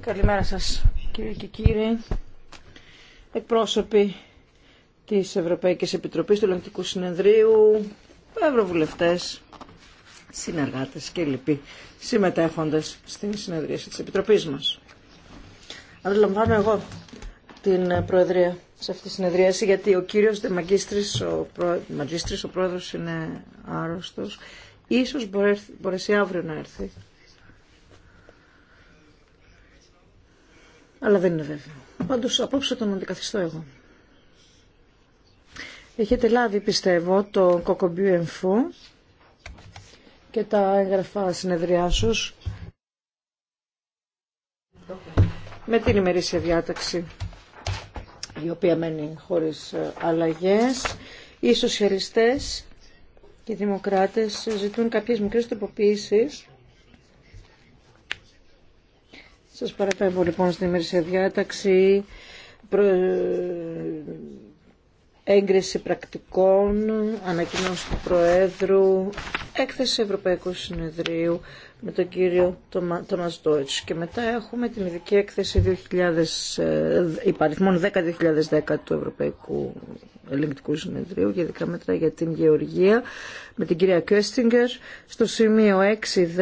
Καλημέρα σας κύριε και κύριοι, εκπρόσωποι της Ευρωπαϊκής Επιτροπής του Ελληνικού Συνεδρίου, ευρωβουλευτές, συνεργάτες και λοιποί συμμετέχοντες στην συνεδρίαση της Επιτροπής μας. Αντιλαμβάνω εγώ την Προεδρία σε αυτή τη συνεδρίαση, γιατί ο κύριος Μαγκίστρης, ο, ο πρόεδρος είναι άρρωστος. Ίσως μπορέσει αύριο να έρθει. Αλλά δεν είναι βέβαιο. Πάντως απόψε τον αντικαθιστώ εγώ. Έχετε λάβει πιστεύω το κοκομπιού εμφού και τα έγγραφα συνεδριάσεως με την ημερήσια διάταξη η οποία μένει χωρίς ε, αλλαγές. Οι σοσιαλιστές και οι δημοκράτες ζητούν κάποιες μικρές τροποποίησεις. Σας παραπέμπω λοιπόν στην ημερησία διάταξη, προ... Ε, έγκριση πρακτικών, ανακοινώσεις του Προέδρου, έκθεση Ευρωπαϊκού Συνεδρίου με τον κύριο Τόμας Ντόιτς. Και μετά έχουμε την ειδική έκθεση 2000, ε, υπαριθμών 10-2010 του Ευρωπαϊκού Ελεγκτικού Συνεδρίου για ειδικά μέτρα για την Γεωργία με την κυρία Κέστιγκερ. Στο σημείο 6 6-Δ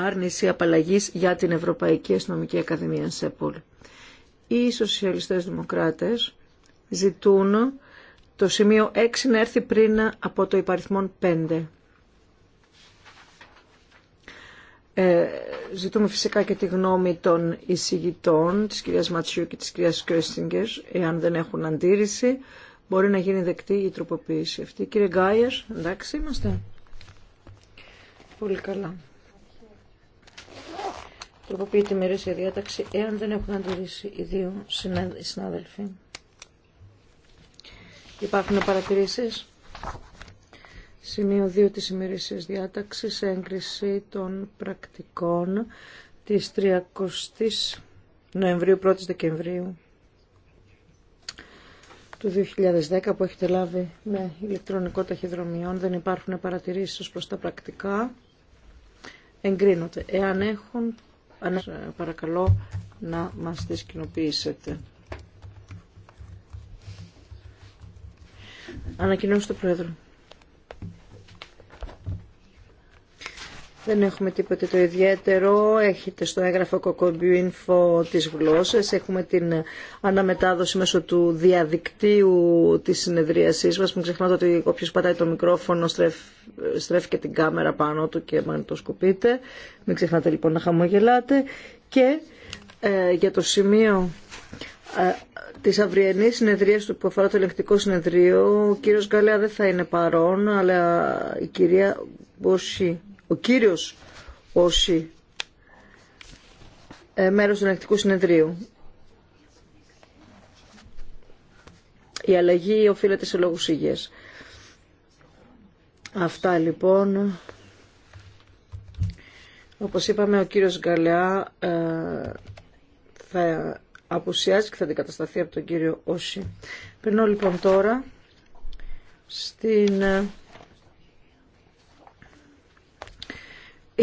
άρνηση απαλλαγής για την Ευρωπαϊκή Αστυνομική Ακαδημία ΣΕΠΟΛ. Οι σοσιαλιστές δημοκράτες ζητούν το σημείο 6 να έρθει πριν από το υπαριθμόν 5. Ε, ζητούμε φυσικά και τη γνώμη των εισηγητών, της κυρίας Ματσιού και της κυρίας Κρέστιγκερ, εάν δεν έχουν αντίρρηση, μπορεί να γίνει δεκτή η τροποποίηση αυτή. Κύριε Γκάιερ, εντάξει είμαστε. Πολύ καλά. Τροποποιεί τη μερίσια διάταξη, εάν δεν έχουν αντίρρηση οι δύο συνάδελφοι. Υπάρχουν παρατηρήσεις. Σημείο 2 της ημερήσιας διάταξης, έγκριση των πρακτικών της 30 Νοεμβρίου 1 Δεκεμβρίου του 2010 που έχετε λάβει με ηλεκτρονικό ταχυδρομείο. Δεν υπάρχουν παρατηρήσεις προς τα πρακτικά. Εγκρίνονται. Εάν έχουν, παρακαλώ να μας τις κοινοποιήσετε. Ανακοινώστε το Πρόεδρο. Δεν έχουμε τίποτε το ιδιαίτερο. Έχετε στο έγγραφο Κοκομπιού Info τις γλώσσες. Έχουμε την αναμετάδοση μέσω του διαδικτύου της συνεδρίασής μας. Μην ξεχνάτε ότι όποιο πατάει το μικρόφωνο στρέφει, στρέφει και την κάμερα πάνω του και μαγνητοσκοπείται. Μην ξεχνάτε λοιπόν να χαμογελάτε. Και ε, για το σημείο ε, της αυριανής συνεδρίας του που αφορά το ελεγκτικό συνεδρίο, ο κύριο Γκαλέα δεν θα είναι παρόν, αλλά η κυρία Μποσί ο κύριος Όση ε, μέρος του ενεκτικού Συνεδρίου. Η αλλαγή οφείλεται σε λόγους υγείας. Αυτά λοιπόν. Όπως είπαμε, ο κύριος Γκαλεά ε, θα απουσιάζει και θα αντικατασταθεί από τον κύριο Όση. Περνώ λοιπόν τώρα στην... Ε,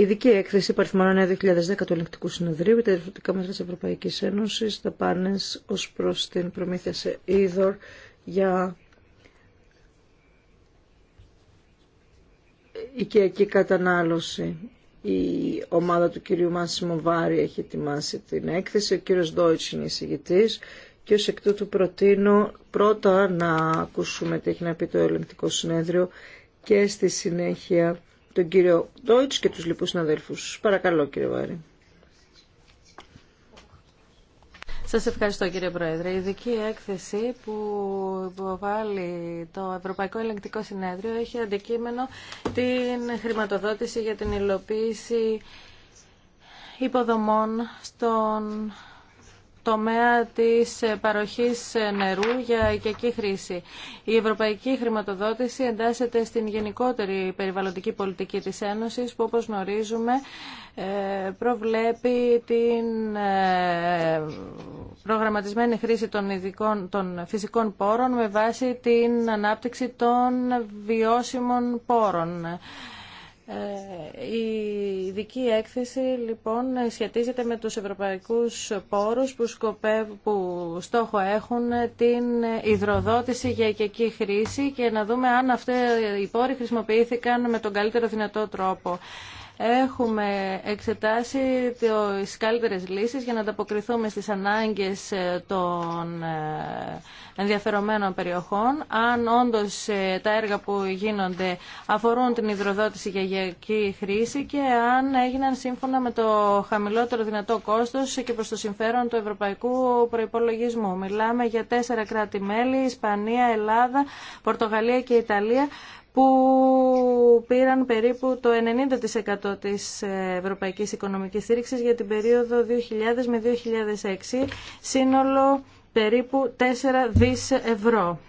ειδική έκθεση παριθμών 2010 του Ελεγκτικού Συνεδρίου, τα διευθυντικά μέτρα τη Ευρωπαϊκή Ένωση, πάνε ω προ την προμήθεια σε είδωρ για οικιακή κατανάλωση. Η ομάδα του κυρίου Μάσιμο Βάρη έχει ετοιμάσει την έκθεση, ο κύριος Ντόιτς είναι εισηγητής και ως εκ τούτου προτείνω πρώτα να ακούσουμε τι έχει να πει το ελεγκτικό συνέδριο και στη συνέχεια τον κύριο Ντόιτς και τους λοιπούς συναδέλφους. Παρακαλώ κύριε Βάρη. Σας ευχαριστώ κύριε Πρόεδρε. Η ειδική έκθεση που υποβάλλει το Ευρωπαϊκό Ελεγκτικό Συνέδριο έχει αντικείμενο την χρηματοδότηση για την υλοποίηση υποδομών στον τομέα της ε, παροχής ε, νερού για οικιακή χρήση. Η ευρωπαϊκή χρηματοδότηση εντάσσεται στην γενικότερη περιβαλλοντική πολιτική της Ένωσης που όπως γνωρίζουμε ε, προβλέπει την προγραμματισμένη χρήση των, ειδικών, των φυσικών πόρων με βάση την ανάπτυξη των βιώσιμων πόρων. Ε, η ειδική έκθεση λοιπόν σχετίζεται με τους ευρωπαϊκούς πόρους που, που στόχο έχουν την υδροδότηση για οικιακή χρήση και να δούμε αν αυτοί οι πόροι χρησιμοποιήθηκαν με τον καλύτερο δυνατό τρόπο. Έχουμε εξετάσει τις καλύτερες λύσεις για να ανταποκριθούμε στις ανάγκες ε, των ε, ενδιαφερομένων περιοχών. Αν όντως ε, τα έργα που γίνονται αφορούν την υδροδότηση για γεωργική χρήση και αν έγιναν σύμφωνα με το χαμηλότερο δυνατό κόστος και προς το συμφέρον του ευρωπαϊκού προϋπολογισμού. Μιλάμε για τέσσερα κράτη-μέλη, Ισπανία, Ελλάδα, Πορτογαλία και Ιταλία που πήραν περίπου το 90% της ευρωπαϊκής οικονομικής στήριξης για την περίοδο 2000 με 2006, σύνολο περίπου 4 δις ευρώ.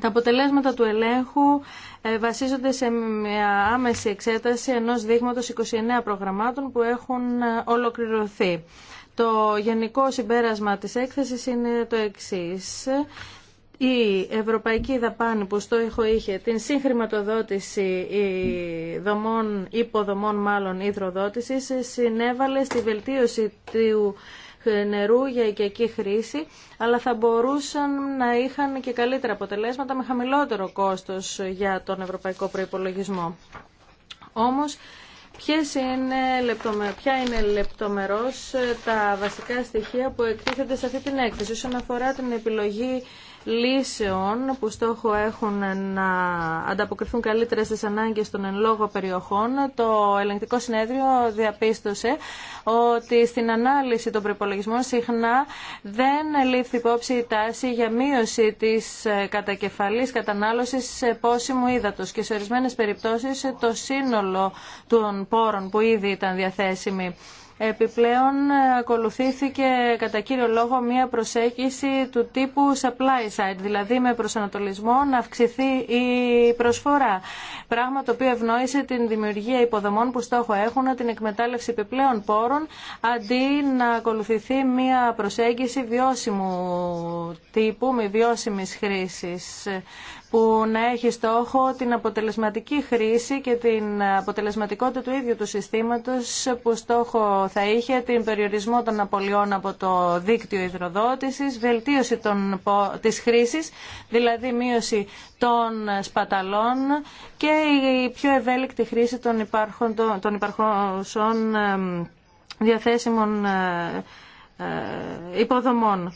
Τα αποτελέσματα του ελέγχου ε, βασίζονται σε μια άμεση εξέταση ενός δείγματος 29 προγραμμάτων που έχουν ε, ολοκληρωθεί. Το γενικό συμπέρασμα της έκθεσης είναι το εξής η ευρωπαϊκή δαπάνη που στο έχω είχε την συγχρηματοδότηση δομών, υποδομών μάλλον υδροδότησης συνέβαλε στη βελτίωση του νερού για οικιακή χρήση, αλλά θα μπορούσαν να είχαν και καλύτερα αποτελέσματα με χαμηλότερο κόστος για τον ευρωπαϊκό προϋπολογισμό. Όμως, είναι, Ποια είναι λεπτομερώς τα βασικά στοιχεία που εκτίθενται σε αυτή την έκθεση όσον αφορά την επιλογή λύσεων που στόχο έχουν να ανταποκριθούν καλύτερα στις ανάγκες των εν λόγω περιοχών, το ελεγκτικό συνέδριο διαπίστωσε ότι στην ανάλυση των προπολογισμών συχνά δεν λήφθη υπόψη η τάση για μείωση της κατακεφαλής κατανάλωσης πόσιμου ύδατος και σε ορισμένες περιπτώσεις το σύνολο των πόρων που ήδη ήταν διαθέσιμοι. Επιπλέον ακολουθήθηκε κατά κύριο λόγο μία προσέγγιση του τύπου supply side, δηλαδή με προσανατολισμό να αυξηθεί η προσφορά. Πράγμα το οποίο ευνόησε την δημιουργία υποδομών που στόχο έχουν την εκμετάλλευση επιπλέον πόρων αντί να ακολουθηθεί μία προσέγγιση βιώσιμου τύπου με βιώσιμης χρήσης που να έχει στόχο την αποτελεσματική χρήση και την αποτελεσματικότητα του ίδιου του συστήματος που στόχο θα είχε την περιορισμό των απολειών από το δίκτυο υδροδότησης, βελτίωση των, της χρήσης, δηλαδή μείωση των σπαταλών και η πιο ευέλικτη χρήση των, υπάρχων των υπαρχών διαθέσιμων ε, ε, υποδομών.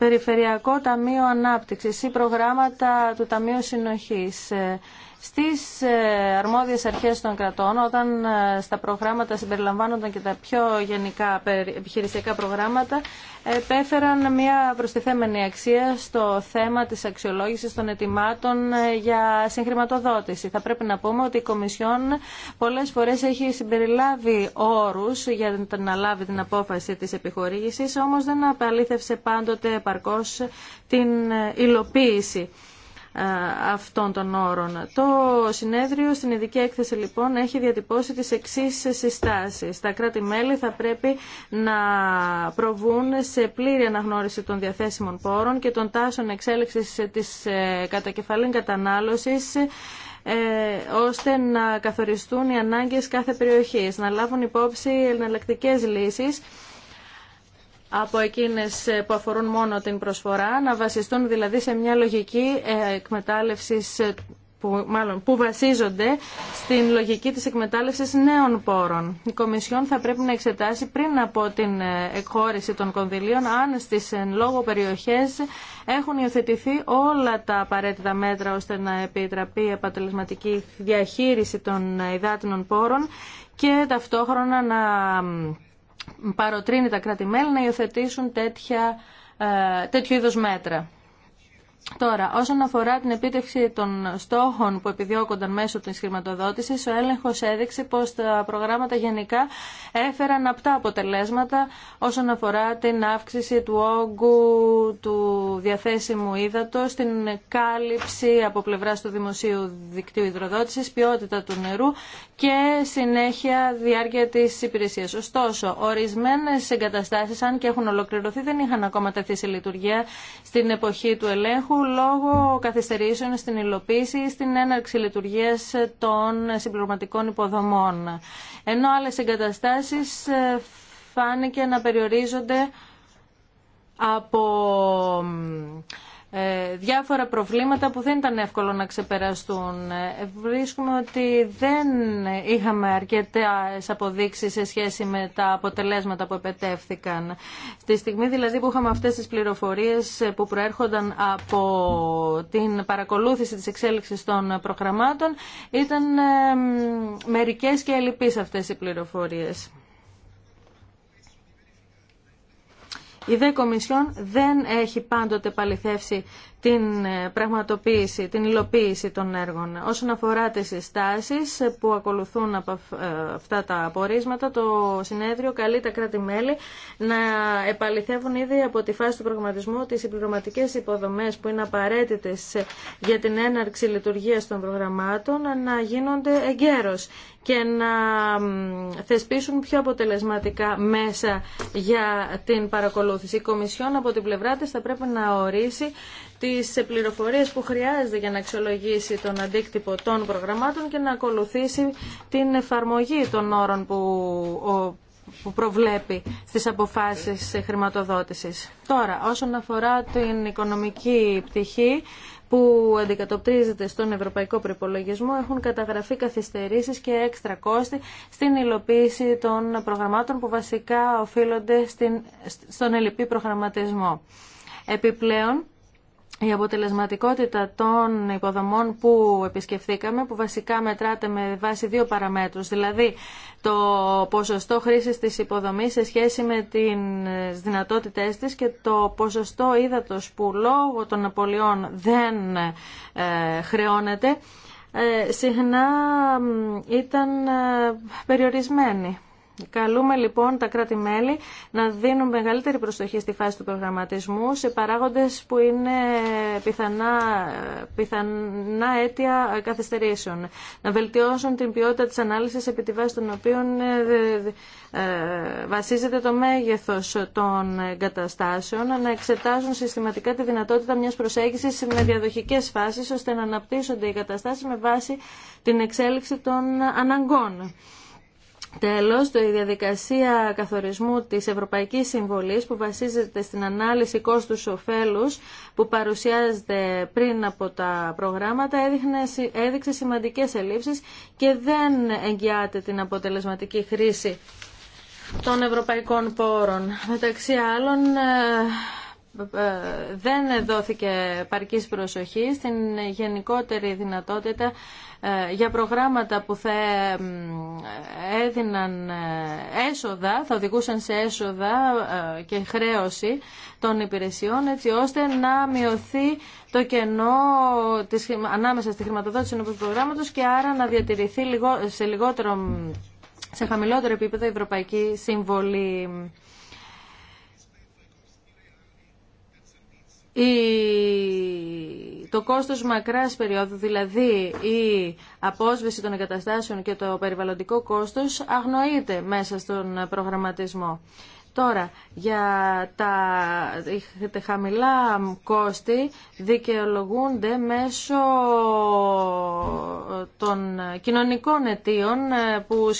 Περιφερειακό Ταμείο Ανάπτυξης ή προγράμματα του Ταμείου Συνοχής. Ε, στις ε, αρμόδιες αρχές των κρατών όταν ε, στα προγράμματα συμπεριλαμβάνονταν και τα πιο γενικά επιχειρησιακά προγράμματα επέφεραν μια προστιθέμενη αξία στο θέμα της αξιολόγησης των ετοιμάτων ε, για συγχρηματοδότηση. Θα πρέπει να πούμε ότι η Κομισιόν πολλές φορές έχει συμπεριλάβει όρους για να λάβει την απόφαση της επιχορήγησης, όμως δεν απαλήθευσε πάντοτε επαρκώς την υλοποίηση αυτών των όρων. Το συνέδριο στην ειδική έκθεση λοιπόν έχει διατυπώσει τις εξής συστάσεις. Τα κράτη-μέλη θα πρέπει να προβούν σε πλήρη αναγνώριση των διαθέσιμων πόρων και των τάσεων εξέλιξης της ε, κατακεφαλήν κατανάλωσης ε, ώστε να καθοριστούν οι ανάγκες κάθε περιοχής, να λάβουν υπόψη εναλλακτικέ λύσεις από εκείνες ε, που αφορούν μόνο την προσφορά, να βασιστούν δηλαδή σε μια λογική ε, εκμετάλλευσης ε, που, μάλλον, που βασίζονται στην λογική της εκμετάλλευσης νέων πόρων. Η Κομισιόν θα πρέπει να εξετάσει πριν από την εκχώρηση των κονδυλίων αν στις εν λόγω περιοχές έχουν υιοθετηθεί όλα τα απαραίτητα μέτρα ώστε να επιτραπεί η επατελεσματική διαχείριση των υδάτινων πόρων και ταυτόχρονα να παροτρύνει τα κράτη-μέλη να υιοθετήσουν τέτοια, ε, τέτοιο είδος μέτρα. Τώρα, όσον αφορά την επίτευξη των στόχων που επιδιώκονταν μέσω της χρηματοδότηση, ο έλεγχο έδειξε πως τα προγράμματα γενικά έφεραν απτά αποτελέσματα όσον αφορά την αύξηση του όγκου του διαθέσιμου ύδατος, την κάλυψη από πλευρά του δημοσίου δικτύου υδροδότησης, ποιότητα του νερού και συνέχεια διάρκεια τη υπηρεσία. Ωστόσο, ορισμένε εγκαταστάσεις, αν και έχουν ολοκληρωθεί, δεν είχαν ακόμα τεθεί σε λειτουργία στην εποχή του ελέγχου λόγω καθυστερήσεων στην υλοποίηση ή στην έναρξη λειτουργία των συμπληρωματικών υποδομών. Ενώ άλλες εγκαταστάσεις ε, φάνηκε να περιορίζονται από ε, διάφορα προβλήματα που δεν ήταν εύκολο να ξεπεραστούν. Ε, βρίσκουμε ότι δεν είχαμε αρκετές αποδείξεις σε σχέση με τα αποτελέσματα που επετεύθηκαν. Στη στιγμή δηλαδή που είχαμε αυτές τις πληροφορίες ε, που προέρχονταν από την παρακολούθηση της εξέλιξης των προγραμμάτων ήταν μερικές και ελλειπείς αυτές οι πληροφορίες. Η δε δεν έχει πάντοτε παληθεύσει την ε, πραγματοποίηση, την υλοποίηση των έργων. Όσον αφορά τις συστάσεις που ακολουθούν από ε, αυτά τα απορίσματα, το συνέδριο καλεί τα κράτη-μέλη να επαληθεύουν ήδη από τη φάση του προγραμματισμού τις οι συμπληρωματικές υποδομές που είναι απαραίτητες για την έναρξη λειτουργίας των προγραμμάτων να γίνονται εγκαίρως και να θεσπίσουν πιο αποτελεσματικά μέσα για την παρακολούθηση. Η Κομισιόν από την πλευρά της θα πρέπει να ορίσει τις πληροφορίες που χρειάζεται για να αξιολογήσει τον αντίκτυπο των προγραμμάτων και να ακολουθήσει την εφαρμογή των όρων που προβλέπει στις αποφάσεις χρηματοδότησης. Τώρα, όσον αφορά την οικονομική πτυχή που αντικατοπτρίζεται στον ευρωπαϊκό προπολογισμό, έχουν καταγραφεί καθυστερήσεις και έξτρα κόστη στην υλοποίηση των προγραμμάτων που βασικά οφείλονται στην, στον ελληπή προγραμματισμό. Επιπλέον, η αποτελεσματικότητα των υποδομών που επισκεφθήκαμε, που βασικά μετράται με βάση δύο παραμέτρους, δηλαδή το ποσοστό χρήσης της υποδομής σε σχέση με ε, τις δυνατότητές της και το ποσοστό ύδατος που λόγω των απολειών δεν ε, χρεώνεται, ε, συχνά ήταν περιορισμένη. Καλούμε λοιπόν τα κράτη-μέλη να δίνουν μεγαλύτερη προσοχή στη φάση του προγραμματισμού σε παράγοντες που είναι πιθανά, πιθανά αίτια καθυστερήσεων. Να βελτιώσουν την ποιότητα της ανάλυσης επί τη βάση των οποίων ε, ε, βασίζεται το μέγεθος των εγκαταστάσεων, να εξετάζουν συστηματικά τη δυνατότητα μιας προσέγγισης με διαδοχικές φάσεις ώστε να αναπτύσσονται οι εγκαταστάσεις με βάση την εξέλιξη των αναγκών. Τέλος, η διαδικασία καθορισμού της Ευρωπαϊκής Συμβολής που βασίζεται στην ανάλυση κόστους οφέλους που παρουσιάζεται πριν από τα προγράμματα έδειχνε, έδειξε σημαντικές ελλείψεις και δεν εγγυάται την αποτελεσματική χρήση των ευρωπαϊκών πόρων. Μεταξύ άλλων ε, ε, δεν δόθηκε παρκής προσοχή στην γενικότερη δυνατότητα ε, για προγράμματα που θα έδιναν ε, έσοδα, θα οδηγούσαν σε έσοδα και χρέωση των υπηρεσιών έτσι ώστε να μειωθεί το κενό της, ανάμεσα στη χρηματοδότηση ενός προγράμματος και άρα να διατηρηθεί σε λιγότερο σε χαμηλότερο επίπεδο η ευρωπαϊκή συμβολή. το κόστος μακράς περίοδου, δηλαδή η απόσβεση των εγκαταστάσεων και το περιβαλλοντικό κόστος αγνοείται μέσα στον προγραμματισμό. Τώρα, για τα, τα χαμηλά κόστη δικαιολογούνται μέσω των κοινωνικών αιτίων ε, που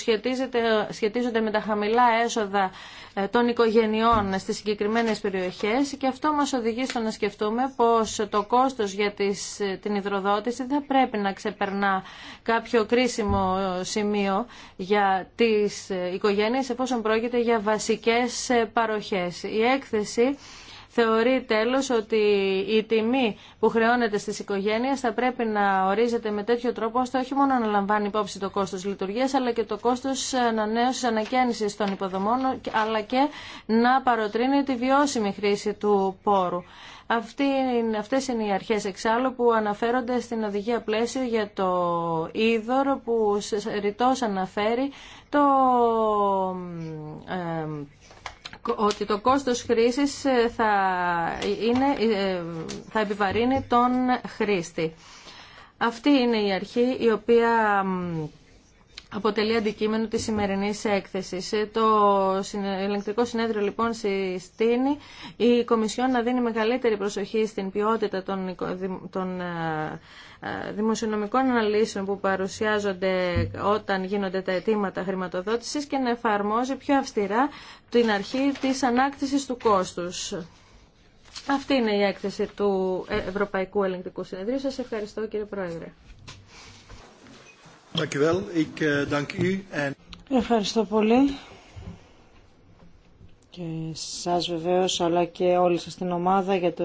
σχετίζονται με τα χαμηλά έσοδα ε, των οικογενειών στις συγκεκριμένες περιοχές και αυτό μας οδηγεί στο να σκεφτούμε πως το κόστος για ε, την υδροδότηση δεν πρέπει να ξεπερνά κάποιο κρίσιμο σημείο για τις ε, οικογένειες εφόσον πρόκειται για βασικές παροχές. Η έκθεση Θεωρεί τέλος ότι η τιμή που χρεώνεται στις οικογένειες θα πρέπει να ορίζεται με τέτοιο τρόπο ώστε όχι μόνο να λαμβάνει υπόψη το κόστος λειτουργίας αλλά και το κόστος ανανέωσης ανακαίνησης των υποδομών αλλά και να παροτρύνει τη βιώσιμη χρήση του πόρου. Αυτή, αυτές είναι οι αρχές εξάλλου που αναφέρονται στην οδηγία πλαίσιο για το είδωρο που ρητός αναφέρει το ε, ότι το κόστος χρήσης ε, θα, είναι, ε, θα επιβαρύνει τον χρήστη. Αυτή είναι η αρχή η οποία αποτελεί αντικείμενο της σημερινής έκθεσης. Ε, το ηλεκτρικό συνέδριο λοιπόν συστήνει η Κομισιόν να δίνει μεγαλύτερη προσοχή στην ποιότητα των, των ε, ε, δημοσιονομικών αναλύσεων που παρουσιάζονται όταν γίνονται τα αιτήματα χρηματοδότησης και να εφαρμόζει πιο αυστηρά την αρχή της ανάκτησης του κόστους. Αυτή είναι η έκθεση του Ευρωπαϊκού Ελεγκτικού Συνεδρίου. Σας ευχαριστώ κύριε Πρόεδρε. Eh, Ευχαριστώ πολύ. Και σας βεβαίως, αλλά και όλη σας την ομάδα για το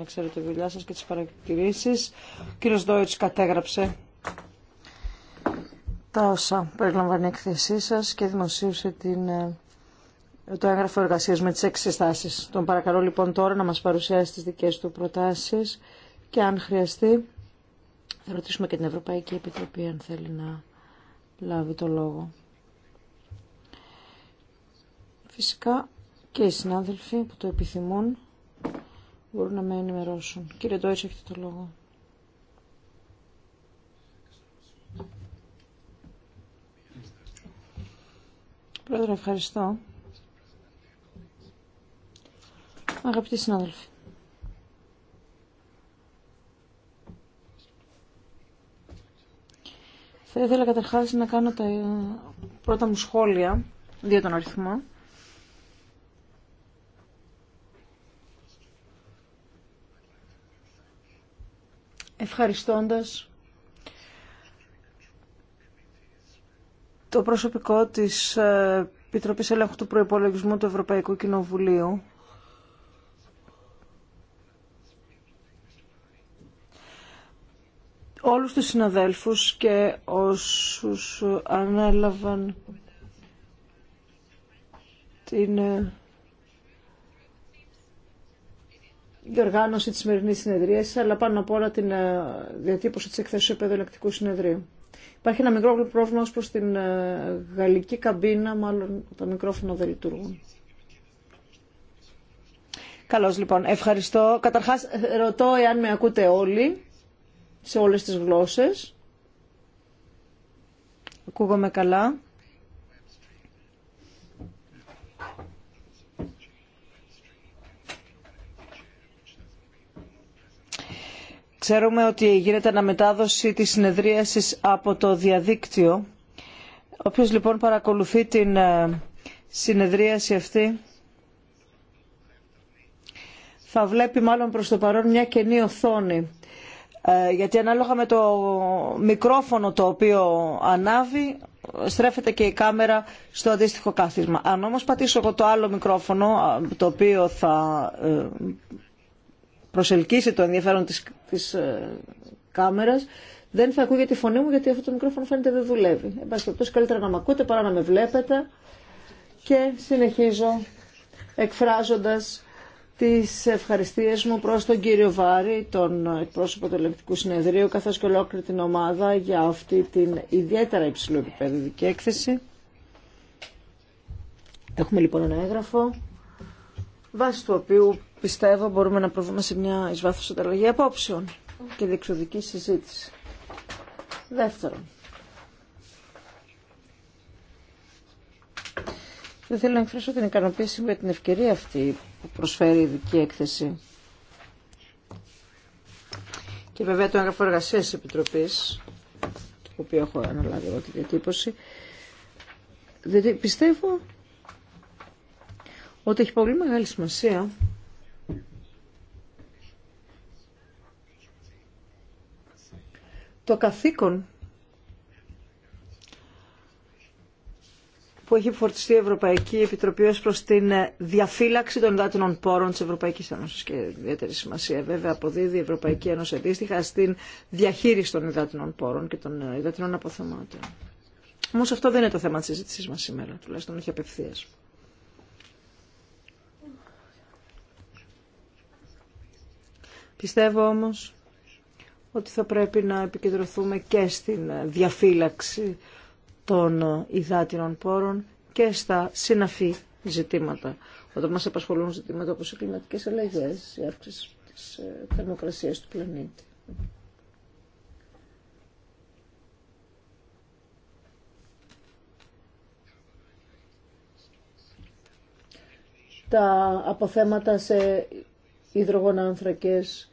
εξαιρετική δουλειά σας και τις παρατηρήσεις. Ο κύριος Ντόιτς κατέγραψε τα όσα περιλαμβάνει η εκθεσή σα και δημοσίευσε την, ε, το έγγραφο εργασίας με τις έξι Τον παρακαλώ λοιπόν τώρα να μας παρουσιάσει τις δικές του προτάσεις και αν χρειαστεί θα ρωτήσουμε και την Ευρωπαϊκή Επιτροπή αν θέλει να λάβει το λόγο. Φυσικά και οι συνάδελφοι που το επιθυμούν μπορούν να με ενημερώσουν. Κύριε Ντόιτς, έχετε το λόγο. Πρόεδρε, ευχαριστώ. Αγαπητοί συνάδελφοι. Θα ήθελα καταρχάς να κάνω τα πρώτα μου σχόλια, για τον αριθμό. Ευχαριστώντας το προσωπικό της ε, Επιτροπής Ελέγχου του Προϋπολογισμού του Ευρωπαϊκού Κοινοβουλίου όλους τους συναδέλφους και όσους ανέλαβαν την διοργάνωση ε, της σημερινής συνεδρίας, αλλά πάνω απ' όλα την ε, διατύπωση της εκθέσεως επέδου ελεκτικού συνεδρίου. Υπάρχει ένα μικρό πρόβλημα ως προς την ε, γαλλική καμπίνα, μάλλον τα μικρόφωνα δεν λειτουργούν. Καλώς λοιπόν, ευχαριστώ. Καταρχάς ρωτώ εάν με ακούτε όλοι σε όλες τις γλώσσες. Ακούγομαι καλά. Ξέρουμε ότι γίνεται αναμετάδοση της συνεδρίασης από το διαδίκτυο. Όποιος λοιπόν παρακολουθεί την ε, συνεδρίαση αυτή θα βλέπει μάλλον προς το παρόν μια κενή οθόνη ε, γιατί ανάλογα με το μικρόφωνο το οποίο ανάβει στρέφεται και η κάμερα στο αντίστοιχο κάθισμα. Αν όμως πατήσω εγώ το άλλο μικρόφωνο το οποίο θα ε, προσελκύσει το ενδιαφέρον της, της ε, κάμερας δεν θα ακούγεται η φωνή μου γιατί αυτό το μικρόφωνο φαίνεται δεν δουλεύει. Εν πάση καλύτερα να με ακούτε παρά να με βλέπετε και συνεχίζω εκφράζοντας τις ευχαριστίες μου προς τον κύριο Βάρη, τον εκπρόσωπο του Ελεκτικού Συνεδρίου, καθώς και ολόκληρη την ομάδα για αυτή την ιδιαίτερα υψηλού επίπεδο έκθεση. Έχουμε λοιπόν ένα έγγραφο, βάσει του οποίου πιστεύω μπορούμε να προβούμε σε μια εις ανταλλαγή απόψεων και διεξοδική συζήτηση. Δεύτερον, δεν θέλω να εκφράσω την ικανοποίηση με την ευκαιρία αυτή που προσφέρει η ειδική έκθεση. Και βέβαια το έγγραφο εργασία τη Επιτροπή, το οποίο έχω αναλάβει εγώ τη διατύπωση, διότι πιστεύω ότι έχει πολύ μεγάλη σημασία το καθήκον που έχει φορτιστεί η Ευρωπαϊκή Επιτροπή ως προς την ε, διαφύλαξη των υδάτινων πόρων της Ευρωπαϊκής Ένωσης και ιδιαίτερη σημασία βέβαια αποδίδει η Ευρωπαϊκή Ένωση αντίστοιχα στην διαχείριση των υδάτινων πόρων και των ε, υδάτινων αποθεμάτων. Όμως αυτό δεν είναι το θέμα της συζήτησής μας σήμερα, τουλάχιστον όχι απευθείας. Πιστεύω όμως ότι θα πρέπει να επικεντρωθούμε και στην ε, διαφύλαξη των υδάτινων πόρων και στα συναφή ζητήματα. Όταν μας απασχολούν ζητήματα όπως οι κλιματικές αλλαγές, η αύξηση της ε, θερμοκρασίας του πλανήτη. τα αποθέματα σε υδρογονάνθρακες,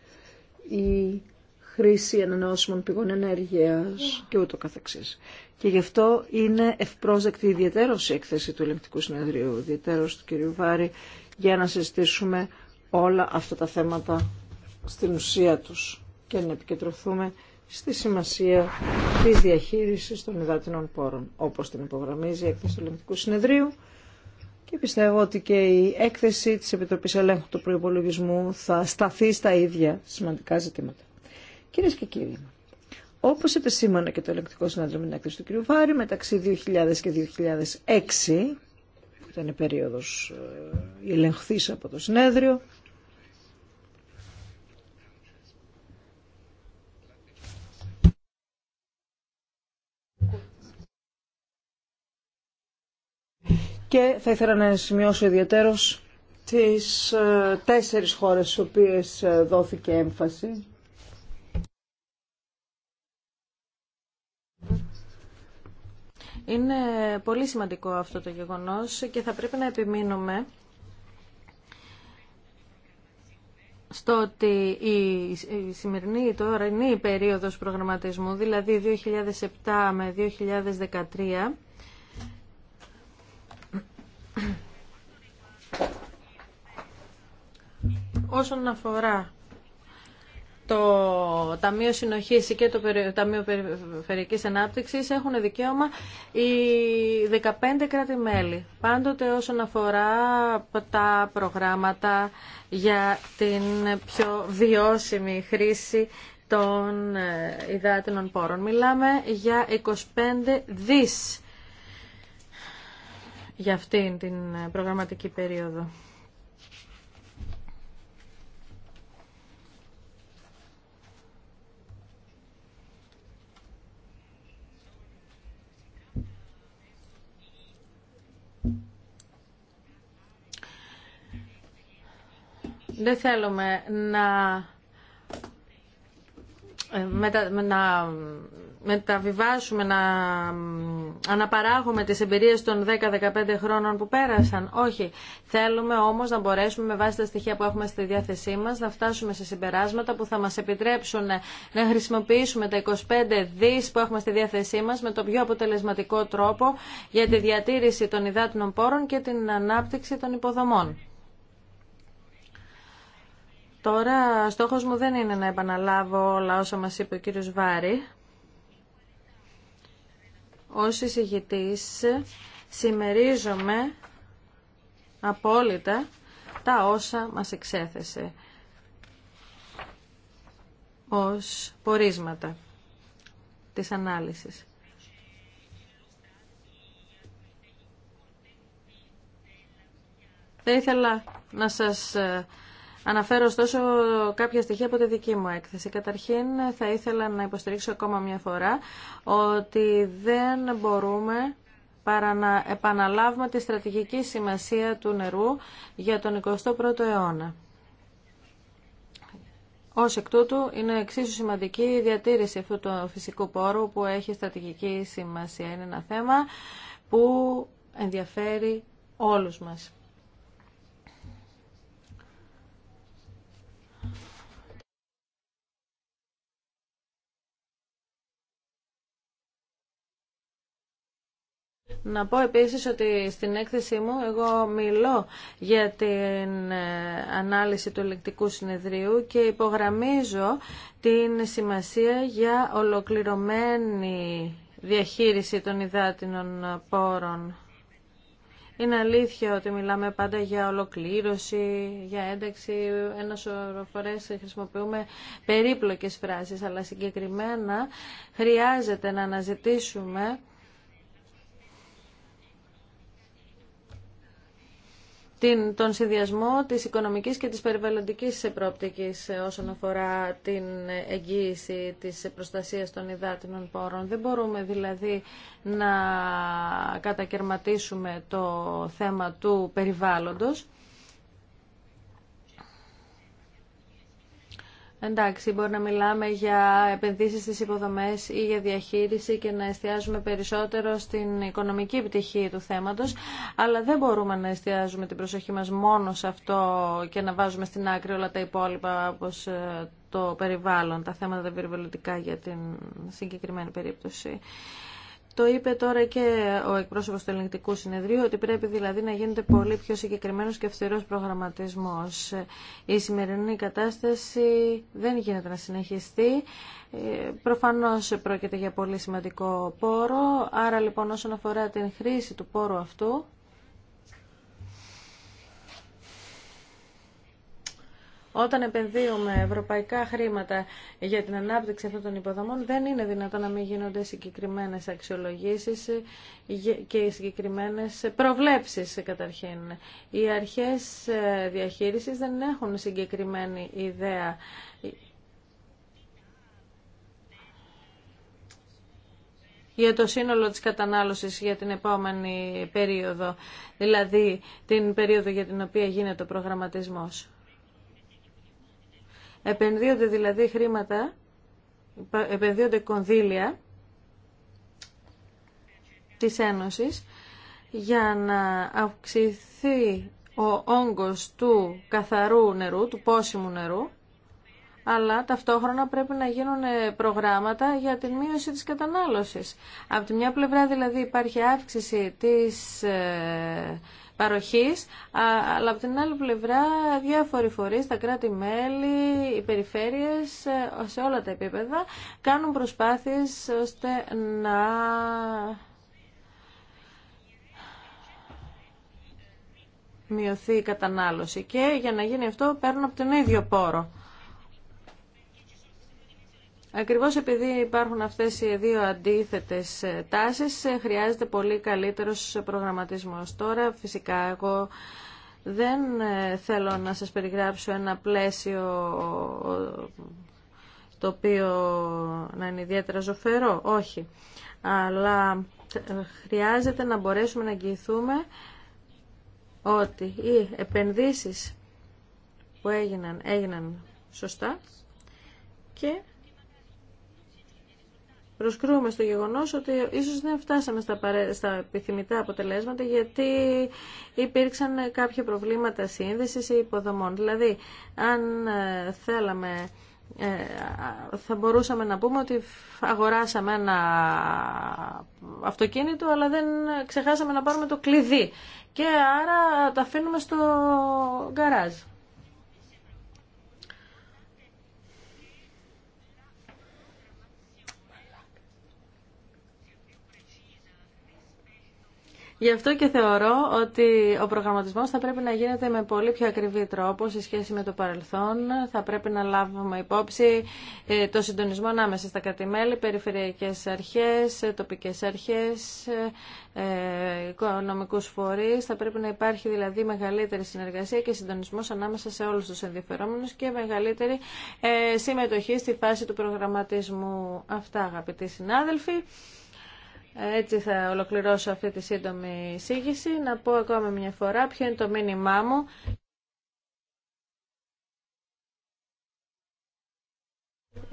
η χρήση ανανεώσιμων πηγών ενέργειας και ούτω καθεξής και γι' αυτό είναι ευπρόσδεκτη ιδιαίτερος η έκθεση του Ελεγκτικού Συνεδρίου, ιδιαίτερος του κ. Βάρη, για να συζητήσουμε όλα αυτά τα θέματα στην ουσία τους και να επικεντρωθούμε στη σημασία της διαχείρισης των υδάτινων πόρων, όπως την υπογραμμίζει η έκθεση του Ελεγκτικού Συνεδρίου. Και πιστεύω ότι και η έκθεση της Επιτροπής Ελέγχου του Προϋπολογισμού θα σταθεί στα ίδια σημαντικά ζητήματα. Κυρίες και κύριοι, όπως επεσήμανε και το ελεγκτικό συνέδριο με του κ. Βάρη, μεταξύ 2000 και 2006, που ήταν η περίοδος ε, ελεγχθή από το συνέδριο, Και θα ήθελα να σημειώσω ιδιαίτερως τις ε, τέσσερις χώρες στις οποίες ε, δόθηκε έμφαση Είναι πολύ σημαντικό αυτό το γεγονός και θα πρέπει να επιμείνουμε στο ότι η σημερινή, η τωρινή περίοδος προγραμματισμού, δηλαδή 2007 με 2013, όσον αφορά το Ταμείο Συνοχής και το Ταμείο Περιφερειακή ανάπτυξη έχουν δικαίωμα οι 15 κράτη-μέλη. Πάντοτε όσον αφορά τα προγράμματα για την πιο βιώσιμη χρήση των ε, υδάτινων πόρων. Μιλάμε για 25 δις για αυτήν την ε, προγραμματική περίοδο. Δεν θέλουμε να ε, μεταβιβάσουμε, να αναπαράγουμε τις εμπειρίες των 10-15 χρόνων που πέρασαν. Όχι. Θέλουμε όμως να μπορέσουμε με βάση τα στοιχεία που έχουμε στη διάθεσή μας να φτάσουμε σε συμπεράσματα που θα μας επιτρέψουν να χρησιμοποιήσουμε τα 25 δις που έχουμε στη διάθεσή μας με το πιο αποτελεσματικό τρόπο για τη διατήρηση των υδάτινων πόρων και την ανάπτυξη των υποδομών. Τώρα, στόχος μου δεν είναι να επαναλάβω όλα όσα μας είπε ο κύριος Βάρη. Ως εισηγητής, συμμερίζομαι απόλυτα τα όσα μας εξέθεσε ως πορίσματα της ανάλυσης. Θα ήθελα να σας ε, Αναφέρω ωστόσο κάποια στοιχεία από τη δική μου έκθεση. Καταρχήν θα ήθελα να υποστηρίξω ακόμα μια φορά ότι δεν μπορούμε παρά να επαναλάβουμε τη στρατηγική σημασία του νερού για τον 21ο αιώνα. Ω εκ τούτου, είναι εξίσου σημαντική η διατήρηση αυτού του φυσικού πόρου που έχει στρατηγική σημασία. Είναι ένα θέμα που ενδιαφέρει όλους μας. Να πω επίσης ότι στην έκθεσή μου εγώ μιλώ για την ε, ανάλυση του ελεκτικού συνεδρίου και υπογραμμίζω την σημασία για ολοκληρωμένη διαχείριση των υδάτινων πόρων. Είναι αλήθεια ότι μιλάμε πάντα για ολοκλήρωση, για ένταξη. Ένα σωρό χρησιμοποιούμε περίπλοκες φράσεις, αλλά συγκεκριμένα χρειάζεται να αναζητήσουμε τον συνδυασμό της οικονομικής και της περιβαλλοντικής προοπτικής όσον αφορά την εγγύηση της προστασίας των υδάτινων πόρων. Δεν μπορούμε δηλαδή να κατακαιρματίσουμε το θέμα του περιβάλλοντος Εντάξει, μπορεί να μιλάμε για επενδύσεις στις υποδομές ή για διαχείριση και να εστιάζουμε περισσότερο στην οικονομική επιτυχία του θέματος, αλλά δεν μπορούμε να εστιάζουμε την προσοχή μας μόνο σε αυτό και να βάζουμε στην άκρη όλα τα υπόλοιπα όπως ε, το περιβάλλον, τα θέματα τα περιβαλλοντικά για την συγκεκριμένη περίπτωση. Το είπε τώρα και ο εκπρόσωπος του Ελληνικού Συνεδρίου ότι πρέπει δηλαδή να γίνεται πολύ πιο συγκεκριμένος και αυστηρός προγραμματισμός. Η σημερινή κατάσταση δεν γίνεται να συνεχιστεί. Ε, προφανώς πρόκειται για πολύ σημαντικό πόρο, άρα λοιπόν όσον αφορά την χρήση του πόρου αυτού, Όταν επενδύουμε ευρωπαϊκά χρήματα για την ανάπτυξη αυτών των υποδομών, δεν είναι δυνατόν να μην γίνονται συγκεκριμένε αξιολογήσει και συγκεκριμένε προβλέψει καταρχήν. Οι αρχέ ε, διαχείριση δεν έχουν συγκεκριμένη ιδέα. για το σύνολο της κατανάλωσης για την επόμενη περίοδο, δηλαδή την περίοδο για την οποία γίνεται ο προγραμματισμός. Επενδύονται δηλαδή χρήματα, επενδύονται κονδύλια της Ένωσης για να αυξηθεί ο όγκος του καθαρού νερού, του πόσιμου νερού, αλλά ταυτόχρονα πρέπει να γίνουν προγράμματα για την μείωση της κατανάλωσης. Από τη μια πλευρά δηλαδή υπάρχει αύξηση της ε, παροχής, αλλά από την άλλη πλευρά διάφοροι φορείς, τα κράτη-μέλη, οι περιφέρειες, ε, σε όλα τα επίπεδα, κάνουν προσπάθειες ώστε να μειωθεί η κατανάλωση και για να γίνει αυτό παίρνουν από τον ίδιο πόρο. Ακριβώς επειδή υπάρχουν αυτές οι δύο αντίθετες ε, τάσεις, ε, χρειάζεται πολύ καλύτερος προγραμματισμός. Τώρα φυσικά εγώ δεν ε, θέλω να σας περιγράψω ένα πλαίσιο το οποίο να είναι ιδιαίτερα ζωφερό, όχι. Αλλά χρειάζεται να μπορέσουμε να εγγυηθούμε ότι οι επενδύσεις που έγιναν, έγιναν σωστά και προσκρούμε στο γεγονός ότι ίσως δεν φτάσαμε στα, επιθυμητά αποτελέσματα γιατί υπήρξαν κάποια προβλήματα σύνδεσης ή υποδομών. Δηλαδή, αν ε, θέλαμε ε, θα μπορούσαμε να πούμε ότι αγοράσαμε ένα αυτοκίνητο αλλά δεν ξεχάσαμε να πάρουμε το κλειδί και άρα τα αφήνουμε στο γκαράζ. Γι' αυτό και θεωρώ ότι ο προγραμματισμό θα πρέπει να γίνεται με πολύ πιο ακριβή τρόπο σε σχέση με το παρελθόν. Θα πρέπει να λάβουμε υπόψη ε, το συντονισμό ανάμεσα στα κατημέλη, περιφερειακές αρχές, ε, τοπικές αρχές, ε, οικονομικού φορεί. Θα πρέπει να υπάρχει δηλαδή μεγαλύτερη συνεργασία και συντονισμό ανάμεσα σε όλου του ενδιαφερόμενους και μεγαλύτερη συμμετοχή στη φάση του προγραμματισμού. Αυτά αγαπητοί συνάδελφοι. Έτσι θα ολοκληρώσω αυτή τη σύντομη εισήγηση. Να πω ακόμα μια φορά ποιο είναι το μήνυμά μου.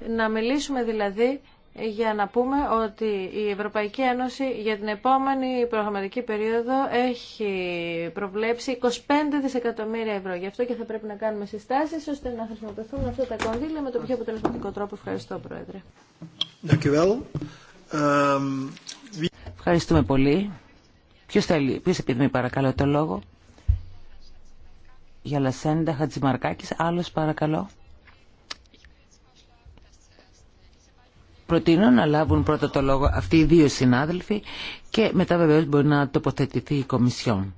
Να μιλήσουμε δηλαδή για να πούμε ότι η Ευρωπαϊκή Ένωση για την επόμενη προγραμματική περίοδο έχει προβλέψει 25 δισεκατομμύρια ευρώ. Γι' αυτό και θα πρέπει να κάνουμε συστάσεις ώστε να χρησιμοποιηθούν αυτά τα κονδύλια με τον πιο αποτελεσματικό τρόπο. Ευχαριστώ, Πρόεδρε. Um, Ευχαριστούμε πολύ. Ποιος, θέλει, επιθυμεί παρακαλώ το λόγο. Για Λασέντα Χατζημαρκάκης. Άλλος παρακαλώ. Προτείνω να λάβουν πρώτα το λόγο αυτοί οι δύο συνάδελφοι και μετά βεβαίως μπορεί να τοποθετηθεί η Κομισιόν.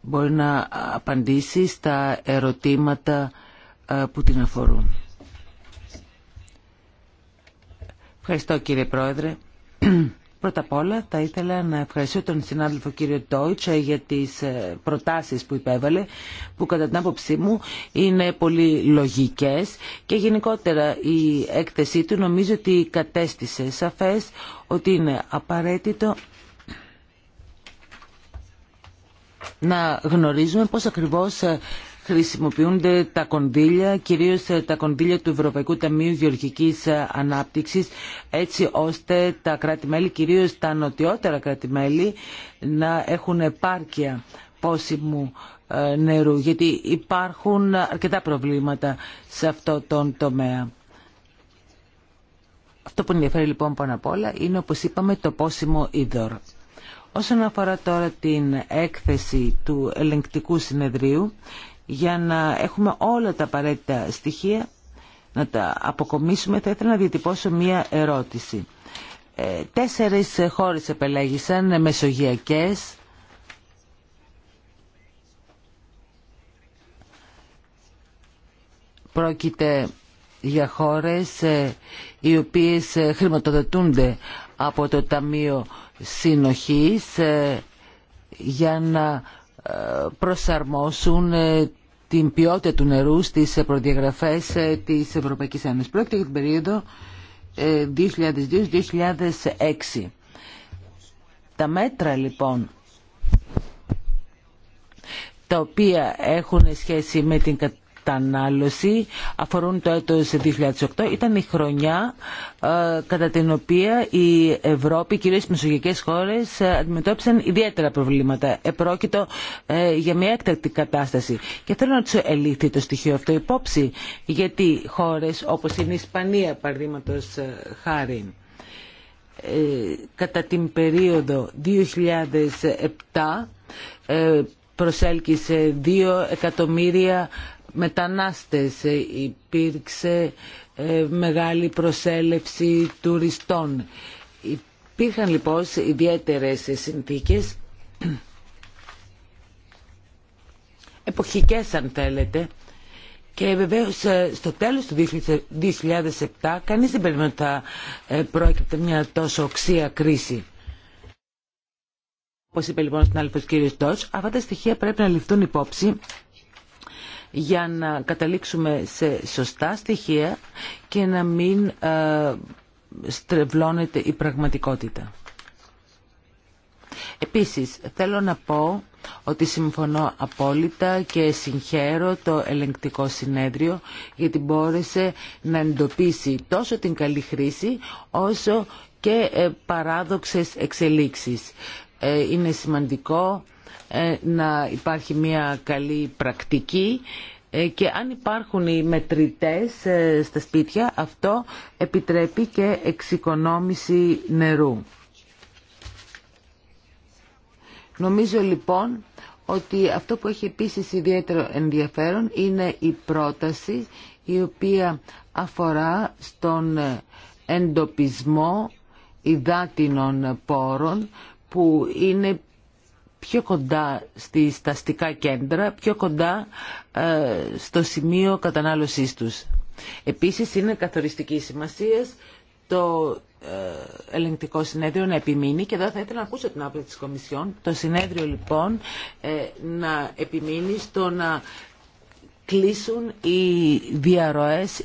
Μπορεί να απαντήσει στα ερωτήματα ε, που την αφορούν. Ευχαριστώ κύριε Πρόεδρε. Πρώτα απ' όλα θα ήθελα να ευχαριστώ τον συνάδελφο κύριο Τόιτσα ε, για τις ε, προτάσεις που υπέβαλε που κατά την άποψή μου είναι πολύ λογικές και γενικότερα η έκθεσή του νομίζω ότι κατέστησε σαφές ότι είναι απαραίτητο να γνωρίζουμε πώς ακριβώς ε, χρησιμοποιούνται τα κονδύλια, κυρίως ε, τα κονδύλια του Ευρωπαϊκού Ταμείου Γεωργικής ε, Ανάπτυξης, έτσι ώστε τα κράτη-μέλη, κυρίως τα νοτιότερα κράτη-μέλη, να έχουν επάρκεια πόσιμου ε, νερού, γιατί υπάρχουν αρκετά προβλήματα σε αυτό τον τομέα. Αυτό που ενδιαφέρει λοιπόν πάνω απ' όλα είναι όπως είπαμε το πόσιμο είδωρ. Όσον αφορά τώρα την έκθεση του ελεγκτικού συνεδρίου, για να έχουμε όλα τα απαραίτητα στοιχεία, να τα αποκομίσουμε, θα ήθελα να διατυπώσω μία ερώτηση. Ε, τέσσερις χώρες επελέγησαν, ε, μεσογειακές, πρόκειται για χώρες ε, οι οποίες χρηματοδοτούνται από το Ταμείο Συνοχής για να προσαρμόσουν ε, την ποιότητα του νερού στις ε, προδιαγραφές ε, της Ευρωπαϊκής Ένωσης. Πρόκειται για την περίοδο 2002-2006. Τα μέτρα λοιπόν τα οποία έχουν σχέση με την κατάσταση κατανάλωση αφορούν το έτος 2008. Ήταν η χρονιά ε, κατά την οποία η Ευρώπη, κυρίως οι μεσογειακές χώρες, ε, αντιμετώπισαν ιδιαίτερα προβλήματα. Επρόκειτο ε, για μια έκτακτη κατάσταση. Και θέλω να του ελήφθη το στοιχείο αυτό υπόψη, γιατί χώρες όπως είναι η Ισπανία, παραδείγματος χάρη, κατά την περίοδο 2007 προσέλκυσε 2 εκατομμύρια μετανάστες, υπήρξε ε, μεγάλη προσέλευση τουριστών. Υπήρχαν λοιπόν ιδιαίτερες συνθήκες, εποχικές αν θέλετε, και βεβαίως ε, στο τέλος του 2007 κανείς δεν περίμενε ότι θα ε, πρόκειται μια τόσο οξία κρίση. Όπως είπε λοιπόν ο συνάδελφος κύριος Τότς, αυτά τα στοιχεία πρέπει να ληφθούν υπόψη για να καταλήξουμε σε σωστά στοιχεία και να μην ε, στρεβλώνεται η πραγματικότητα. Επίσης, θέλω να πω ότι συμφωνώ απόλυτα και συγχαίρω το ελεγκτικό συνέδριο γιατί μπόρεσε να εντοπίσει τόσο την καλή χρήση όσο και ε, παράδοξες εξελίξεις. Ε, είναι σημαντικό ε, να υπάρχει μια καλή πρακτική ε, και αν υπάρχουν οι μετρητές ε, στα σπίτια αυτό επιτρέπει και εξοικονόμηση νερού. Νομίζω λοιπόν ότι αυτό που έχει επίσης ιδιαίτερο ενδιαφέρον είναι η πρόταση η οποία αφορά στον εντοπισμό υδάτινων πόρων που είναι πιο κοντά στη σταστικά κέντρα, πιο κοντά ε, στο σημείο κατανάλωσής τους. Επίσης είναι καθοριστική σημασία το ε, ελεγκτικό συνέδριο να επιμείνει και εδώ θα ήθελα να ακούσω την άποψη της Κομισιόν το συνέδριο λοιπόν ε, να επιμείνει στο να κλείσουν οι διαρροές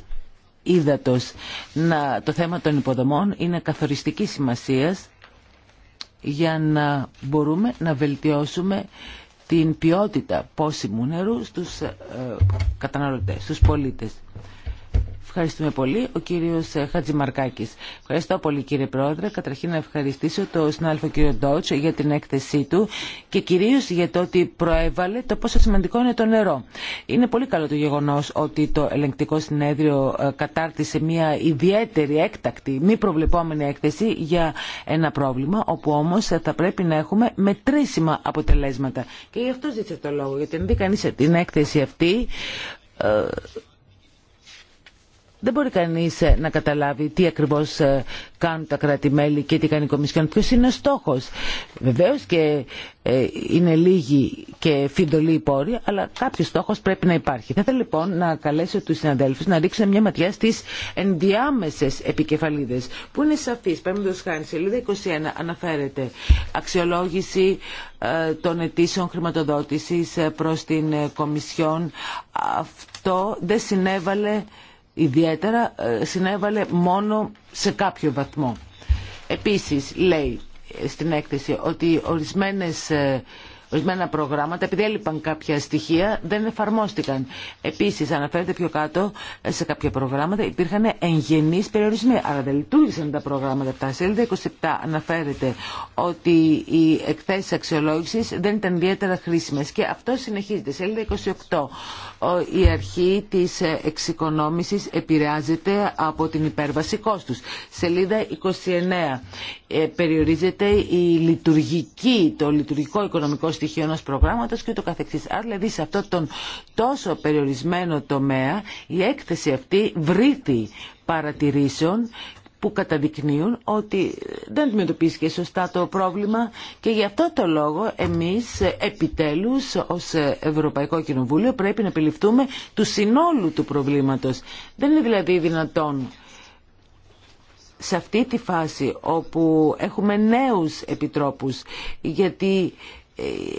ύδατος. Να, το θέμα των υποδομών είναι καθοριστική σημασίας για να μπορούμε να βελτιώσουμε την ποιότητα πόσιμου νερού στους ε, καταναλωτές, στους πολίτες. Ευχαριστούμε πολύ. Ο κύριο ε, Χατζημαρκάκης. Ευχαριστώ πολύ κύριε Πρόεδρε. Καταρχήν να ευχαριστήσω τον συνάδελφο κύριο Ντότσο για την έκθεσή του και κυρίω για το ότι προέβαλε το πόσο σημαντικό είναι το νερό. Είναι πολύ καλό το γεγονό ότι το ελεγκτικό συνέδριο ε, κατάρτισε μια ιδιαίτερη έκτακτη, μη προβλεπόμενη έκθεση για ένα πρόβλημα, όπου όμω θα πρέπει να έχουμε μετρήσιμα αποτελέσματα. Και γι' αυτό ζήτησε το λόγο, γιατί αν δει κανεί την έκθεση αυτή, ε, δεν μπορεί κανείς ε, να καταλάβει τι ακριβώς ε, κάνουν τα κράτη-μέλη και τι κάνει η Κομισιόν. Ποιος είναι ο στόχος. Βεβαίως και ε, είναι λίγοι και φιντολοί οι πόροι, αλλά κάποιος στόχος πρέπει να υπάρχει. Θα ήθελα λοιπόν να καλέσω τους συναδέλφους να ρίξουν μια ματιά στις ενδιάμεσες επικεφαλίδες, που είναι σαφείς. Παραδείγματος χάρη, σελίδα 21 αναφέρεται αξιολόγηση των αιτήσεων χρηματοδότησης προς την Κομισιόν. Αυτό δεν συνέβαλε ιδιαίτερα ε, συνέβαλε μόνο σε κάποιο βαθμό. Επίσης λέει στην έκθεση ότι ορισμένες ε, Ορισμένα προγράμματα, επειδή έλειπαν κάποια στοιχεία, δεν εφαρμόστηκαν. Επίσης, αναφέρεται πιο κάτω, ε, σε κάποια προγράμματα υπήρχαν εγγενείς περιορισμοί, άρα δεν λειτουργήσαν τα προγράμματα αυτά. Σε 27 αναφέρεται ότι οι εκθέσεις αξιολόγησης δεν ήταν ιδιαίτερα χρήσιμες και αυτό συνεχίζεται. Σε 28 η αρχή της εξοικονόμησης επηρεάζεται από την υπέρβαση κόστους. Σελίδα 29. Ε, περιορίζεται η λειτουργική, το λειτουργικό οικονομικό στοιχείο ενός προγράμματος και το καθεξής. Άρα δηλαδή σε αυτό τον τόσο περιορισμένο τομέα η έκθεση αυτή βρήθη παρατηρήσεων που καταδεικνύουν ότι δεν αντιμετωπίστηκε σωστά το πρόβλημα και γι' αυτό το λόγο εμείς επιτέλους ως Ευρωπαϊκό Κοινοβούλιο πρέπει να επιληφθούμε του συνόλου του προβλήματος. Δεν είναι δηλαδή δυνατόν σε αυτή τη φάση όπου έχουμε νέους επιτρόπους γιατί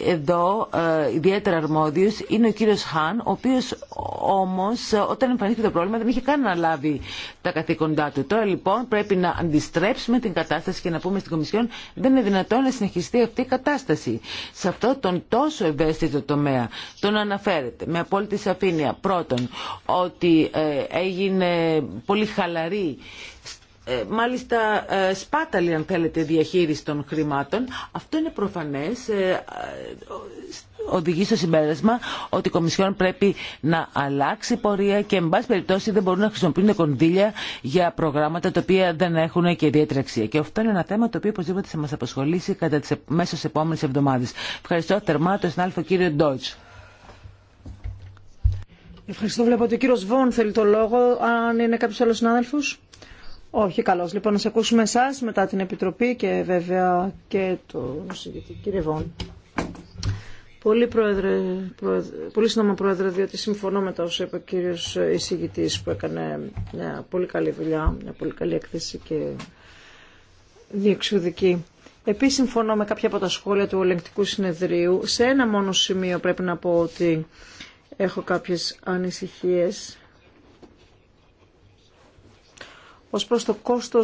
εδώ ε, ιδιαίτερα αρμόδιο, είναι ο κύριος Χάν, ο οποίο όμως ε, όταν εμφανίστηκε το πρόβλημα δεν είχε καν να λάβει τα καθήκοντά του. Τώρα λοιπόν πρέπει να αντιστρέψουμε την κατάσταση και να πούμε στην Κομισιόν δεν είναι δυνατόν να συνεχιστεί αυτή η κατάσταση. Σε αυτό τον τόσο ευαίσθητο τομέα τον αναφέρεται με απόλυτη σαφήνεια πρώτον ότι ε, έγινε πολύ χαλαρή ε, μάλιστα ε, σπάταλη αν θέλετε διαχείριση των χρημάτων αυτό είναι προφανές ε, οδηγεί στο συμπέρασμα ότι η Κομισιόν πρέπει να αλλάξει πορεία και εν πάση περιπτώσει δεν μπορούν να χρησιμοποιούν κονδύλια για προγράμματα τα οποία δεν έχουν και ιδιαίτερη αξία. Και αυτό είναι ένα θέμα το οποίο οπωσδήποτε θα μας απασχολήσει κατά τις, μέσα στις επόμενε εβδομάδε. Ευχαριστώ θερμά τον συνάδελφο κύριο Ντότζ. Ευχαριστώ. Βλέπω ότι ο κύριο Βόν θέλει το λόγο. Αν είναι κάποιο άλλο συνάδελφο. Όχι, καλώς. Λοιπόν, να σε ακούσουμε εσά μετά την Επιτροπή και βέβαια και το συγκεκριμένο. κύριε Βόν. Πολύ, πρόεδρε, πολύ σύντομα, Πρόεδρε, διότι συμφωνώ με τα όσα είπε ο κύριο εισηγητής που έκανε μια πολύ καλή δουλειά, μια πολύ καλή εκθέση και διεξουδική. Επίση, συμφωνώ με κάποια από τα σχόλια του ελεγκτικού συνεδρίου. Σε ένα μόνο σημείο πρέπει να πω ότι έχω κάποιες ανησυχίες Ω προ το κόστο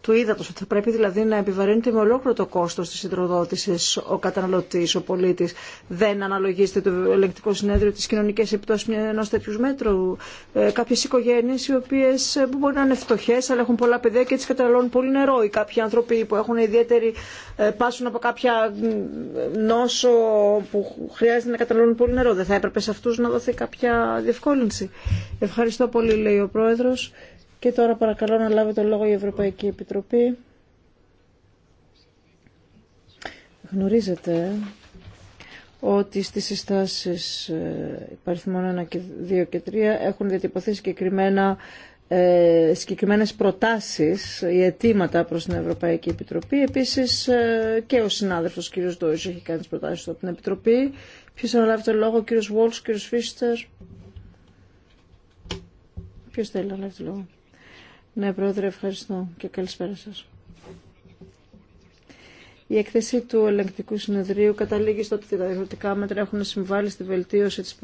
του ύδατο. ότι θα πρέπει δηλαδή να επιβαρύνεται με ολόκληρο το κόστος της συντροδότηση ο καταναλωτή, ο πολίτη. Δεν αναλογίζεται το ελεγκτικό συνέδριο τη κοινωνική επιπτώσει ενό τέτοιου μέτρου. Ε, κάποιες οι οποίε ε, μπορεί να είναι φτωχέ, αλλά έχουν πολλά παιδιά και έτσι καταναλώνουν πολύ νερό. Ή κάποιοι άνθρωποι που έχουν ιδιαίτερη, ε, πάσουν από κάποια νόσο που χρειάζεται να καταναλώνουν πολύ νερό. Δεν θα έπρεπε σε αυτού να δοθεί κάποια διευκόλυνση. Ευχαριστώ πολύ λέει ο πρόεδρο. Και τώρα παρακαλώ να λάβει το λόγο η Ευρωπαϊκή Επιτροπή. Γνωρίζετε ότι στις συστάσεις ε, υπαριθμών 1 και 2 και 3 έχουν διατυπωθεί συγκεκριμένα ε, συγκεκριμένες προτάσεις ή ε, αιτήματα προς την Ευρωπαϊκή Επιτροπή. Επίσης ε, και ο συνάδελφος κ. Ντόις έχει κάνει τις προτάσεις από την Επιτροπή. Ποιος θα λάβει το λόγο, κ. Βόλς, κ. Φίστερ. Ποιος θέλει να λάβει το λόγο. Ναι, Πρόεδρε, ευχαριστώ και καλησπέρα σας. Η έκθεση του ελεγκτικού συνεδρίου καταλήγει στο ότι τα διεθνωτικά μέτρα έχουν συμβάλει στη βελτίωση της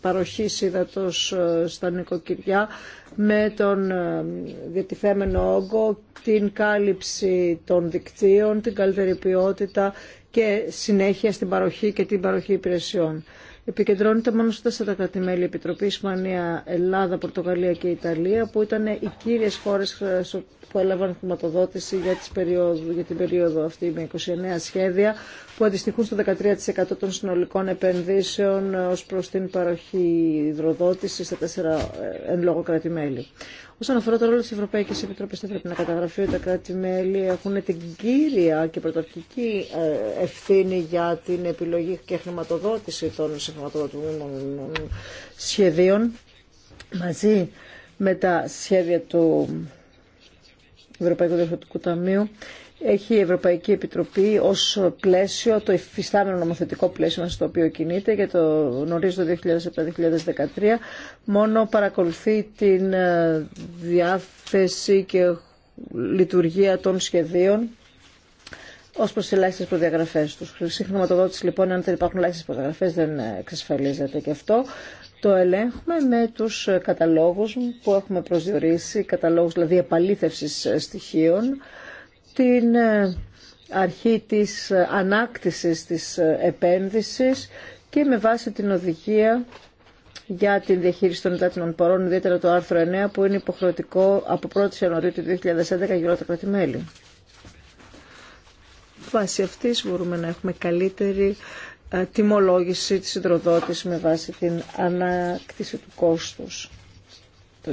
παροχής ύδατος ε, στα νοικοκυριά με τον ε, διατηθέμενο όγκο, την κάλυψη των δικτύων, την καλύτερη ποιότητα και συνέχεια στην παροχή και την παροχή υπηρεσιών επικεντρώνεται μόνο στα τέσσερα μελη Επιτροπή, Ισπανία, Ελλάδα, Πορτογαλία και Ιταλία, που ήταν οι κύριε χώρε ε, που έλαβαν χρηματοδότηση για, τις για την περίοδο αυτή με 29 σχέδια, που αντιστοιχούν στο 13% των συνολικών επενδύσεων ε, ω προ την παροχή υδροδότηση στα τέσσερα ε, εν λόγω κράτη-μέλη. Όσον αφορά το ρόλο τη Ευρωπαϊκή Επιτροπή, θα πρέπει να καταγραφεί ότι τα κράτη-μέλη έχουν την κύρια και πρωταρχική ε, ευθύνη για την επιλογή και χρηματοδότηση των συγχρηματοδοτούμενων σχεδίων μαζί με τα σχέδια του Ευρωπαϊκού Διευθυντικού Ταμείου έχει η Ευρωπαϊκή Επιτροπή ως πλαίσιο, το υφιστάμενο νομοθετικό πλαίσιο μας στο οποίο κινείται για το το 2007 2007-2013 μόνο παρακολουθεί την ε, διάθεση και λειτουργία των σχεδίων ως προς τις ελάχιστες προδιαγραφές τους. λοιπόν, αν δεν υπάρχουν ελάχιστες προδιαγραφές δεν ε, εξασφαλίζεται και αυτό. Το ελέγχουμε με τους ε, καταλόγους που έχουμε προσδιορίσει, καταλόγους δηλαδή επαλήθευσης στοιχείων, την ε, αρχή της ανάκτησης της ε, επένδυσης και με βάση την οδηγία για την διαχείριση των υδάτινων πορών, ιδιαίτερα το άρθρο 9, που είναι υποχρεωτικό από 1η Ιανουαρίου του 2011 για όλα τα κράτη-μέλη. Βάσει αυτής μπορούμε να έχουμε καλύτερη ε, τιμολόγηση της συντροδότησης με βάση την ανάκτηση του κόστους το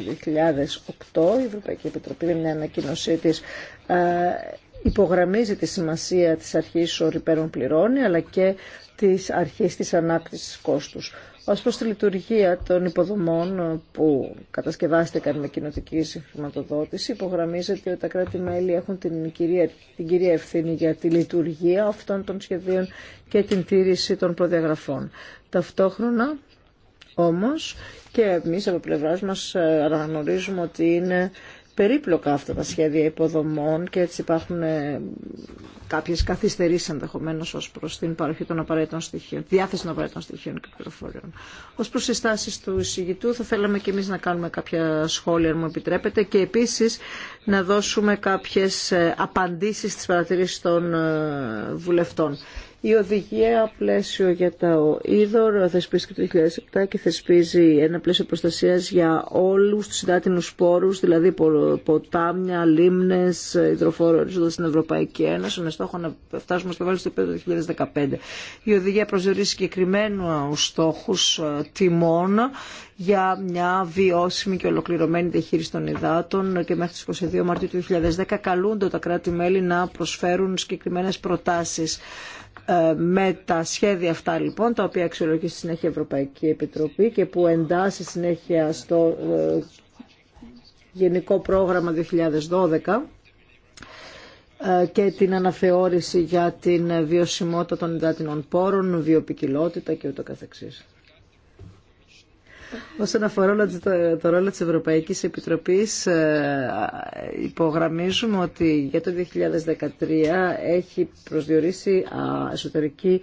2008 η Ευρωπαϊκή Επιτροπή με μια ανακοίνωσή της υπογραμμίζει τη σημασία της αρχής ορυπέρων πληρώνει αλλά και της αρχής της ανάπτυξης κόστους. Ως προς τη λειτουργία των υποδομών που κατασκευάστηκαν με κοινοτική χρηματοδότηση, υπογραμμίζεται ότι τα κράτη-μέλη έχουν την κυρία, την κυρία ευθύνη για τη λειτουργία αυτών των σχεδίων και την τήρηση των προδιαγραφών. Ταυτόχρονα όμως και εμείς από πλευράς μας ε, αναγνωρίζουμε ότι είναι περίπλοκα αυτά τα σχέδια υποδομών και έτσι υπάρχουν ε, κάποιες καθυστερήσεις ενδεχομένω ως προς την παροχή των απαραίτητων στοιχείων, διάθεση των απαραίτητων στοιχείων και πληροφοριών. Ως προς τις στάσεις του εισηγητού θα θέλαμε και εμείς να κάνουμε κάποια σχόλια, αν μου επιτρέπετε, και επίσης να δώσουμε κάποιες ε, απαντήσεις στις παρατηρήσεις των βουλευτών. Η οδηγία πλαίσιο για τα είδωρο θεσπίστηκε το 2007 και θεσπίζει ένα πλαίσιο προστασία για όλου του συντάτινου σπόρου, δηλαδή ποτάμια, λίμνες, υδροφόρο ορίζοντα την Ευρωπαϊκή Ένωση, με στόχο να φτάσουμε στο στο επίπεδο του 2015. Η οδηγία προσδιορίζει συγκεκριμένου στόχου ε, τιμών για μια βιώσιμη και ολοκληρωμένη διαχείριση των υδάτων και μέχρι τις 22 Μαρτίου του 2010 καλούνται τα κράτη-μέλη να προσφέρουν συγκεκριμένε προτάσεις ε, με τα σχέδια αυτά λοιπόν, τα οποία αξιολογεί στη συνέχεια η Ευρωπαϊκή Επιτροπή και που εντάσσει συνέχεια στο ε, Γενικό Πρόγραμμα 2012 ε, και την αναθεώρηση για την βιωσιμότητα των υδάτινων πόρων, βιοπικιλότητα και ούτω καθεξής. Όσον αφορά το ρόλο της Ευρωπαϊκής Επιτροπής, ε, υπογραμμίζουμε ότι για το 2013 έχει προσδιορίσει εσωτερική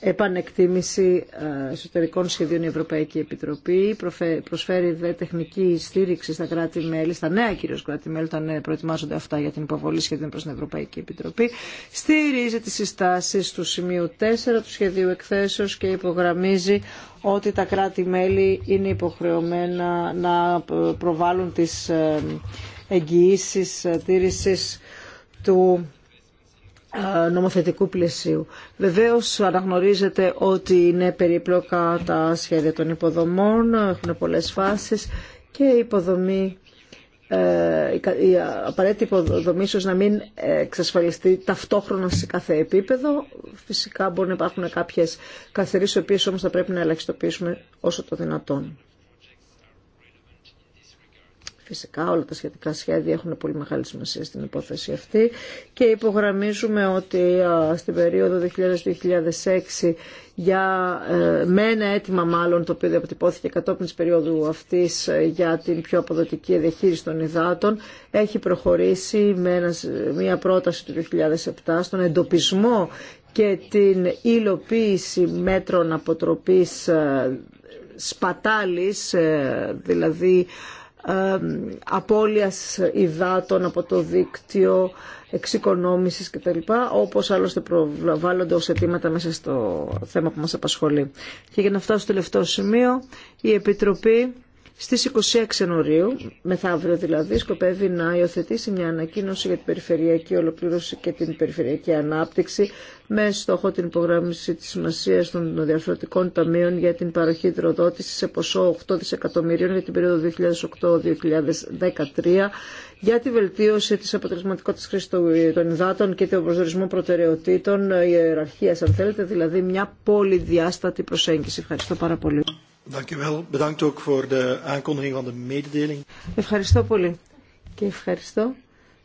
επανεκτίμηση ε, εσωτερικών σχεδίων η Ευρωπαϊκή Επιτροπή. Προσφέρει δε τεχνική στήριξη στα κράτη-μέλη, στα νέα κυρίω κράτη-μέλη, όταν ε, προετοιμάζονται αυτά για την υποβολή σχεδίων προ την Ευρωπαϊκή Επιτροπή. Στηρίζει τι συστάσει του σημείου 4 του σχεδίου εκθέσεω και υπογραμμίζει ότι τα κράτη-μέλη είναι υποχρεωμένα να προβάλλουν τι ε, εγγυήσει τήρηση του νομοθετικού πλαισίου. Βεβαίως αναγνωρίζετε ότι είναι περίπλοκα τα σχέδια των υποδομών, έχουν πολλές φάσεις και η υποδομή ε, η απαραίτητη υποδομή ίσως να μην εξασφαλιστεί ταυτόχρονα σε κάθε επίπεδο. Φυσικά μπορεί να υπάρχουν κάποιες καθερίσεις, οι οποίες όμως θα πρέπει να ελαχιστοποιήσουμε όσο το δυνατόν. Φυσικά όλα τα σχετικά σχέδια έχουν πολύ μεγάλη σημασία στην υπόθεση αυτή και υπογραμμίζουμε ότι στην περίοδο 2000-2006 για, ε, με ένα αίτημα μάλλον το οποίο διατυπώθηκε κατόπιν της περίοδου αυτής ε, για την πιο αποδοτική διαχείριση των υδάτων έχει προχωρήσει με μια πρόταση του 2007 στον εντοπισμό και την υλοποίηση μέτρων αποτροπής ε, σπατάλης, δηλαδή απώλειας υδάτων από το δίκτυο, εξοικονόμησης κτλ. Όπως άλλωστε προβάλλονται ως αιτήματα μέσα στο θέμα που μας απασχολεί. Και για να φτάσω στο τελευταίο σημείο, η Επιτροπή στις 26 Ιανουαρίου, μεθαύριο δηλαδή, σκοπεύει να υιοθετήσει μια ανακοίνωση για την περιφερειακή ολοκλήρωση και την περιφερειακή ανάπτυξη με στόχο την υπογράμμιση της σημασία των διαφορετικών ταμείων για την παροχή υδροδότηση σε ποσό 8 δισεκατομμυρίων για την περίοδο 2008-2013 για τη βελτίωση της αποτελεσματικότητας χρήση των υδάτων και τον προσδορισμό προτεραιοτήτων ιεραρχίας αν θέλετε, δηλαδή μια πολυδιάστατη προσέγγιση. Ευχαριστώ πάρα πολύ. Ευχαριστώ πολύ και ευχαριστώ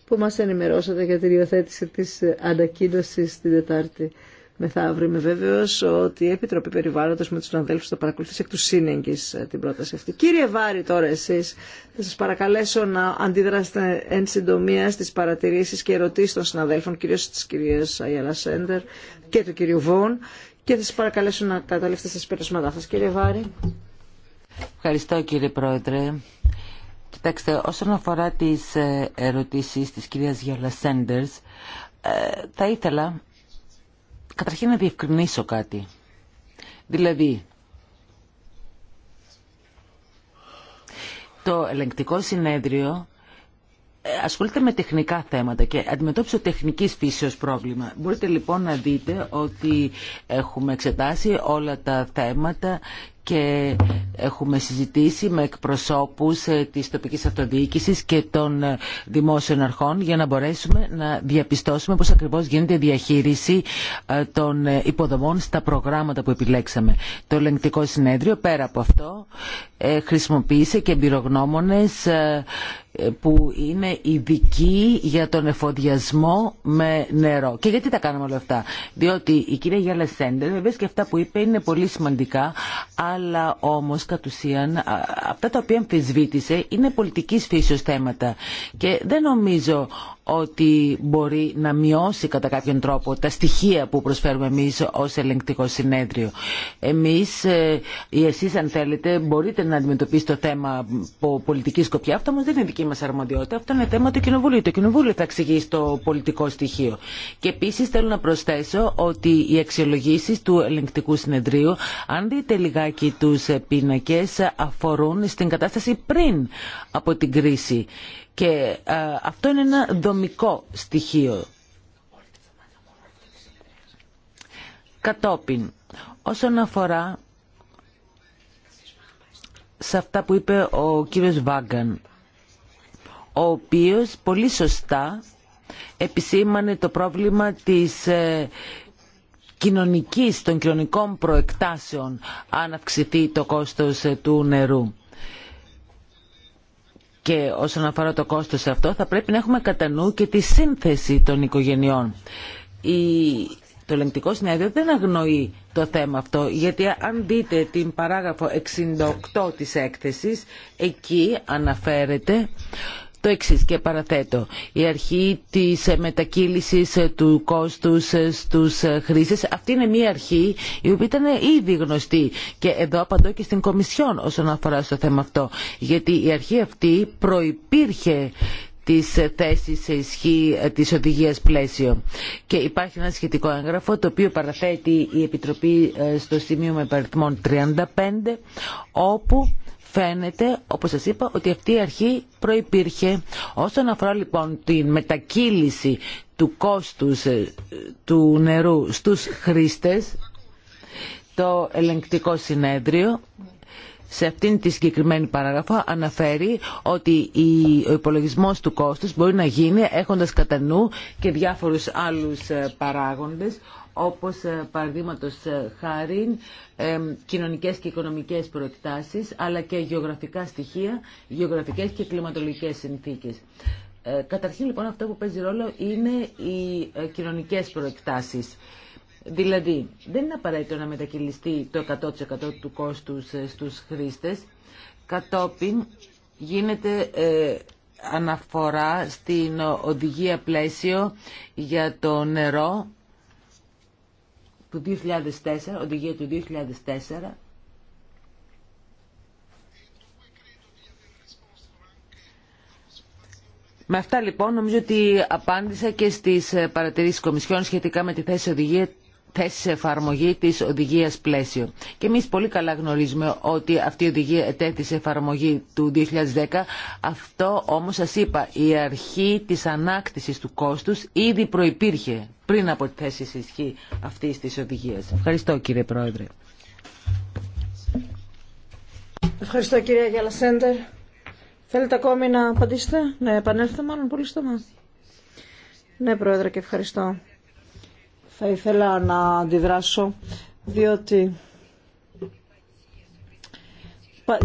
που μας ενημερώσατε για την υιοθέτηση της ε, ανακοίνωσης την Δετάρτη μεθαύριο. Είμαι βέβαιος ότι η Επιτροπή Περιβάλλοντος με τους συναδέλφου, θα παρακολουθήσει εκ του σύνεγγυς ε, την πρόταση αυτή. Κύριε Βάρη τώρα εσείς, θα σας παρακαλέσω να αντιδράσετε εν συντομία στις παρατηρήσεις και ερωτήσεις των συναδέλφων, κυρίως τη κυρία Αγιαλά Σέντερ και του κυρίου Βόν και θα σας παρακαλέσω να καταλήξετε στα συμπερασμάτά σα. Κύριε Βάρη. Ευχαριστώ κύριε Πρόεδρε. Κοιτάξτε, όσον αφορά τις ε, ερωτήσεις της κυρίας Γιώλα Σέντερς, ε, θα ήθελα καταρχήν να διευκρινίσω κάτι. Δηλαδή, το ελεγκτικό συνέδριο ε, ασχολείται με τεχνικά θέματα και αντιμετώπισε τεχνικής φύσεως πρόβλημα. Μπορείτε λοιπόν να δείτε ότι έχουμε εξετάσει όλα τα θέματα και έχουμε συζητήσει με εκπροσώπους ε, της τοπικής αυτοδιοίκησης και των ε, δημόσιων αρχών για να μπορέσουμε να διαπιστώσουμε πώς ακριβώς γίνεται η διαχείριση ε, των υποδομών στα προγράμματα που επιλέξαμε. Το ελεγκτικό συνέδριο πέρα από αυτό χρησιμοποίησε και εμπειρογνώμονες που είναι ειδικοί για τον εφοδιασμό με νερό. Και γιατί τα κάνουμε όλα αυτά. Διότι η κυρία Γιάννα Σέντερ, βέβαια και αυτά που είπε είναι πολύ σημαντικά, αλλά όμως κατ' ουσίαν αυτά τα οποία αμφισβήτησε είναι πολιτικής φύσεως θέματα και δεν νομίζω ότι μπορεί να μειώσει κατά κάποιον τρόπο τα στοιχεία που προσφέρουμε εμείς ως ελεγκτικό συνέδριο. Εμείς ε, ή εσείς αν θέλετε μπορείτε να αντιμετωπίσετε το θέμα από πολιτική σκοπιά. Αυτό όμως δεν είναι δική μας αρμοδιότητα. Αυτό είναι θέμα του Κοινοβουλίου. Το Κοινοβούλιο θα εξηγήσει το πολιτικό στοιχείο. Και επίσης θέλω να προσθέσω ότι οι αξιολογήσει του ελεγκτικού συνεδρίου αν δείτε λιγάκι τους πίνακες αφορούν στην κατάσταση πριν από την κρίση και ε, αυτό είναι ένα δομικό στοιχείο. Κατόπιν, όσον αφορά σε αυτά που είπε ο κύριος Βάγκαν, ο οποίος πολύ σωστά επισήμανε το πρόβλημα της ε, κοινωνικής, των κοινωνικών προεκτάσεων αν αυξηθεί το κόστος ε, του νερού. Και όσον αφορά το κόστος αυτό θα πρέπει να έχουμε κατά νου και τη σύνθεση των οικογενειών. Το ελεγκτικό συνέδριο δεν αγνοεί το θέμα αυτό, γιατί αν δείτε την παράγραφο 68 της έκθεσης, εκεί αναφέρεται το εξή και παραθέτω. Η αρχή της μετακύληση του κόστου στου χρήστε, αυτή είναι μια αρχή η οποία ήταν ήδη γνωστή και εδώ απαντώ και στην Κομισιόν όσον αφορά στο θέμα αυτό. Γιατί η αρχή αυτή προϋπήρχε της θέσης σε ισχύ της οδηγίας πλαίσιο. Και υπάρχει ένα σχετικό έγγραφο το οποίο παραθέτει η Επιτροπή ε, στο σημείο με 35 όπου Φαίνεται, όπως σας είπα, ότι αυτή η αρχή προϋπήρχε. Όσον αφορά λοιπόν τη μετακύληση του κόστους ε, του νερού στους χρήστες, το ελεγκτικό συνέδριο σε αυτήν τη συγκεκριμένη παράγραφο αναφέρει ότι ο υπολογισμός του κόστους μπορεί να γίνει έχοντας κατά νου και διάφορους άλλους ε, παράγοντες όπως ε, παραδείγματος ε, χάρη ε, κοινωνικές και οικονομικές προεκτάσεις, αλλά και γεωγραφικά στοιχεία, γεωγραφικές και κλιματολογικές συνθήκες. Καταρχήν λοιπόν αυτό που παίζει ρόλο είναι οι κοινωνικές προεκτάσεις. Δηλαδή, δεν είναι απαραίτητο να μετακυλιστεί το 100% του κόστου στους χρήστες. Κατόπιν γίνεται αναφορά στην οδηγία πλαίσιο για το νερό του 2004, οδηγία του 2004, Με αυτά λοιπόν νομίζω ότι απάντησα και στις ε, παρατηρήσεις Κομισιόν σχετικά με τη θέση οδηγία σε εφαρμογή της οδηγίας πλαίσιο. Και εμείς πολύ καλά γνωρίζουμε ότι αυτή η οδηγία ετέθησε εφαρμογή του 2010. Αυτό όμως σας είπα, η αρχή της ανάκτησης του κόστους ήδη προϋπήρχε πριν από τη θέση ισχύ αυτής της οδηγίας. Ευχαριστώ κύριε Πρόεδρε. Ευχαριστώ κυρία Γιάννα Θέλετε ακόμη να απαντήσετε, να επανέλθετε μάλλον πολύ στο μα. Ναι, Πρόεδρε, και ευχαριστώ. Θα ήθελα να αντιδράσω, διότι...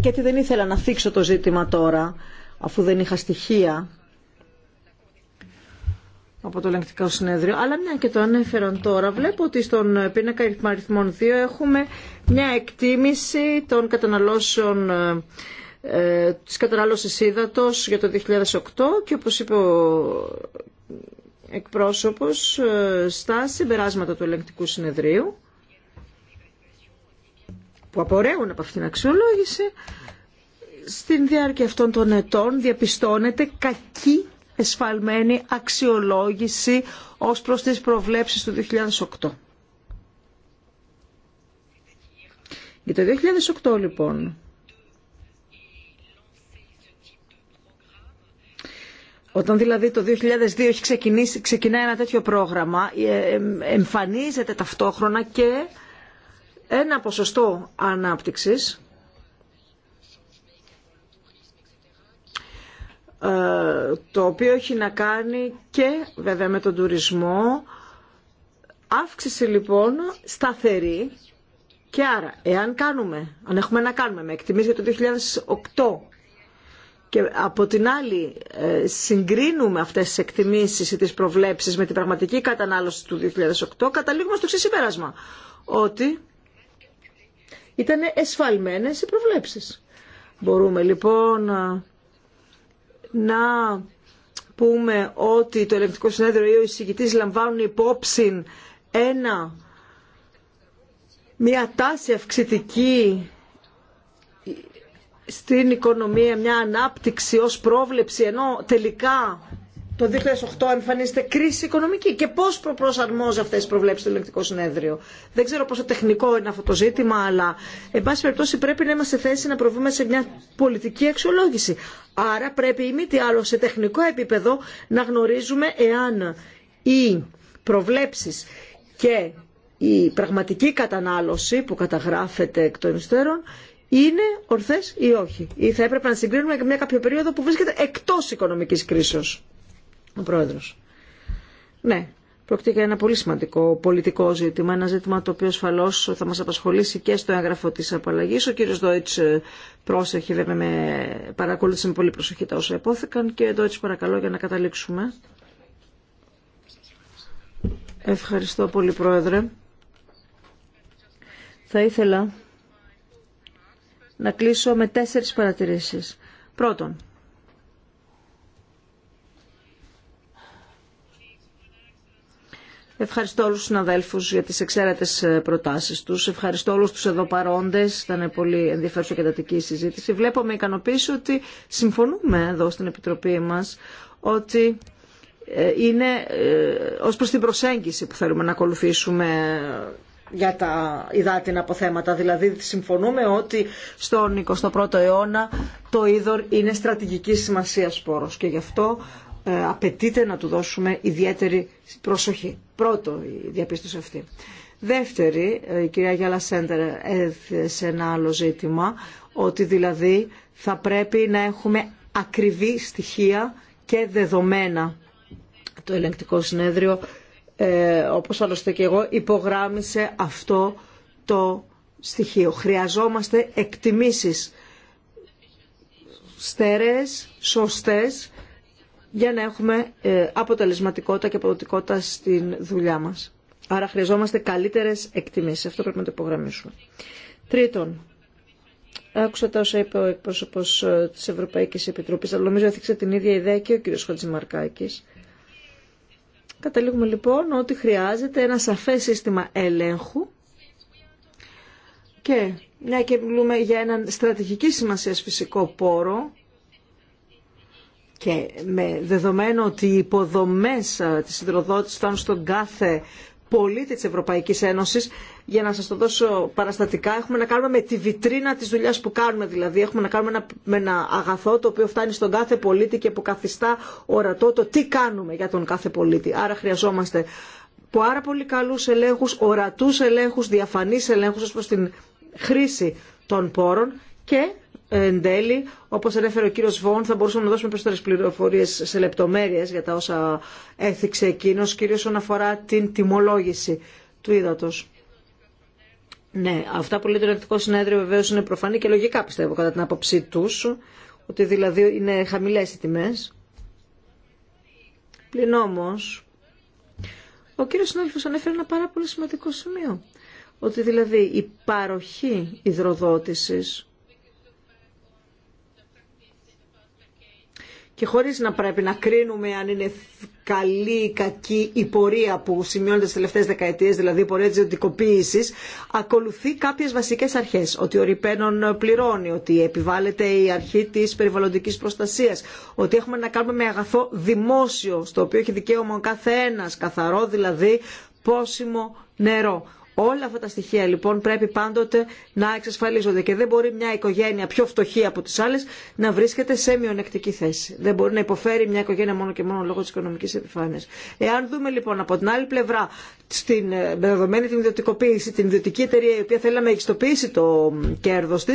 Γιατί δεν ήθελα να θίξω το ζήτημα τώρα, αφού δεν είχα στοιχεία από το ελεγκτικό συνέδριο. Αλλά μια και το ανέφεραν τώρα, βλέπω ότι στον πίνακα αριθμών 2 έχουμε μια εκτίμηση των καταναλώσεων ε, ε, της κατανάλωσης ύδατος για το 2008 και όπως είπε ο εκπρόσωπος ε, στα συμπεράσματα του ελεγκτικού συνεδρίου που απορρέουν από αυτήν την αξιολόγηση στην διάρκεια αυτών των ετών διαπιστώνεται κακή εσφαλμένη αξιολόγηση ως προς τις προβλέψεις του 2008. Για το 2008 λοιπόν Όταν δηλαδή το 2002 έχει ξεκινήσει, ξεκινάει ένα τέτοιο πρόγραμμα, ε, ε, εμφανίζεται ταυτόχρονα και ένα ποσοστό ανάπτυξης, ε, το οποίο έχει να κάνει και βέβαια με τον τουρισμό. Αύξηση λοιπόν σταθερή και άρα εάν κάνουμε, αν έχουμε να κάνουμε με εκτιμήσεις για το 2008 και από την άλλη ε, συγκρίνουμε αυτές τις εκτιμήσεις ή τις προβλέψεις με την πραγματική κατανάλωση του 2008, καταλήγουμε στο εξή συμπέρασμα, ότι ήταν εσφαλμένες οι προβλέψεις. Μπορούμε λοιπόν να πούμε ότι το ελεγκτικό συνέδριο ή ο εισηγητής λαμβάνουν υπόψη ένα, μια τάση αυξητική στην οικονομία μια ανάπτυξη ως πρόβλεψη ενώ τελικά το 2008 εμφανίζεται κρίση οικονομική και πώς προσαρμόζει αυτές τις προβλέψεις στο ελεγκτικό συνέδριο. Δεν ξέρω πόσο τεχνικό είναι αυτό το ζήτημα, αλλά εν πάση περιπτώσει πρέπει να είμαστε θέση να προβούμε σε μια πολιτική αξιολόγηση. Άρα πρέπει ή μη τι άλλο σε τεχνικό επίπεδο να γνωρίζουμε εάν οι προβλέψεις και η πραγματική κατανάλωση που καταγράφεται εκ των υστέρων είναι ορθές ή όχι. Ή θα έπρεπε να συγκρίνουμε μια κάποια περίοδο που βρίσκεται εκτός οικονομικής κρίσεως. Ο Πρόεδρος. Ναι, πρόκειται για ένα πολύ σημαντικό πολιτικό ζήτημα, ένα ζήτημα το οποίο ασφαλώ θα μας απασχολήσει και στο έγγραφο τη απαλλαγή. Ο κύριος Δόιτς ε, πρόσεχε βέβαια με παρακολούθησε με πολύ προσοχή τα όσα υπόθηκαν και Δόιτς παρακαλώ για να καταλήξουμε. Ευχαριστώ πολύ Πρόεδρε. Θα ήθελα να κλείσω με τέσσερις παρατηρήσεις. Πρώτον, Ευχαριστώ όλους τους συναδέλφους για τις εξαίρετες ε, προτάσεις τους. Ευχαριστώ όλους τους εδώ παρόντες. Ήταν πολύ ενδιαφέρουσα και εντατική η συζήτηση. Βλέπω με ικανοποίηση ότι συμφωνούμε εδώ στην Επιτροπή μας ότι ε, είναι ε, ως προς την προσέγγιση που θέλουμε να ακολουθήσουμε για τα υδάτινα αποθέματα. Δηλαδή συμφωνούμε ότι στον 21ο αιώνα το είδωρ είναι στρατηγική σημασίας πόρος και γι' αυτό ε, απαιτείται να του δώσουμε ιδιαίτερη προσοχή. Πρώτο η διαπίστωση αυτή. Δεύτερη, ε, η κυρία Γιάλα Σέντερ έθεσε ένα άλλο ζήτημα, ότι δηλαδή θα πρέπει να έχουμε ακριβή στοιχεία και δεδομένα. Το ελεγκτικό συνέδριο ε, όπως άλλωστε και εγώ, υπογράμμισε αυτό το στοιχείο. Χρειαζόμαστε εκτιμήσεις στέρεες, σωστές, για να έχουμε ε, αποτελεσματικότητα και αποδοτικότητα στην δουλειά μας. Άρα χρειαζόμαστε καλύτερες εκτιμήσεις. Αυτό πρέπει να το υπογραμμίσουμε. Τρίτον, άκουσα τα όσα είπε ο εκπρόσωπος ε, της Ευρωπαϊκής Επιτροπής, αλλά νομίζω έθιξε την ίδια ιδέα και ο κ. Χατζημαρκάκης Καταλήγουμε λοιπόν ότι χρειάζεται ένα σαφές σύστημα ελέγχου και μια και μιλούμε για έναν στρατηγική σημασία φυσικό πόρο και με δεδομένο ότι οι υποδομές ε, της υδροδότησης φτάνουν στον κάθε πολίτη της Ευρωπαϊκής Ένωσης. Για να σας το δώσω παραστατικά, έχουμε να κάνουμε με τη βιτρίνα της δουλειάς που κάνουμε. Δηλαδή έχουμε να κάνουμε με ένα αγαθό το οποίο φτάνει στον κάθε πολίτη και που καθιστά ορατό το τι κάνουμε για τον κάθε πολίτη. Άρα χρειαζόμαστε πάρα πολύ καλούς ελέγχους, ορατούς ελέγχους, διαφανείς ελέγχους προς την χρήση των πόρων και εν τέλει, όπω ανέφερε ο κύριο Βόν, θα μπορούσαμε να δώσουμε περισσότερε πληροφορίε σε λεπτομέρειε για τα όσα έθιξε εκείνο, κυρίω όσον αφορά την τιμολόγηση του ύδατο. Ναι, αυτά που λέει το Ελεκτικό Συνέδριο βεβαίω είναι προφανή και λογικά πιστεύω κατά την άποψή του, ότι δηλαδή είναι χαμηλέ οι τιμέ. Πλην όμω, ο κύριο συνάδελφο ανέφερε ένα πάρα πολύ σημαντικό σημείο. Ότι δηλαδή η παροχή υδροδότησης και χωρίς να πρέπει να κρίνουμε αν είναι καλή ή κακή η πορεία που σημειώνεται στις τελευταίες δεκαετίες, δηλαδή η πορεία της ιδιωτικοποίησης, ακολουθεί κάποιες βασικές αρχές. Ότι ο Ριπένον πληρώνει, ότι επιβάλλεται η αρχή της περιβαλλοντικής προστασίας, ότι έχουμε να κάνουμε με αγαθό δημόσιο, στο οποίο έχει δικαίωμα ο πληρωνει οτι επιβαλλεται η ένας, καθαρό δηλαδή, πόσιμο νερό Όλα αυτά τα στοιχεία λοιπόν πρέπει πάντοτε να εξασφαλίζονται και δεν μπορεί μια οικογένεια πιο φτωχή από τι άλλε να βρίσκεται σε μειονεκτική θέση. Δεν μπορεί να υποφέρει μια οικογένεια μόνο και μόνο λόγω τη οικονομική επιφάνεια. Εάν δούμε λοιπόν από την άλλη πλευρά στην ε, δεδομένη την ιδιωτικοποίηση, την ιδιωτική εταιρεία η οποία θέλει να μεγιστοποιήσει το κέρδο τη,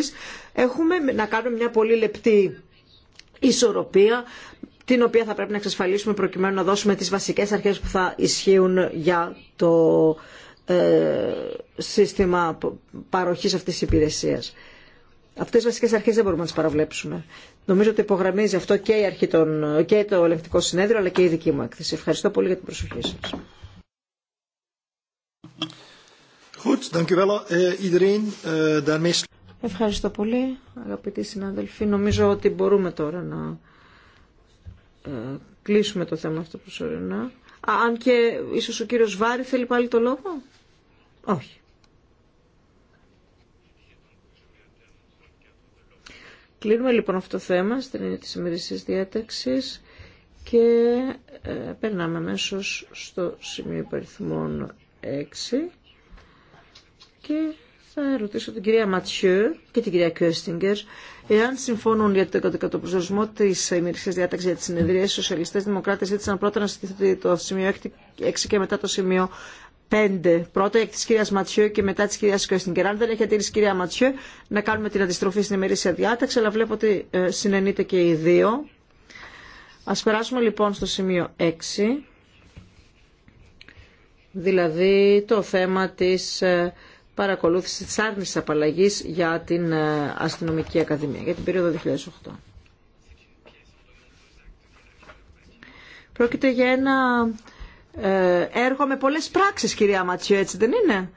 έχουμε να κάνουμε μια πολύ λεπτή ισορροπία την οποία θα πρέπει να εξασφαλίσουμε προκειμένου να δώσουμε τις βασικές αρχές που θα ισχύουν για το ε, σύστημα παροχής αυτής της υπηρεσίας. Αυτές οι βασικές αρχές δεν μπορούμε να τις παραβλέψουμε. Νομίζω ότι υπογραμμίζει αυτό και, η αρχή των, και το ελεγκτικό συνέδριο αλλά και η δική μου έκθεση. Ευχαριστώ πολύ για την προσοχή σας. Eh, eh, Ευχαριστώ πολύ αγαπητοί συνάδελφοι. Νομίζω ότι μπορούμε τώρα να ε, κλείσουμε το θέμα αυτό προσωρινά. Αν και ίσως ο κύριος Βάρη θέλει πάλι το λόγο. Όχι. Κλείνουμε λοιπόν αυτό το θέμα στην έννοια της ημερησίας διάταξης και ε, περνάμε αμέσω στο σημείο υπαριθμών 6 και θα ρωτήσω την κυρία Ματσιού και την κυρία Κιώστιγκερ εάν συμφωνούν για το κατοπροσδιορισμό τη ημερησία διάταξη για τις Συνεδρίες Οι σοσιαλιστέ δημοκράτες ζήτησαν πρώτα να συστηθεί το σημείο 6 και μετά το σημείο πέντε πρώτα, εκ τη κυρία Ματσιού και μετά τη κυρία Κρέστινγκερ. Αν δεν έχετε τη κυρία Ματσιού, να κάνουμε την αντιστροφή στην ημερήσια διάταξη, αλλά βλέπω ότι ε, συνενείται και οι δύο. Α περάσουμε λοιπόν στο σημείο 6. Δηλαδή το θέμα της ε, παρακολούθησης της άρνησης απαλλαγής για την ε, Αστυνομική Ακαδημία, για την περίοδο 2008. Πρόκειται για ένα ε, έργο με πολλές πράξεις κυρία Ματσιό έτσι δεν είναι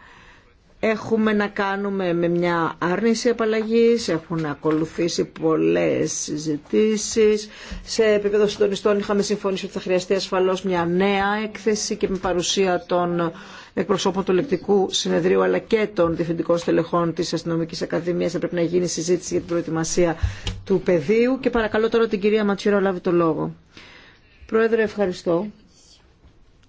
έχουμε να κάνουμε με μια άρνηση απαλλαγής, έχουν ακολουθήσει πολλές συζητήσεις. Σε επίπεδο συντονιστών είχαμε συμφωνήσει ότι θα χρειαστεί ασφαλώς μια νέα έκθεση και με παρουσία των εκπροσώπων του Λεπτικού Συνεδρίου αλλά και των διευθυντικών στελεχών της Αστυνομικής Ακαδημίας θα πρέπει να γίνει συζήτηση για την προετοιμασία του πεδίου και παρακαλώ τώρα την κυρία Ματσίρα λάβει το λόγο. Πρόεδρε, ευχαριστώ.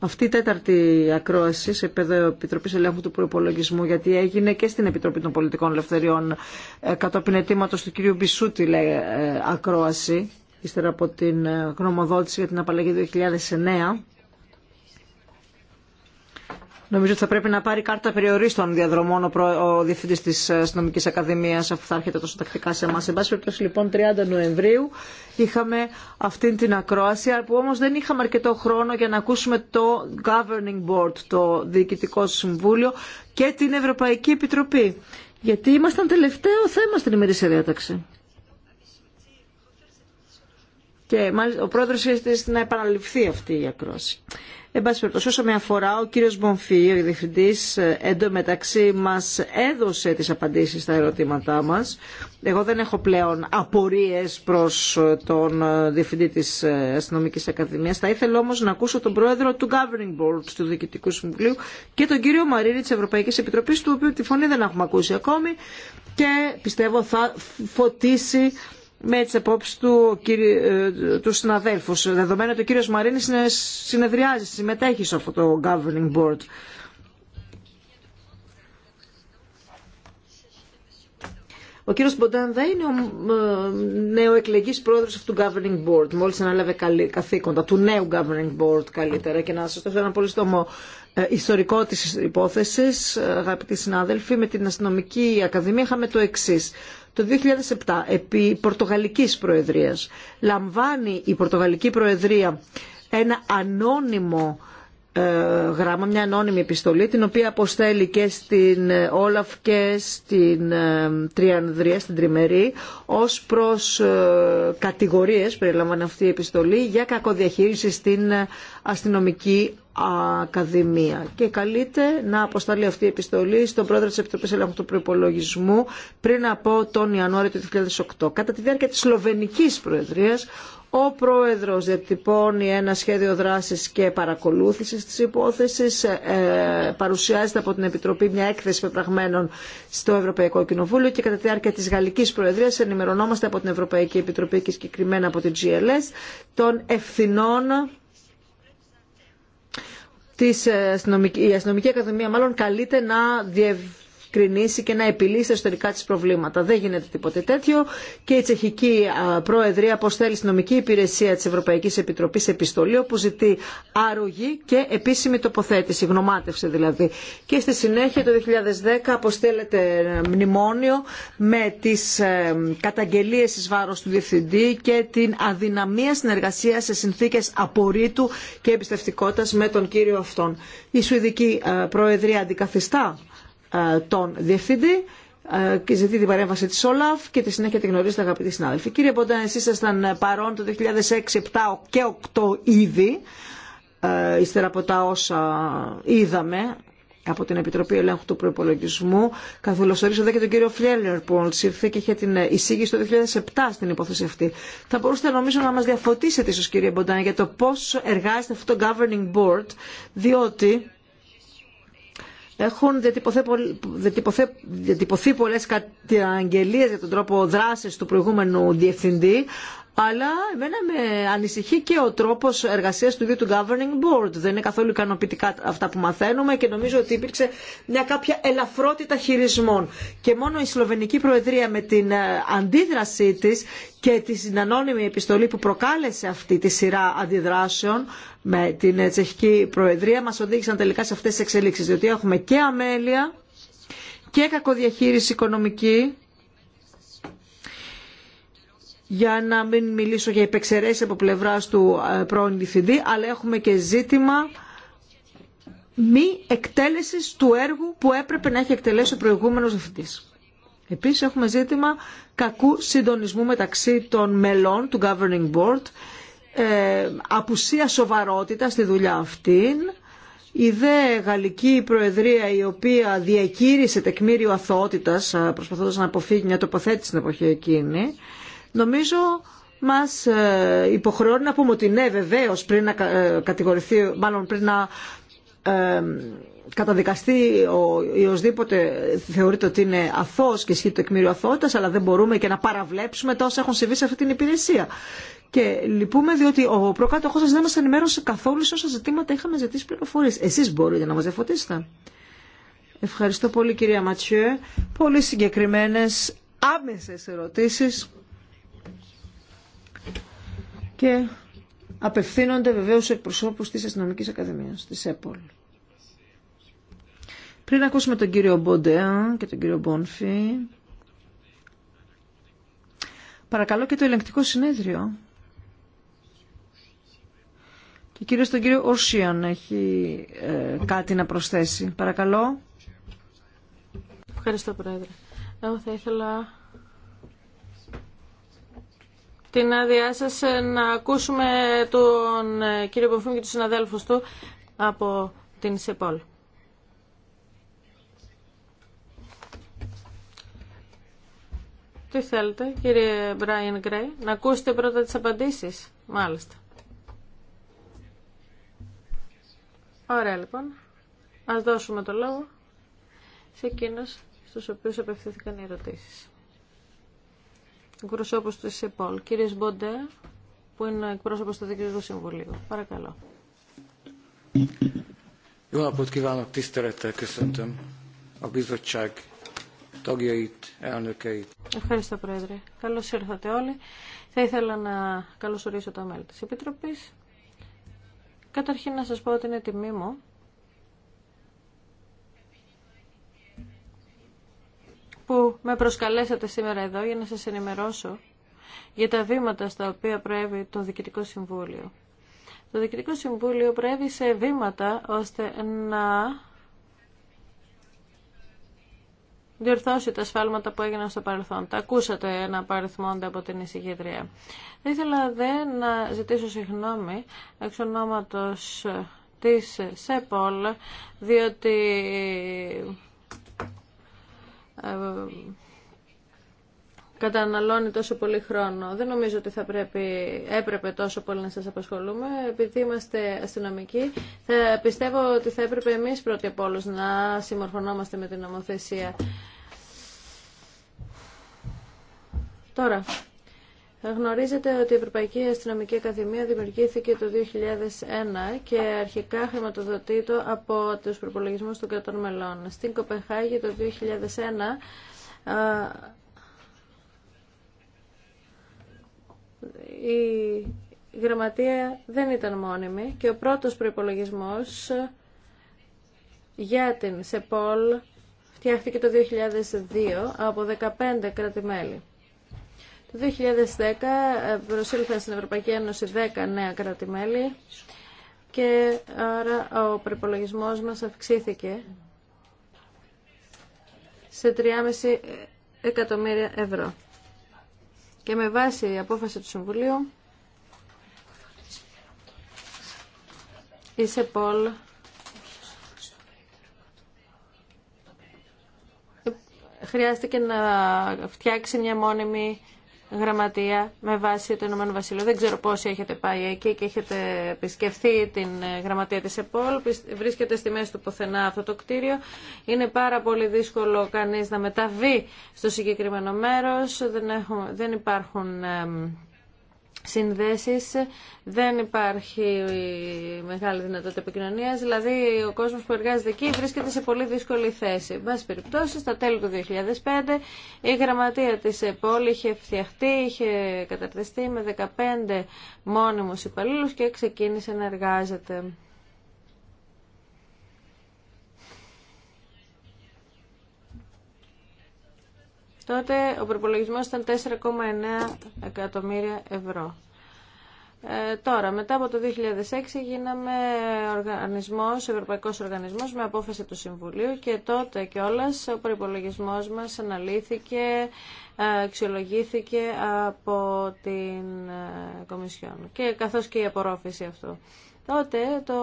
Αυτή η τέταρτη ακρόαση σε επίπεδο Επιτροπή Ελέγχου του Προπολογισμού, γιατί έγινε και στην Επιτροπή των Πολιτικών Ελευθεριών ε, κατόπιν αιτήματο του κ. Μπισούτη, λέει, ε, ακρόαση, ύστερα από την ε, γνωμοδότηση για την απαλλαγή 2009 Νομίζω ότι θα πρέπει να πάρει κάρτα περιορίστων διαδρομών ο διευθυντή τη ε, Αστυνομική Ακαδημία, αφού θα έρχεται τόσο τακτικά σε εμά. Εν πάση περιπτώσει, λοιπόν, 30 Νοεμβρίου είχαμε αυτή την ακρόαση, που όμω δεν είχαμε αρκετό χρόνο για να ακούσουμε το Governing Board, το Διοικητικό Συμβούλιο και την Ευρωπαϊκή Επιτροπή. Γιατί ήμασταν τελευταίο θέμα στην ημερήσια διάταξη. Και μάλιστα, ο πρόεδρο ήθελε να επαναληφθεί αυτή η ακρόαση. Εν πάση περιπτώσει, όσο με αφορά, ο κύριο Μπομφή, ο διευθυντή, ε, εντωμεταξύ μας έδωσε τι απαντήσει στα ερωτήματά μα. Εγώ δεν έχω πλέον απορίε προ ε, τον ε, διευθυντή τη Αστυνομική Ακαδημίας. Θα ήθελα όμω να ακούσω τον πρόεδρο του Governing Board, του Διοικητικού Συμβουλίου και τον κύριο Μαρίνη τη Ευρωπαϊκή Επιτροπή, του οποίου τη φωνή δεν έχουμε ακούσει ακόμη και πιστεύω θα φωτίσει με τι απόψει του, ε, του συναδέλφου. Δεδομένου ότι ο κύριος Μαρίνη συνεδριάζει, συμμετέχει σε αυτό το governing board. Ο κύριος Μποντάν δεν είναι ο ε, εκλεγής πρόεδρος αυτού του governing board. Μόλις ανέλαβε καθήκοντα του νέου governing board καλύτερα και να σα το ένα πολύ στομό ε, ιστορικό της υπόθεσης, αγαπητοί συνάδελφοι, με την Αστυνομική Ακαδημία είχαμε το εξής το 2007 επί Πορτογαλικής Προεδρίας λαμβάνει η Πορτογαλική Προεδρία ένα ανώνυμο ε, γράμμα, μια ανώνυμη επιστολή, την οποία αποστέλει και στην ε, Όλαφ και στην ε, Τριανδρία, στην Τριμερή, ως προς κατηγορίες, περιλαμβάνει αυτή η επιστολή, για κακοδιαχείριση στην αστυνομική Ακαδημία. Και καλείται να αποσταλεί αυτή η επιστολή στον πρόεδρο τη Επιτροπή Ελέγχου του Προπολογισμού πριν από τον Ιανουάριο του 2008. Κατά τη διάρκεια της Σλοβενικής Προεδρία, ο πρόεδρος διατυπώνει ένα σχέδιο δράσης και παρακολούθησης της υπόθεσης. Ε, παρουσιάζεται από την Επιτροπή μια έκθεση πεπραγμένων στο Ευρωπαϊκό Κοινοβούλιο και κατά τη διάρκεια της Γαλλικής Προεδρίας ενημερωνόμαστε από την Ευρωπαϊκή Επιτροπή και συγκεκριμένα από την GLS των ευθυνών της ε, η αστυνομική, ακαδημία μάλλον καλείται να διευ κρινήσει και να επιλύσει τα εσωτερικά τη προβλήματα. Δεν γίνεται τίποτε τέτοιο και η Τσεχική Προεδρία αποστέλει στην νομική υπηρεσία τη Ευρωπαϊκή Επιτροπή επιστολή όπου ζητεί αρρωγή και επίσημη τοποθέτηση, γνωμάτευση δηλαδή. Και στη συνέχεια το 2010 αποστέλλεται ε, μνημόνιο με τι ε, καταγγελίε ει βάρο του Διευθυντή και την αδυναμία συνεργασία σε συνθήκε απορρίτου και εμπιστευτικότητα με τον κύριο αυτόν. Η Σουηδική ε, Προεδρία αντικαθιστά ε, τον Διευθυντή ε, και ζητεί την παρέμβαση της ΟΛΑΦ και τη συνέχεια τη γνωρίζετε αγαπητοί συνάδελφοι. Κύριε Ποτέ, εσείς ήσασταν παρόν το 2006, 7 και 8 ήδη, ε, ύστερα από τα όσα είδαμε από την Επιτροπή Ελέγχου του Προπολογισμού. Καθολοσορίζω εδώ και τον κύριο Φιέλερ που ήρθε και είχε την εισήγηση το 2007 στην υπόθεση αυτή. Θα μπορούσατε νομίζω να μας διαφωτίσετε ίσως κύριε Μποντάνη για το πώς εργάζεται αυτό το Governing Board, διότι έχουν διατυπωθεί πολλές καταγγελίες για τον τρόπο δράσης του προηγούμενου διευθυντή, αλλά εμένα με ανησυχεί και ο τρόπο εργασία του ίδιου του Governing Board. Δεν είναι καθόλου ικανοποιητικά αυτά που μαθαίνουμε και νομίζω ότι υπήρξε μια κάποια ελαφρότητα χειρισμών. Και μόνο η Σλοβενική Προεδρία με την ε, αντίδρασή τη και την ανώνυμη επιστολή που προκάλεσε αυτή τη σειρά αντιδράσεων με την ε, τσεχική προεδρία μας οδήγησαν τελικά σε αυτές τις εξελίξεις, διότι έχουμε και αμέλεια και κακοδιαχείριση οικονομική, για να μην μιλήσω για υπεξαιρέσει από πλευράς του ε, πρώην διευθυντή, αλλά έχουμε και ζήτημα μη εκτέλεσης του έργου που έπρεπε να έχει εκτελέσει ο προηγούμενο διευθυντή. Επίσης έχουμε ζήτημα κακού συντονισμού μεταξύ των μελών του Governing Board ε, απουσία σοβαρότητα στη δουλειά αυτήν. Η δε Γαλλική Προεδρία η οποία διακήρυσε τεκμήριο αθότητας προσπαθώντας να αποφύγει μια τοποθέτηση στην εποχή εκείνη νομίζω μας ε, υποχρεώνει να πούμε ότι ναι βεβαίως πριν να ε, κατηγορηθεί, μάλλον πριν να καταδικαστεί ο οσδήποτε θεωρείται ότι είναι αθώος και ισχύει το τεκμήριο αθότητας αλλά δεν μπορούμε και να παραβλέψουμε τα όσα έχουν συμβεί σε αυτή την υπηρεσία. Και λυπούμε διότι ο προκατοχό σα δεν μας ενημέρωσε καθόλου σε όσα ζητήματα είχαμε ζητήσει πληροφορίε. Εσείς μπορείτε να μας διαφωτίσετε. Ευχαριστώ πολύ κυρία Ματσιέ. Πολύ συγκεκριμένες άμεσες ερωτήσεις και απευθύνονται βεβαίως σε εκπροσώπους της Αστυνομική Ακαδημίας, της ΕΠΟΛ. Πριν ακούσουμε τον κύριο Μποντεά και τον κύριο Μπονφι παρακαλώ και το ελεγκτικό συνέδριο η κυρία στον κύριο Ορσίαν έχει ε, κάτι να προσθέσει. Παρακαλώ. Ευχαριστώ, Πρόεδρε. Εγώ θα ήθελα την άδειά σας ε, να ακούσουμε τον ε, κύριο Ποφούμ και τους συναδέλφους του από την ΣΕΠΟΛ. Τι θέλετε, κύριε Μπράιν Γκρέι, να ακούσετε πρώτα τις απαντήσεις. Μάλιστα. Ωραία λοιπόν. Ας δώσουμε το λόγο σε εκείνους στους οποίους απευθύνθηκαν οι ερωτήσεις. Εκπροσώπος του ΣΕΠΟΛ, κύριος Μποντέ, που είναι εκπρόσωπος του Δικαιωτικού Συμβουλίου. Παρακαλώ. Ευχαριστώ, Πρόεδρε. Καλώς ήρθατε όλοι. Θα ήθελα να καλωσορίσω τα μέλη της Επιτροπής Καταρχήν να σας πω ότι είναι τιμή μου που με προσκαλέσατε σήμερα εδώ για να σας ενημερώσω για τα βήματα στα οποία προέβη το Διοικητικό Συμβούλιο. Το Διοικητικό Συμβούλιο προέβη σε βήματα ώστε να διορθώσει τα σφάλματα που έγιναν στο παρελθόν. Τα ακούσατε να παριθμώνται από την εισηγήτρια. Θα ήθελα δε να ζητήσω συγγνώμη εξ ονόματος της ΣΕΠΟΛ, διότι ε, καταναλώνει τόσο πολύ χρόνο. Δεν νομίζω ότι θα πρέπει, έπρεπε τόσο πολύ να σας απασχολούμε. Επειδή είμαστε αστυνομικοί, θα πιστεύω ότι θα έπρεπε εμείς πρώτοι από να συμμορφωνόμαστε με την νομοθεσία. Τώρα, ε, γνωρίζετε ότι η Ευρωπαϊκή Αστυνομική Ακαδημία δημιουργήθηκε το 2001 και αρχικά χρηματοδοτείται από τους προπολογισμούς των κρατών μελών. Στην Κοπεχάγη το 2001 ε, η γραμματεία δεν ήταν μόνιμη και ο πρώτος προϋπολογισμός για την ΣΕΠΟΛ φτιάχτηκε το 2002 από 15 κράτη-μέλη. Το 2010 ε, προσήλθαν στην Ευρωπαϊκή Ένωση 10 νέα κράτη-μέλη και άρα ο προπολογισμό μας αυξήθηκε σε 3,5 εκατομμύρια ευρώ. Και με βάση η απόφαση του Συμβουλίου, η ΣΕΠΟΛ χρειάστηκε να φτιάξει μια μόνιμη γραμματεία με βάση το Ηνωμένο Βασίλειο. Δεν ξέρω πόσοι έχετε πάει εκεί και έχετε επισκεφθεί την ε, γραμματεία της ΕΠΟΛ. Βρίσκεται στη μέση του ποθενά, αυτό το κτίριο. Είναι πάρα πολύ δύσκολο κανείς να μεταβεί στο συγκεκριμένο μέρος. Δεν, έχουν, δεν υπάρχουν συνδέσεις, δεν υπάρχει μεγάλη δυνατότητα επικοινωνία, δηλαδή ο κόσμος που εργάζεται εκεί βρίσκεται σε πολύ δύσκολη θέση. Εν πάση περιπτώσει, στα τέλη του 2005 η γραμματεία της ΕΠΟΛ είχε φτιαχτεί, είχε καταρτιστεί με 15 μόνιμους υπαλλήλους και ξεκίνησε να εργάζεται. Τότε ο προπολογισμό ήταν 4,9 εκατομμύρια ευρώ. Ε, τώρα, μετά από το 2006 γίναμε οργανισμός, ευρωπαϊκός οργανισμός με απόφαση του Συμβουλίου και τότε κιόλα ο προϋπολογισμός μας αναλύθηκε, ε, αξιολογήθηκε από την ε, Κομισιόν και καθώς και η απορρόφηση αυτού. Τότε το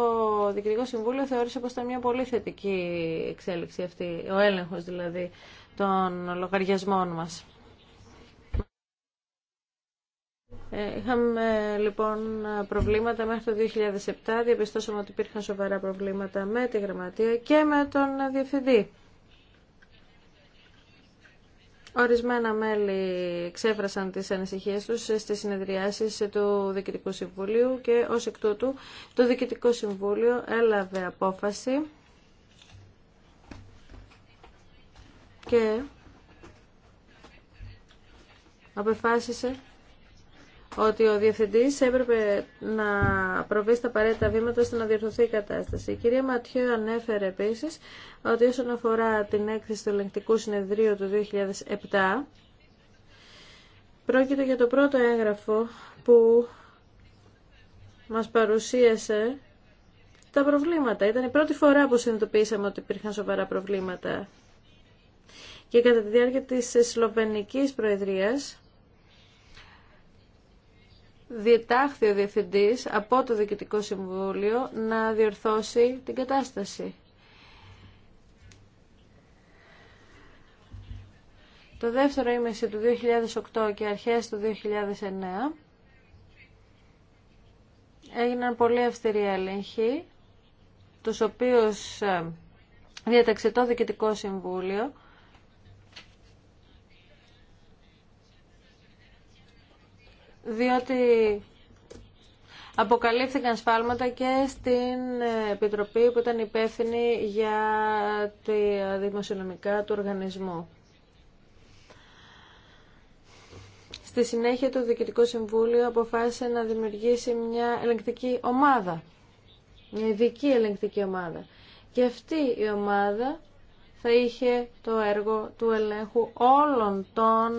Δικητικό Συμβούλιο θεώρησε πως ήταν μια πολύ θετική εξέλιξη αυτή, ο έλεγχος δηλαδή των λογαριασμών μας. Ε, είχαμε λοιπόν προβλήματα μέχρι το 2007, διαπιστώσαμε ότι υπήρχαν σοβαρά προβλήματα με τη γραμματεία και με τον διευθυντή. Ορισμένα μέλη ξέφρασαν τις ανησυχίες τους στις συνεδριάσεις του Διοικητικού Συμβουλίου και ως εκ τούτου το Διοικητικό Συμβούλιο έλαβε απόφαση και αποφάσισε ότι ο διευθυντής έπρεπε να προβεί στα απαραίτητα βήματα ώστε να διορθωθεί η κατάσταση. Η κυρία Ματιού ανέφερε επίση ότι όσον αφορά την έκθεση του ελεγκτικού συνεδρίου του 2007, πρόκειται για το πρώτο έγγραφο που μας παρουσίασε τα προβλήματα. Ήταν η πρώτη φορά που συνειδητοποίησαμε ότι υπήρχαν σοβαρά προβλήματα και κατά τη διάρκεια της Σλοβενικής Προεδρίας διετάχθη ο Διευθυντής από το Διοικητικό Συμβούλιο να διορθώσει την κατάσταση. Το δεύτερο ήμεση του 2008 και αρχές του 2009 έγιναν πολύ αυστηροί έλεγχοι, τους οποίους ε, διέταξε το Διοικητικό Συμβούλιο διότι αποκαλύφθηκαν σφάλματα και στην Επιτροπή που ήταν υπεύθυνη για τη δημοσιονομικά του οργανισμού. Στη συνέχεια το Διοικητικό Συμβούλιο αποφάσισε να δημιουργήσει μια ελεγκτική ομάδα, μια ειδική ελεγκτική ομάδα. Και αυτή η ομάδα θα είχε το έργο του ελέγχου όλων των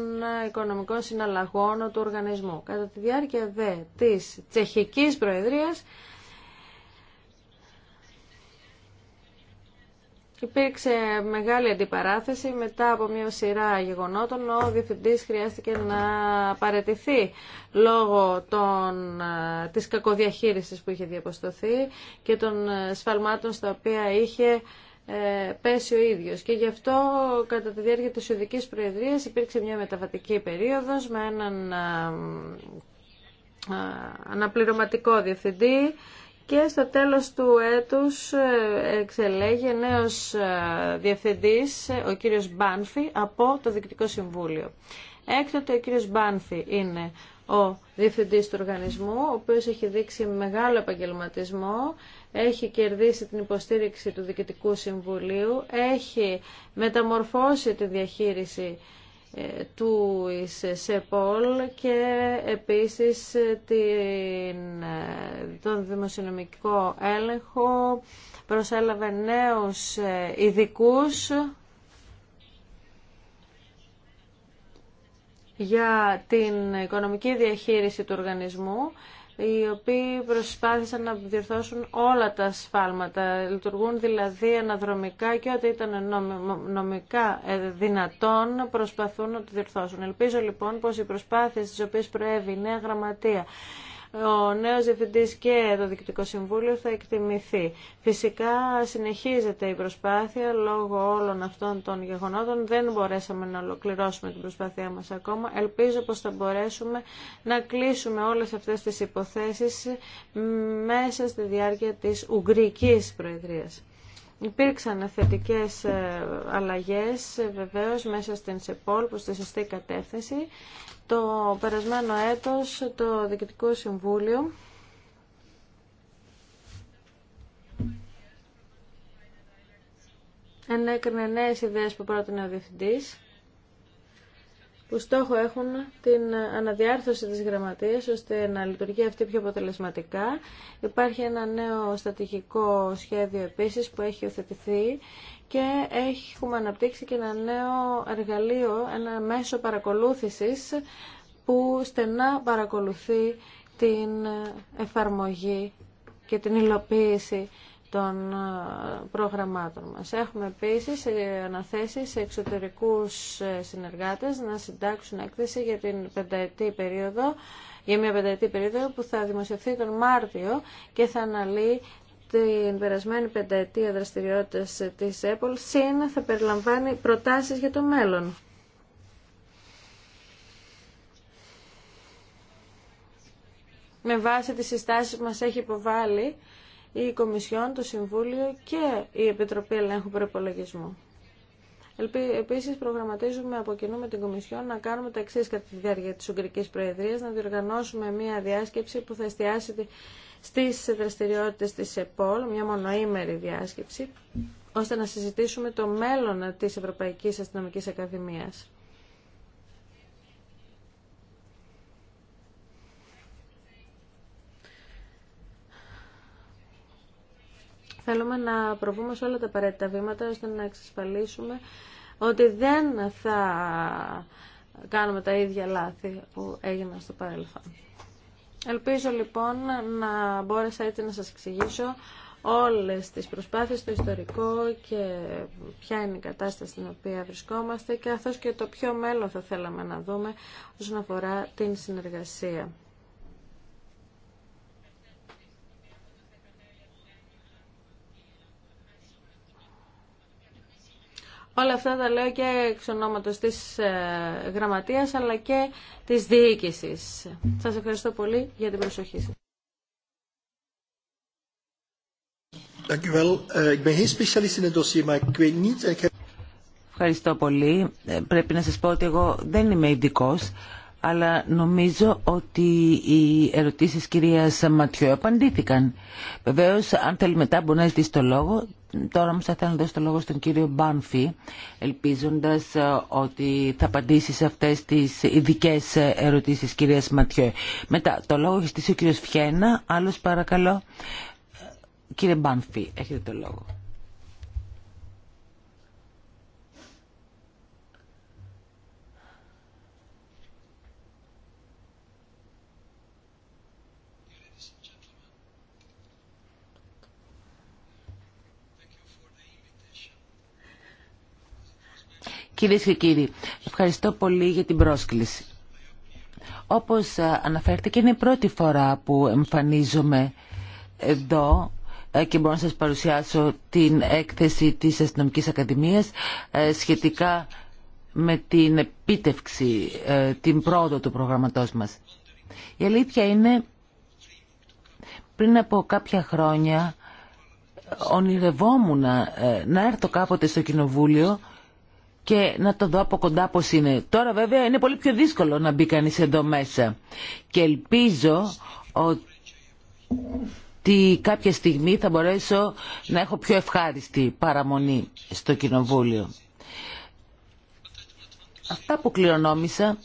οικονομικών συναλλαγών του οργανισμού. Κατά τη διάρκεια δε της τσεχικής προεδρίας Υπήρξε μεγάλη αντιπαράθεση μετά από μια σειρά γεγονότων. Ο διευθυντής χρειάστηκε να παρετηθεί λόγω των, της κακοδιαχείρισης που είχε διαποστοθεί και των σφαλμάτων στα οποία είχε ε, πέσει ο ίδιος. Και γι' αυτό κατά τη διάρκεια της Ιουδικής Προεδρίας υπήρξε μια μεταβατική περίοδος με έναν ε, ε, αναπληρωματικό διευθυντή και στο τέλος του έτους εξελέγει νέος διευθυντής, ο κύριος Μπάνφι από το Διοικητικό Συμβούλιο. Έκτοτε ο κύριος Μπάνφι είναι ο διευθυντής του οργανισμού, ο οποίος έχει δείξει μεγάλο επαγγελματισμό έχει κερδίσει την υποστήριξη του Διοικητικού Συμβουλίου, έχει μεταμορφώσει τη διαχείριση ε, του ε, ΣΕΠΟΛ και επίσης ε, την, τον δημοσιονομικό έλεγχο προσέλαβε νέους ειδικού για την οικονομική διαχείριση του οργανισμού οι οποίοι προσπάθησαν να διορθώσουν όλα τα σφάλματα. Λειτουργούν δηλαδή αναδρομικά και ό,τι ήταν νομικά ε, δυνατόν προσπαθούν να το διορθώσουν. Ελπίζω λοιπόν πως οι προσπάθειες τις οποίες προέβη η νέα γραμματεία ο νέο διευθυντή και το Διοικητικό Συμβούλιο θα εκτιμηθεί. Φυσικά συνεχίζεται η προσπάθεια λόγω όλων αυτών των γεγονότων. Δεν μπορέσαμε να ολοκληρώσουμε την προσπάθειά μας ακόμα. Ελπίζω πως θα μπορέσουμε να κλείσουμε όλες αυτέ τις υποθέσεις μέσα στη διάρκεια της Ουγγρικής Προεδρίας. Υπήρξαν θετικές ε, αλλαγές ε, βεβαίως μέσα στην ΣΕΠΟΛ που στη σωστή κατεύθυνση το περασμένο έτος το Διοικητικό Συμβούλιο ενέκρινε νέες ιδέες που πρότεινε ο Διευθυντής που στόχο έχουν την αναδιάρθρωση της γραμματείας ώστε να λειτουργεί αυτή πιο αποτελεσματικά. Υπάρχει ένα νέο στατηγικό σχέδιο επίσης που έχει οθετηθεί και έχουμε αναπτύξει και ένα νέο εργαλείο, ένα μέσο παρακολούθησης που στενά παρακολουθεί την εφαρμογή και την υλοποίηση των ε, προγραμμάτων μας. Έχουμε επίσης ε, αναθέσει σε εξωτερικούς ε, συνεργάτες να συντάξουν έκθεση για την πενταετή περίοδο για μια πενταετή περίοδο που θα δημοσιευθεί τον Μάρτιο και θα αναλύει την περασμένη πενταετία δραστηριότητας της Apple, συν θα περιλαμβάνει προτάσεις για το μέλλον. Με βάση τις συστάσεις που μας έχει υποβάλει η Κομισιόν, το Συμβούλιο και η Επιτροπή Ελέγχου Προπολογισμού. Επίση, προγραμματίζουμε από κοινού με την Κομισιόν να κάνουμε τα εξή κατά τη διάρκεια τη Ουγγρική Προεδρία, να διοργανώσουμε μία διάσκεψη που θα εστιάσει στι δραστηριότητε τη ΕΠΟΛ, μια μονοήμερη διάσκεψη, ώστε να συζητήσουμε το μέλλον τη Ευρωπαϊκή Αστυνομική Ακαδημίας. Θέλουμε να προβούμε σε όλα τα απαραίτητα βήματα ώστε να εξασφαλίσουμε ότι δεν θα κάνουμε τα ίδια λάθη που έγιναν στο παρελθόν. Ελπίζω λοιπόν να μπόρεσα έτσι να σας εξηγήσω όλες τις προσπάθειες, το ιστορικό και ποια είναι η κατάσταση στην οποία βρισκόμαστε, και καθώς και το ποιο μέλλον θα θέλαμε να δούμε όσον αφορά την συνεργασία. Όλα αυτά τα λέω και εξ ονόματος της ε, γραμματείας αλλά και της διοίκησης. Σας ευχαριστώ πολύ για την προσοχή σας. Ευχαριστώ πολύ. Ε, πρέπει να σας πω ότι εγώ δεν είμαι ειδικό, αλλά νομίζω ότι οι ερωτήσεις κυρίας Ματιό απαντήθηκαν. Βεβαίως, αν θέλει μετά μπορεί να ζητήσει το λόγο, Τώρα όμως θα ήθελα να δώσω το λόγο στον κύριο Μπάνφη, ελπίζοντας ε, ότι θα απαντήσει σε αυτές τις ειδικέ ε, ερωτήσεις κυρίας Ματιό. Μετά, το λόγο έχει στήσει ο κύριος Φιένα, άλλος παρακαλώ. Ε, κύριε Μπάνφη, έχετε το λόγο. Κυρίες και κύριοι, ευχαριστώ πολύ για την πρόσκληση. Όπως ε, αναφέρθηκε, είναι η πρώτη φορά που εμφανίζομαι εδώ ε, και μπορώ να σας παρουσιάσω την έκθεση της Αστυνομικής Ακαδημίας ε, σχετικά με την επίτευξη, την πρόοδο του προγραμματός μας. Η αλήθεια είναι, πριν από κάποια χρόνια ονειρευόμουν να έρθω κάποτε στο Κοινοβούλιο και να το δω από κοντά πώς είναι. Τώρα βέβαια είναι πολύ πιο δύσκολο να μπει κανείς εδώ μέσα. Και ελπίζω ότι κάποια στιγμή θα μπορέσω να έχω πιο ευχάριστη παραμονή στο Κοινοβούλιο. Αυτά που κληρονόμησα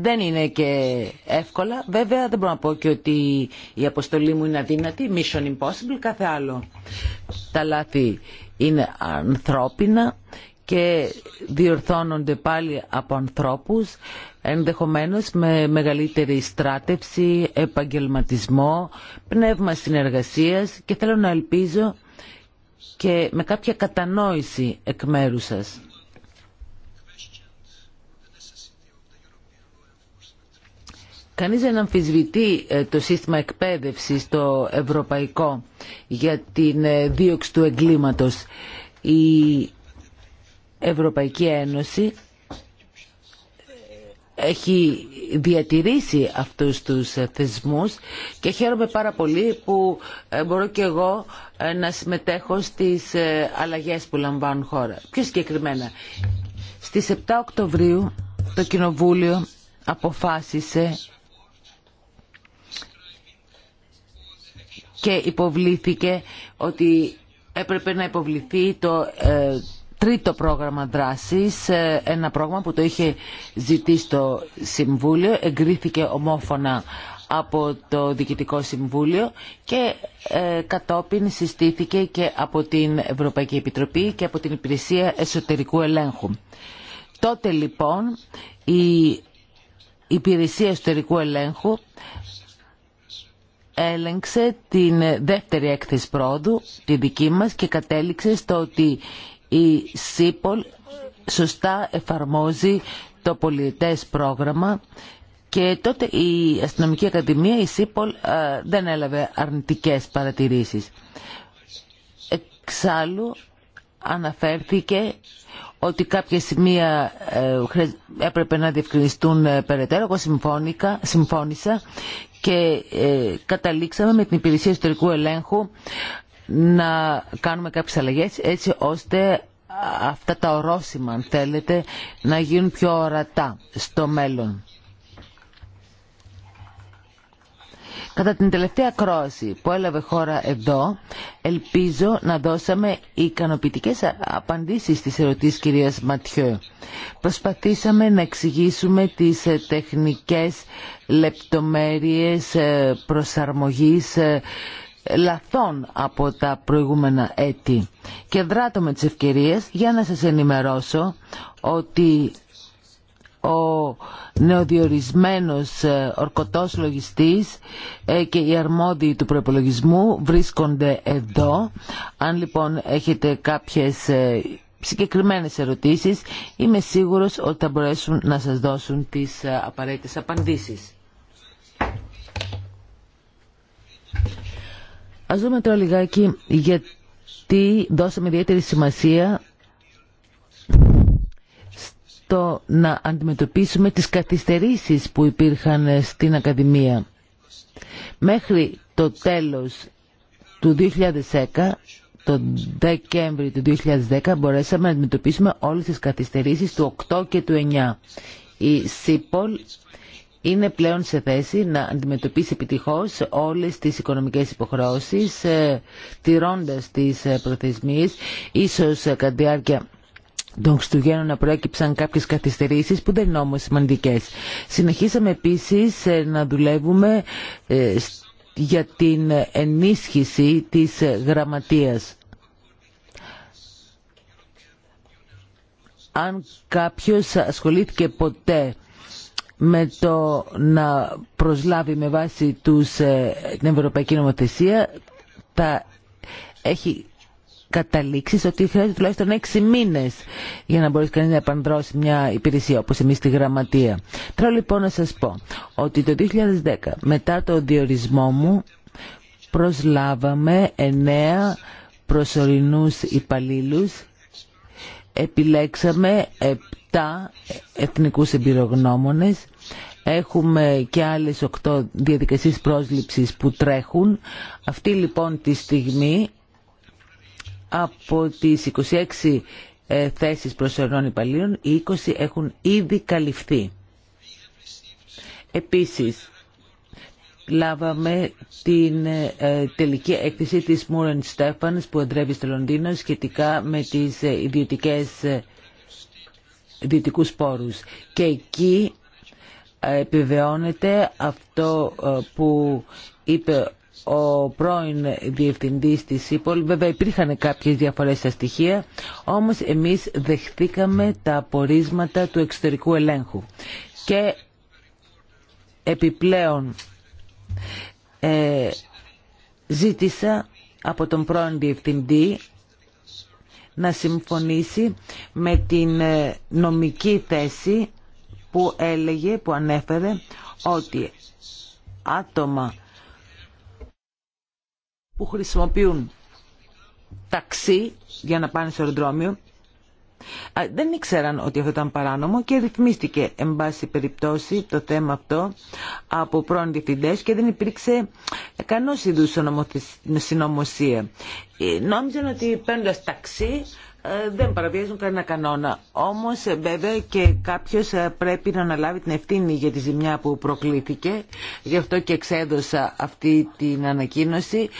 δεν είναι και εύκολα. Βέβαια δεν μπορώ να πω και ότι η αποστολή μου είναι αδύνατη, mission impossible, κάθε άλλο. Τα λάθη είναι ανθρώπινα και διορθώνονται πάλι από ανθρώπους ενδεχομένως με μεγαλύτερη στράτευση, επαγγελματισμό, πνεύμα συνεργασίας και θέλω να ελπίζω και με κάποια κατανόηση εκ μέρου σας. Κανείς δεν αμφισβητεί ε, το σύστημα εκπαίδευσης το ευρωπαϊκό για την ε, δίωξη του εγκλήματος. Η Ευρωπαϊκή Ένωση έχει διατηρήσει αυτούς τους θεσμούς και χαίρομαι πάρα πολύ που ε, μπορώ και εγώ ε, να συμμετέχω στις ε, αλλαγές που λαμβάνουν χώρα. Πιο συγκεκριμένα, στις 7 Οκτωβρίου το Κοινοβούλιο αποφάσισε και υποβλήθηκε ότι έπρεπε να υποβληθεί το τρίτο πρόγραμμα δράσης, ε, ένα πρόγραμμα που το είχε ζητήσει το Συμβούλιο, εγκρίθηκε ομόφωνα από το Διοικητικό Συμβούλιο και ε, κατόπιν συστήθηκε και από την Ευρωπαϊκή Επιτροπή και από την Υπηρεσία Εσωτερικού Ελέγχου. Τότε λοιπόν η Υπηρεσία Εσωτερικού Ελέγχου έλεγξε την δεύτερη έκθεση πρόοδου, τη δική μας, και κατέληξε στο ότι η ΣΥΠΟΛ σωστά εφαρμόζει το πολιτες πρόγραμμα και τότε η Αστυνομική Ακαδημία, η ΣΥΠΟΛ, ε, δεν έλαβε αρνητικές παρατηρήσεις. Εξάλλου αναφέρθηκε ότι κάποια σημεία ε, έπρεπε να διευκρινιστούν ε, περαιτέρω. Εγώ συμφώνησα και καταλήξαμε με την Υπηρεσία Ιστορικού Ελέγχου να κάνουμε κάποιες αλλαγές έτσι ώστε αυτά τα ορόσημα, αν θέλετε, να γίνουν πιο ορατά στο μέλλον. Κατά την τελευταία κρόση που έλαβε χώρα εδώ, ελπίζω να δώσαμε ικανοποιητικές απαντήσεις στις ερωτήσεις κυρίας Ματιό. Προσπαθήσαμε να εξηγήσουμε τις ε, τεχνικές λεπτομέρειες ε, προσαρμογής ε, λαθών από τα προηγούμενα έτη και δράτω με τις ευκαιρίες για να σας ενημερώσω ότι ο νεοδιορισμένος ε, ορκωτός λογιστής ε, και οι αρμόδιοι του προπολογισμού βρίσκονται εδώ. Αν λοιπόν έχετε κάποιες ε, συγκεκριμένες ερωτήσεις είμαι σίγουρος ότι θα μπορέσουν να σας δώσουν τις απαραίτητες απαντήσεις. Ας δούμε τώρα λιγάκι γιατί δώσαμε ιδιαίτερη σημασία στο να αντιμετωπίσουμε τις καθυστερήσεις που υπήρχαν στην Ακαδημία. Μέχρι το τέλος του 2010, το Δεκέμβρη του 2010, μπορέσαμε να αντιμετωπίσουμε όλες τις καθυστερήσεις του 8 και του 9. Η ΣΥΠΟΛ είναι πλέον σε θέση να αντιμετωπίσει επιτυχώς όλες τις οικονομικές υποχρεώσεις ε, τηρώντας τις ε, προθεσμίες ίσως ε, κατά τη διάρκεια των Χριστουγέννων να προέκυψαν κάποιες καθυστερήσεις που δεν είναι όμως σημαντικές. Συνεχίσαμε επίσης να δουλεύουμε για την ενίσχυση της γραμματείας. Αν κάποιος ασχολήθηκε ποτέ με το να προσλάβει με βάση τους, ε, την Ευρωπαϊκή Νομοθεσία θα έχει καταλήξει ότι χρειάζεται τουλάχιστον έξι μήνες για να μπορεί κανείς να επανδρώσει μια υπηρεσία όπως εμείς στη γραμματεία. Θέλω λοιπόν να σας πω ότι το 2010 μετά το διορισμό μου προσλάβαμε εννέα προσωρινούς υπαλλήλους επιλέξαμε επτά εθνικούς εμπειρογνώμονες Έχουμε και άλλες οκτώ διαδικασίες πρόσληψης που τρέχουν. Αυτή λοιπόν τη στιγμή από τις 26 ε, θέσεις προσωρινών υπαλλήλων, οι 20 έχουν ήδη καλυφθεί. Επίσης, λάβαμε την ε, τελική έκθεση της Μούρεν Στέφανς που εντρεύει στο Λονδίνο σχετικά με τις ε, ιδιωτικές ιδιωτικούς πόρους. Και εκεί επιβεώνεται αυτό ε, που είπε ο πρώην διευθυντής της ΥΠΟΛ. Βέβαια υπήρχαν κάποιες διαφορές στα στοιχεία, όμως εμείς δεχθήκαμε τα απορίσματα του εξωτερικού ελέγχου. Και επιπλέον ε, ζήτησα από τον πρώην διευθυντή να συμφωνήσει με την ε, νομική θέση που έλεγε, που ανέφερε ότι άτομα που χρησιμοποιούν ταξί για να πάνε στο αεροδρόμιο δεν ήξεραν ότι αυτό ήταν παράνομο και ρυθμίστηκε εν πάση περιπτώσει το θέμα αυτό από πρώην διευθυντές και δεν υπήρξε κανός είδου συνωμοσία. Ε, νόμιζαν ότι παίρνοντα ταξί ε, δεν παραβιάζουν κανένα κανόνα. Όμως ε, βέβαια και κάποιος ε, πρέπει να αναλάβει την ευθύνη για τη ζημιά που προκλήθηκε. Γι' αυτό και εξέδωσα αυτή την ανακοίνωση.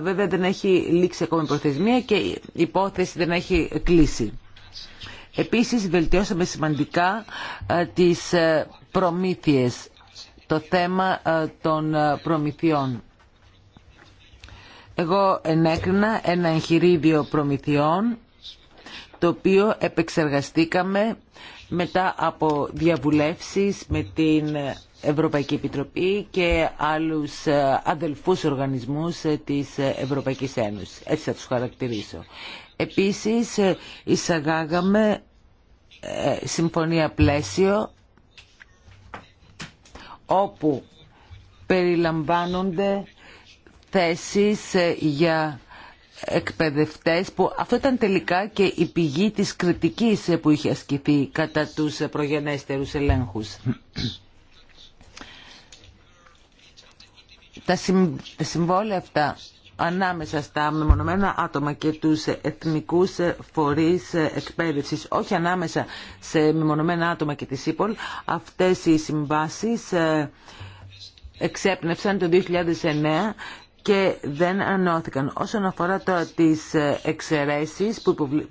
Βέβαια δεν έχει λήξει η προθεσμία και η υπόθεση δεν έχει κλείσει. Επίσης βελτιώσαμε σημαντικά τις προμήθειες, το θέμα των προμηθειών. Εγώ ενέκρινα ένα εγχειρίδιο προμηθειών το οποίο επεξεργαστήκαμε μετά από διαβουλεύσεις με την Ευρωπαϊκή Επιτροπή και άλλους ε, αδελφούς οργανισμούς ε, της Ευρωπαϊκής Ένωσης. Έτσι θα τους χαρακτηρίσω. Επίσης, ε, εισαγάγαμε συμφωνία πλαίσιο όπου περιλαμβάνονται θέσεις για εκπαιδευτές που αυτό ήταν τελικά και η πηγή της κριτικής που είχε ασκηθεί κατά τους προγενέστερους ελέγχους. Τα συμβόλαια αυτά ανάμεσα στα μεμονωμένα άτομα και τους εθνικούς φορείς εκπαίδευσης, όχι ανάμεσα σε μεμονωμένα άτομα και τη ΣΥΠΟΛ, αυτές οι συμβάσεις ε, εξέπνευσαν το 2009 και δεν ανώθηκαν. Όσον αφορά τώρα τις ε, εξαιρέσεις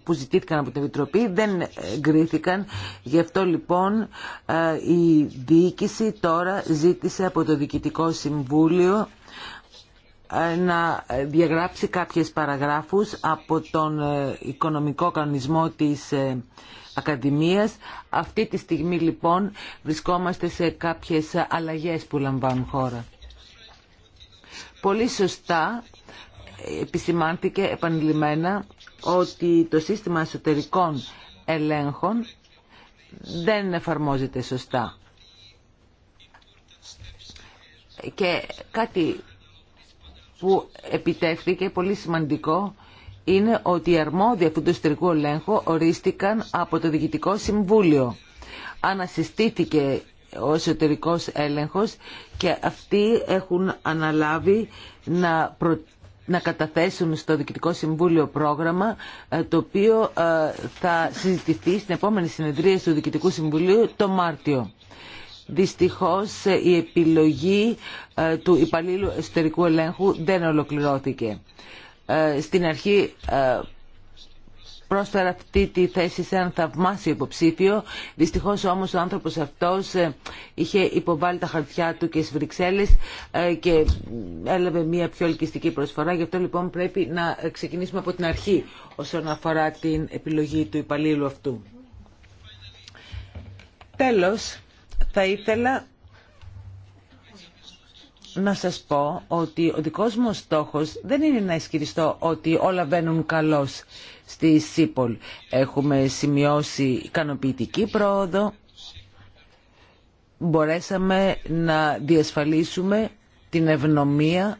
που ζητήθηκαν από την Επιτροπή, δεν εγκρίθηκαν. Γι' αυτό λοιπόν ε, η διοίκηση τώρα ζήτησε από το Διοικητικό Συμβούλιο ε, να διαγράψει κάποιες παραγράφους από τον οικονομικό κανονισμό της Ακαδημίας. Αυτή τη στιγμή λοιπόν βρισκόμαστε σε κάποιες αλλαγές που λαμβάνουν χώρα. Πολύ σωστά επισημάνθηκε επανειλημμένα ότι το σύστημα εσωτερικών ελέγχων δεν εφαρμόζεται σωστά. Και κάτι που επιτεύχθηκε πολύ σημαντικό είναι ότι οι αρμόδιοι αυτού του εσωτερικού ελέγχου ορίστηκαν από το Διοικητικό Συμβούλιο. Ανασυστήθηκε ο εσωτερικός έλεγχος και αυτοί έχουν αναλάβει να να καταθέσουν στο Διοικητικό Συμβούλιο πρόγραμμα ε, το οποίο ε, θα συζητηθεί στην επόμενη συνεδρία του Διοικητικού Συμβουλίου το Μάρτιο. Δυστυχώς ε, η επιλογή του υπαλλήλου εσωτερικού ελέγχου δεν ολοκληρώθηκε. Στην αρχή πρόσφερα αυτή τη θέση σε έναν θαυμάσιο υποψήφιο. Δυστυχώς όμως ο άνθρωπος αυτός ε, είχε υποβάλει τα χαρτιά του και στι Βρυξέλλε ε, και έλαβε μια πιο ελκυστική προσφορά. Γι' αυτό λοιπόν πρέπει να ε, ξεκινήσουμε από την αρχή όσον αφορά την επιλογή του υπαλλήλου αυτού. Τέλος, θα ήθελα να σας πω ότι ο δικός μου στόχος δεν είναι να ισχυριστώ ότι όλα βαίνουν καλώς στη ΣΥΠΟΛ. Έχουμε σημειώσει ικανοποιητική πρόοδο. Μπορέσαμε να διασφαλίσουμε την ευνομία,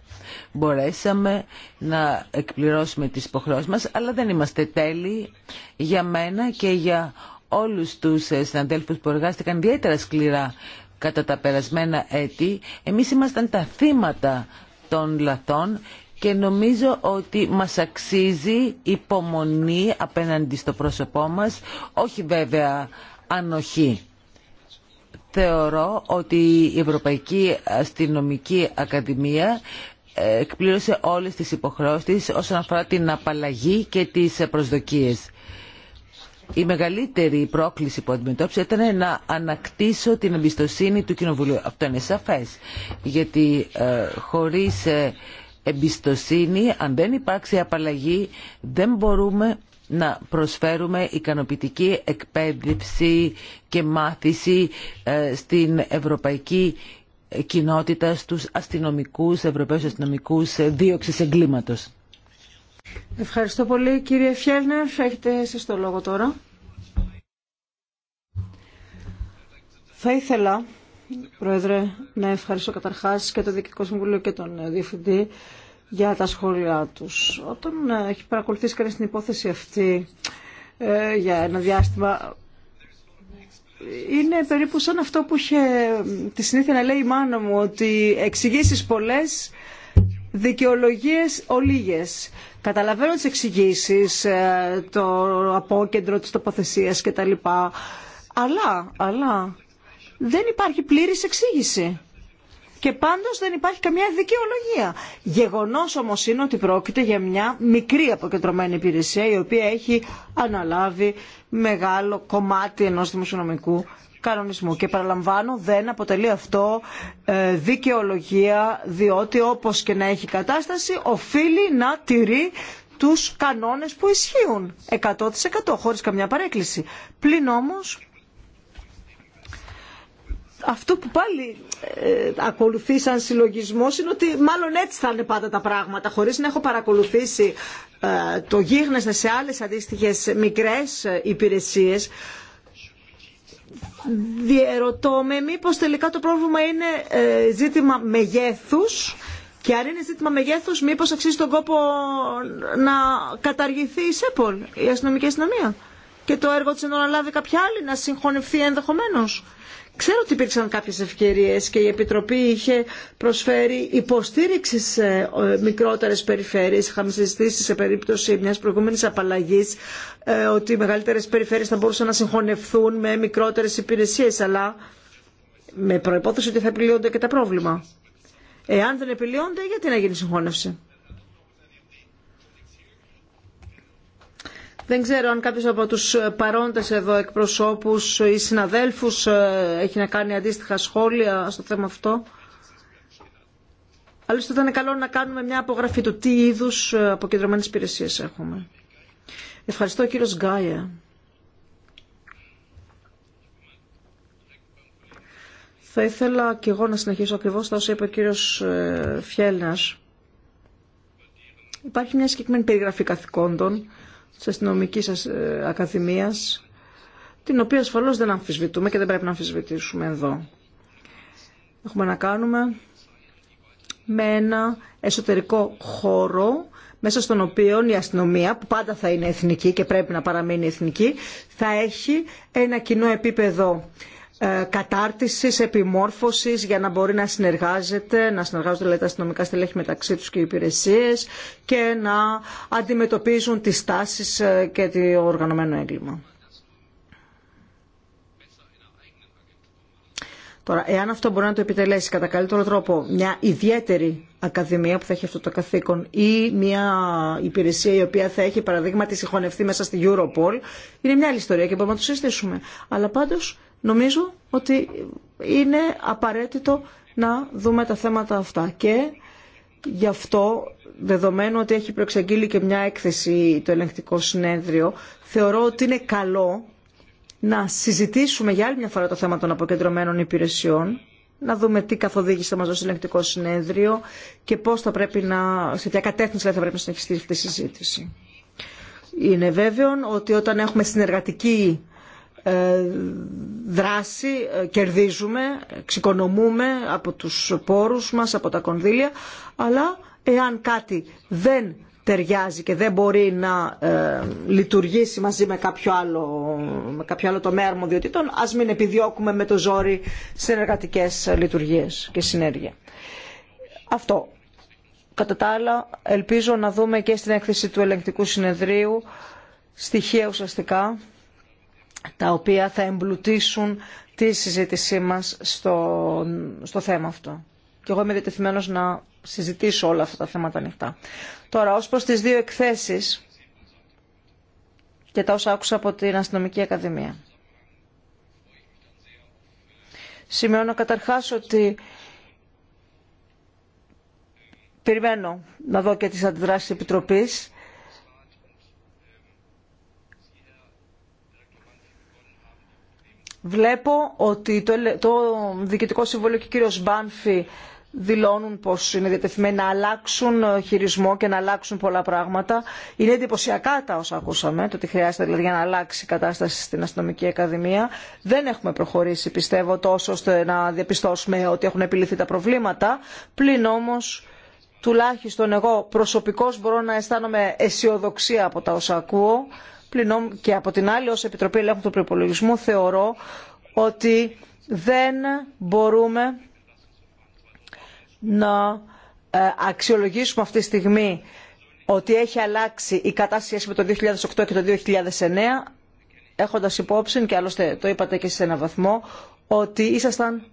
μπορέσαμε να εκπληρώσουμε τις υποχρεώσεις μας, αλλά δεν είμαστε τέλειοι για μένα και για όλους τους ε, συναντέλφους που εργάστηκαν ιδιαίτερα σκληρά κατά τα περασμένα έτη. Εμείς ήμασταν τα θύματα των λαθών και νομίζω ότι μας αξίζει υπομονή απέναντι στο πρόσωπό μας, όχι βέβαια ανοχή. Θεωρώ ότι η Ευρωπαϊκή Αστυνομική Ακαδημία ε, εκπλήρωσε όλες τις υποχρεώσεις όσον αφορά την απαλλαγή και τις προσδοκίες. Η μεγαλύτερη πρόκληση που αντιμετώπισα ήταν να ανακτήσω την εμπιστοσύνη του Κοινοβουλίου. Αυτό είναι σαφές, γιατί ε, ε εμπιστοσύνη, αν δεν υπάρξει απαλλαγή, δεν μπορούμε να προσφέρουμε ικανοποιητική εκπαίδευση και μάθηση ε, στην ευρωπαϊκή κοινότητα στους αστυνομικούς, ευρωπαίους αστυνομικούς ε, δίωξης εγκλήματος. Ευχαριστώ πολύ κύριε Φιέρνερ. Έχετε εσείς το λόγο τώρα. Θα ήθελα Πρόεδρε, να ευχαριστώ καταρχάς και το Διοικητικό Συμβούλιο και τον ε, Διευθυντή για τα σχόλιά τους. Όταν ε, έχει παρακολουθήσει κανείς την υπόθεση αυτή ε, για ένα διάστημα, είναι περίπου σαν αυτό που είχε τη συνήθεια να λέει η μάνα μου, ότι εξηγήσει πολλές, δικαιολογίες ολίγες. Καταλαβαίνω τις εξηγήσει, ε, το απόκεντρο της τοποθεσίας κτλ. Αλλά, αλλά, δεν υπάρχει πλήρης εξήγηση. Και πάντως δεν υπάρχει καμιά δικαιολογία. Γεγονός όμως είναι ότι πρόκειται για μια μικρή αποκεντρωμένη υπηρεσία η οποία έχει αναλάβει μεγάλο κομμάτι ενός δημοσιονομικού κανονισμού. Και παραλαμβάνω δεν αποτελεί αυτό ε, δικαιολογία διότι όπως και να έχει κατάσταση οφείλει να τηρεί τους κανόνες που ισχύουν 100% χωρίς καμιά παρέκκληση. Πλην όμως αυτό που πάλι ε, ακολουθεί σαν συλλογισμό είναι ότι μάλλον έτσι θα είναι πάντα τα πράγματα. Χωρίς να έχω παρακολουθήσει ε, το γίγνεσθε σε άλλε αντίστοιχε μικρές ε, υπηρεσίες, διαιρωτώ με μήπως τελικά το πρόβλημα είναι ε, ζήτημα μεγέθους και αν είναι ζήτημα μεγέθους μήπως αξίζει τον κόπο να καταργηθεί η ΣΕΠΟΛ, η αστυνομική αστυνομία και το έργο της να αναλάβει κάποια άλλη, να συγχωνευτεί ενδεχομένως. Ξέρω ότι υπήρξαν κάποιες ευκαιρίες και η Επιτροπή είχε προσφέρει υποστήριξη σε ε, μικρότερες περιφέρειες. Είχαμε συζητήσει σε περίπτωση μιας προηγούμενης απαλλαγής ε, ότι οι μεγαλύτερες περιφέρειες θα μπορούσαν να συγχωνευθούν με μικρότερες υπηρεσίες, αλλά με προϋπόθεση ότι θα επιλύονται και τα πρόβλημα. Εάν δεν επιλύονται, γιατί να γίνει συγχώνευση. Δεν ξέρω αν κάποιος από τους παρόντες εδώ εκπροσώπους ή συναδέλφους ε, έχει να κάνει αντίστοιχα σχόλια στο θέμα αυτό. Άλλωστε ήταν καλό να κάνουμε μια απογραφή του τι είδους ε, αποκεντρωμένες υπηρεσίες έχουμε. Ευχαριστώ κύριο Γκάια. Θα ήθελα και εγώ να συνεχίσω ακριβώς τα όσα είπε ο κύριος ε, Φιέλνας. Υπάρχει μια συγκεκριμένη περιγραφή καθηκόντων της αστυνομικής ε, ακαδημίας, την οποία ασφαλώς δεν αμφισβητούμε και δεν πρέπει να αμφισβητήσουμε εδώ. Έχουμε να κάνουμε με ένα εσωτερικό χώρο μέσα στον οποίο η αστυνομία, που πάντα θα είναι εθνική και πρέπει να παραμείνει εθνική, θα έχει ένα κοινό επίπεδο ε, κατάρτισης, επιμόρφωσης για να μπορεί να συνεργάζεται, να συνεργάζονται δηλαδή, τα αστυνομικά στελέχη μεταξύ τους και οι υπηρεσίες και να αντιμετωπίζουν τις τάσεις ε, και το οργανωμένο έγκλημα. Τώρα, εάν αυτό μπορεί να το επιτελέσει κατά καλύτερο τρόπο μια ιδιαίτερη ακαδημία που θα έχει αυτό το καθήκον ή μια υπηρεσία η οποία θα έχει παραδείγματι συγχωνευτεί μέσα στη Europol, είναι μια άλλη ιστορία και μπορούμε να το συζητήσουμε. Αλλά πάντως νομίζω ότι είναι απαραίτητο να δούμε τα θέματα αυτά. Και γι' αυτό, δεδομένου ότι έχει προεξαγγείλει και μια έκθεση το ελεγκτικό συνέδριο, θεωρώ ότι είναι καλό να συζητήσουμε για άλλη μια φορά το θέμα των αποκεντρωμένων υπηρεσιών, να δούμε τι καθοδήγησε μας το ελεγκτικό συνέδριο και πώς θα πρέπει να, σε ποια κατεύθυνση θα πρέπει να συνεχιστεί αυτή η συζήτηση. Είναι βέβαιο ότι όταν έχουμε συνεργατική ε, δράση, ε, κερδίζουμε, ξεκονομούμε από τους πόρους μας, από τα κονδύλια, αλλά εάν κάτι δεν ταιριάζει και δεν μπορεί να ε, λειτουργήσει μαζί με κάποιο άλλο, με κάποιο άλλο τομέα αρμοδιοτήτων, ας μην επιδιώκουμε με το ζόρι συνεργατικές λειτουργίες και συνέργεια. Αυτό. Κατά τα άλλα, ελπίζω να δούμε και στην έκθεση του ελεγκτικού συνεδρίου στοιχεία ουσιαστικά τα οποία θα εμπλουτίσουν τη συζήτησή μας στο, στο θέμα αυτό. Και εγώ είμαι διατεθειμένος να συζητήσω όλα αυτά τα θέματα ανοιχτά. Τώρα, ως προς τις δύο εκθέσεις και τα όσα άκουσα από την Αστυνομική Ακαδημία. Σημειώνω καταρχάς ότι περιμένω να δω και τις αντιδράσεις της Επιτροπής Βλέπω ότι το, το Διοικητικό Συμβούλιο και ο κύριος Μπάνφη δηλώνουν πως είναι διατεθειμένοι να αλλάξουν ε, χειρισμό και να αλλάξουν πολλά πράγματα. Είναι εντυπωσιακά τα όσα ακούσαμε, το ότι χρειάζεται δηλαδή για να αλλάξει η κατάσταση στην αστυνομική ακαδημία. Δεν έχουμε προχωρήσει πιστεύω τόσο ώστε να διαπιστώσουμε ότι έχουν επιληθεί τα προβλήματα, πλην όμως τουλάχιστον εγώ προσωπικώς μπορώ να αισθάνομαι αισιοδοξία από τα όσα ακούω πλην και από την άλλη ως Επιτροπή Ελέγχου του Προπολογισμού θεωρώ ότι δεν μπορούμε να ε, αξιολογήσουμε αυτή τη στιγμή ότι έχει αλλάξει η κατάσταση με το 2008 και το 2009 έχοντας υπόψη και άλλωστε το είπατε και σε ένα βαθμό ότι ήσασταν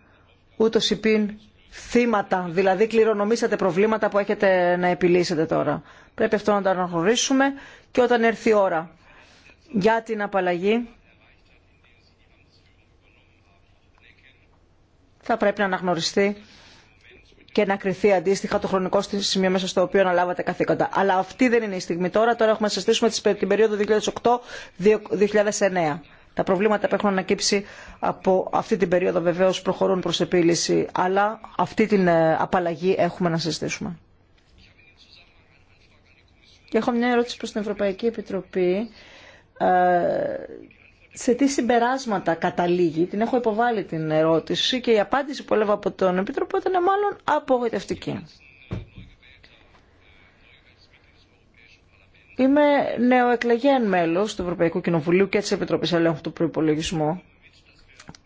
ούτως υπήν θύματα, δηλαδή κληρονομήσατε προβλήματα που έχετε να επιλύσετε τώρα. Πρέπει αυτό να το αναγνωρίσουμε και όταν έρθει η ώρα για την απαλλαγή θα πρέπει να αναγνωριστεί και να κρυθεί αντίστοιχα το χρονικό σημείο μέσα στο οποίο αναλάβατε καθήκοντα. Αλλά αυτή δεν είναι η στιγμή τώρα. Τώρα έχουμε να συζητήσουμε την περίοδο 2008-2009. Τα προβλήματα που έχουν ανακύψει από αυτή την περίοδο βεβαίω προχωρούν προ επίλυση, αλλά αυτή την ε, απαλλαγή έχουμε να συζητήσουμε. Και έχω μια ερώτηση προ την Ευρωπαϊκή Επιτροπή ε, σε τι συμπεράσματα καταλήγει. Την έχω υποβάλει την ερώτηση και η απάντηση που έλαβα από τον Επίτροπο ήταν μάλλον απογοητευτική. Είμαι νεοεκλεγέν μέλος του Ευρωπαϊκού Κοινοβουλίου και της Επιτροπής Ελέγχου του Προϋπολογισμού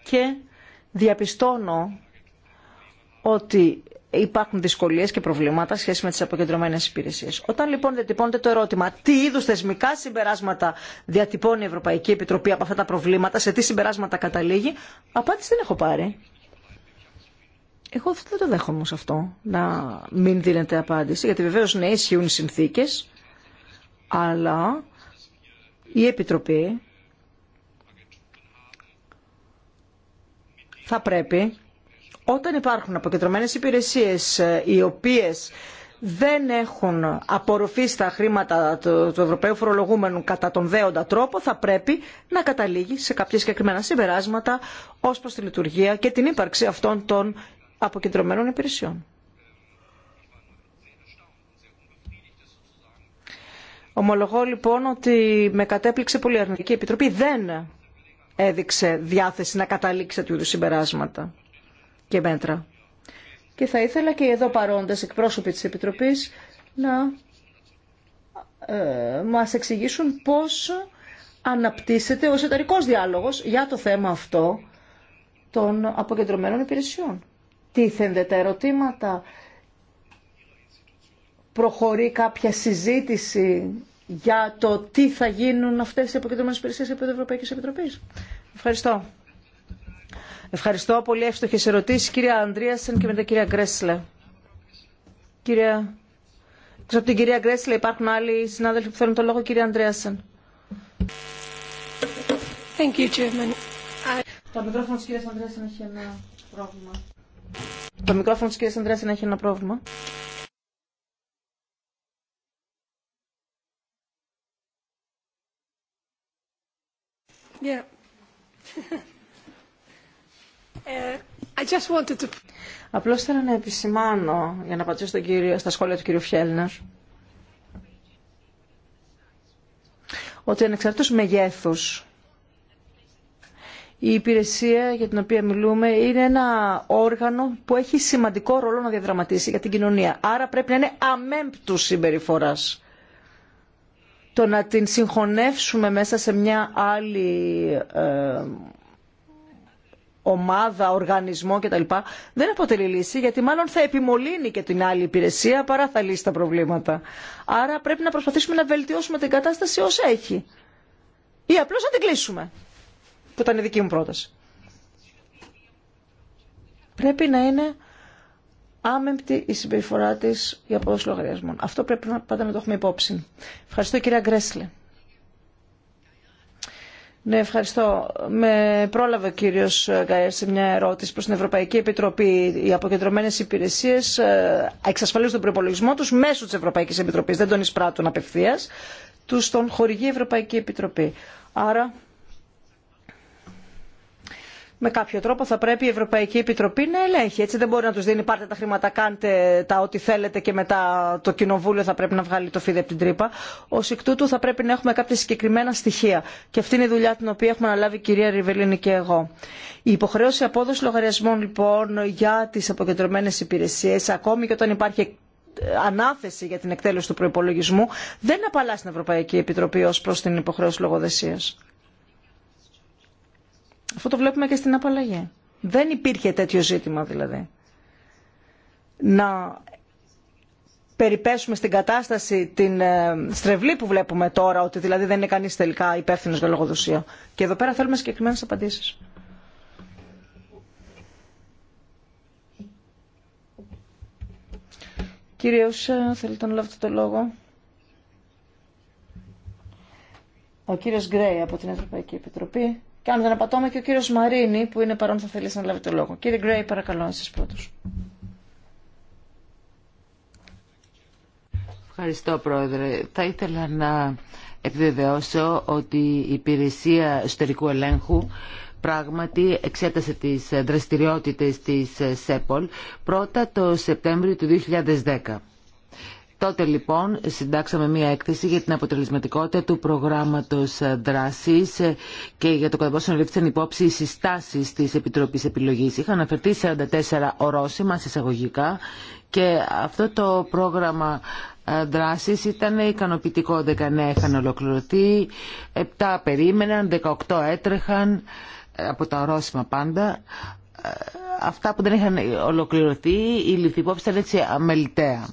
και διαπιστώνω ότι υπάρχουν δυσκολίε και προβλήματα σχέση με τι αποκεντρωμένε υπηρεσίε. Όταν λοιπόν διατυπώνεται το ερώτημα τι είδου θεσμικά συμπεράσματα διατυπώνει η Ευρωπαϊκή Επιτροπή από αυτά τα προβλήματα, σε τι συμπεράσματα καταλήγει, απάντηση δεν έχω πάρει. Εγώ δεν το δέχομαι όμω αυτό, να μην δίνεται απάντηση, γιατί βεβαίω ναι, ισχύουν οι συνθήκε, αλλά η Επιτροπή θα πρέπει όταν υπάρχουν αποκεντρωμένες υπηρεσίες ε, οι οποίες δεν έχουν απορροφή στα χρήματα του, Ευρωπαίου Φορολογούμενου κατά τον δέοντα τρόπο, θα πρέπει να καταλήγει σε κάποια συγκεκριμένα συμπεράσματα ως προς τη λειτουργία και την ύπαρξη αυτών των αποκεντρωμένων υπηρεσιών. Ομολογώ λοιπόν ότι με κατέπληξε πολύ αρνητική επιτροπή. Δεν έδειξε διάθεση να καταλήξει τέτοιου συμπεράσματα και μέτρα. Και θα ήθελα και εδώ παρόντες εκπρόσωποι της Επιτροπής να ε, μας εξηγήσουν πώς αναπτύσσεται ο εσωτερικό διάλογος για το θέμα αυτό των αποκεντρωμένων υπηρεσιών. Τίθενται τα ερωτήματα, προχωρεί κάποια συζήτηση για το τι θα γίνουν αυτές οι αποκεντρωμένες υπηρεσίες την Ευρωπαϊκή Επιτροπή. Ευχαριστώ. Ευχαριστώ πολύ. Εύστοχε ερωτήσει, κυρία Ανδρίασεν και μετά κυρία Γκρέσλε. Κυρία... Ξέρω από την κυρία Γκρέσλε υπάρχουν άλλοι συνάδελφοι που θέλουν το λόγο, κυρία Ανδρίασεν. Thank you, Το μικρόφωνο της κυρίας Ανδρέασεν έχει ένα πρόβλημα. Το μικρόφωνο της κυρίας Ανδρέασεν έχει ένα πρόβλημα. Yeah. Ε, Απλώς θέλω να επισημάνω, για να απαντήσω κύριο, στα σχόλια του κύριου Φιέλνερ, ότι ανεξαρτήτως μεγέθους η υπηρεσία για την οποία μιλούμε είναι ένα όργανο που έχει σημαντικό ρόλο να διαδραματίσει για την κοινωνία. Άρα πρέπει να είναι αμέμπτου συμπεριφορά. Το να την συγχωνεύσουμε μέσα σε μια άλλη ε, ομάδα, οργανισμό κτλ. δεν αποτελεί λύση γιατί μάλλον θα επιμολύνει και την άλλη υπηρεσία παρά θα λύσει τα προβλήματα. Άρα πρέπει να προσπαθήσουμε να βελτιώσουμε την κατάσταση όσα έχει. Ή απλώς να την κλείσουμε. Που ήταν η δική μου πρόταση. Πρέπει να είναι άμεμπτη η συμπεριφορά της για πόδος λογαριασμών. Αυτό πρέπει να πάντα να το έχουμε υπόψη. Ευχαριστώ κυρία Γκρέσλε. Ναι, ευχαριστώ. Με πρόλαβε ο κύριο Γκαέρ σε μια ερώτηση προ την Ευρωπαϊκή Επιτροπή. Οι αποκεντρωμένε υπηρεσίε ε, εξασφαλίζουν τον προπολογισμό του μέσω τη Ευρωπαϊκή Επιτροπή. Δεν τον εισπράττουν απευθεία. Του τον χορηγεί η Ευρωπαϊκή Επιτροπή. Άρα με κάποιο τρόπο θα πρέπει η Ευρωπαϊκή Επιτροπή να ελέγχει. Έτσι δεν μπορεί να τους δίνει πάρτε τα χρήματα, κάντε τα ό,τι θέλετε και μετά το κοινοβούλιο θα πρέπει να βγάλει το φίδι από την τρύπα. Ω εκ τούτου θα πρέπει να έχουμε κάποια συγκεκριμένα στοιχεία. Και αυτή είναι η δουλειά την οποία έχουμε αναλάβει η κυρία Ριβελίνη και εγώ. Η υποχρέωση απόδοση λογαριασμών λοιπόν για τις αποκεντρωμένες υπηρεσίες, ακόμη και όταν υπάρχει ανάθεση για την εκτέλεση του προπολογισμού, δεν απαλλάσσει την Ευρωπαϊκή Επιτροπή ως προς την υποχρέωση λογοδεσίας. Αυτό το βλέπουμε και στην απαλλαγή. Δεν υπήρχε τέτοιο ζήτημα δηλαδή. Να περιπέσουμε στην κατάσταση την ε, στρεβλή που βλέπουμε τώρα, ότι δηλαδή δεν είναι κανεί τελικά υπεύθυνο για λογοδοσία. Και εδώ πέρα θέλουμε συγκεκριμένε απαντήσεις. Κύριος, ε, θέλετε να λάβετε το λόγο. Ο κύριος Γκρέι από την Ευρωπαϊκή Επιτροπή. Και αν δεν απατώμε και ο κύριος Μαρίνη που είναι παρόν θα θέλει να λάβει το λόγο. Κύριε Γκρέι παρακαλώ εσείς πρώτος. Ευχαριστώ Πρόεδρε. Θα ήθελα να επιβεβαιώσω ότι η υπηρεσία εσωτερικού ελέγχου πράγματι εξέτασε τις δραστηριότητες της ΣΕΠΟΛ πρώτα το Σεπτέμβριο του 2010. Τότε λοιπόν συντάξαμε μία έκθεση για την αποτελεσματικότητα του προγράμματος δράσης και για το κατά πόσο λήφθησαν υπόψη οι συστάσεις της Επιτροπής Επιλογής. Είχαν αναφερθεί 44 ορόσημα συσταγωγικά και αυτό το πρόγραμμα ε, δράσης ήταν ικανοποιητικό. 19 είχαν ολοκληρωθεί, 7 περίμεναν, 18 έτρεχαν ε, από τα ορόσημα πάντα. Ε, αυτά που δεν είχαν ολοκληρωθεί, η λυθυπόψη ήταν έτσι αμεληταία.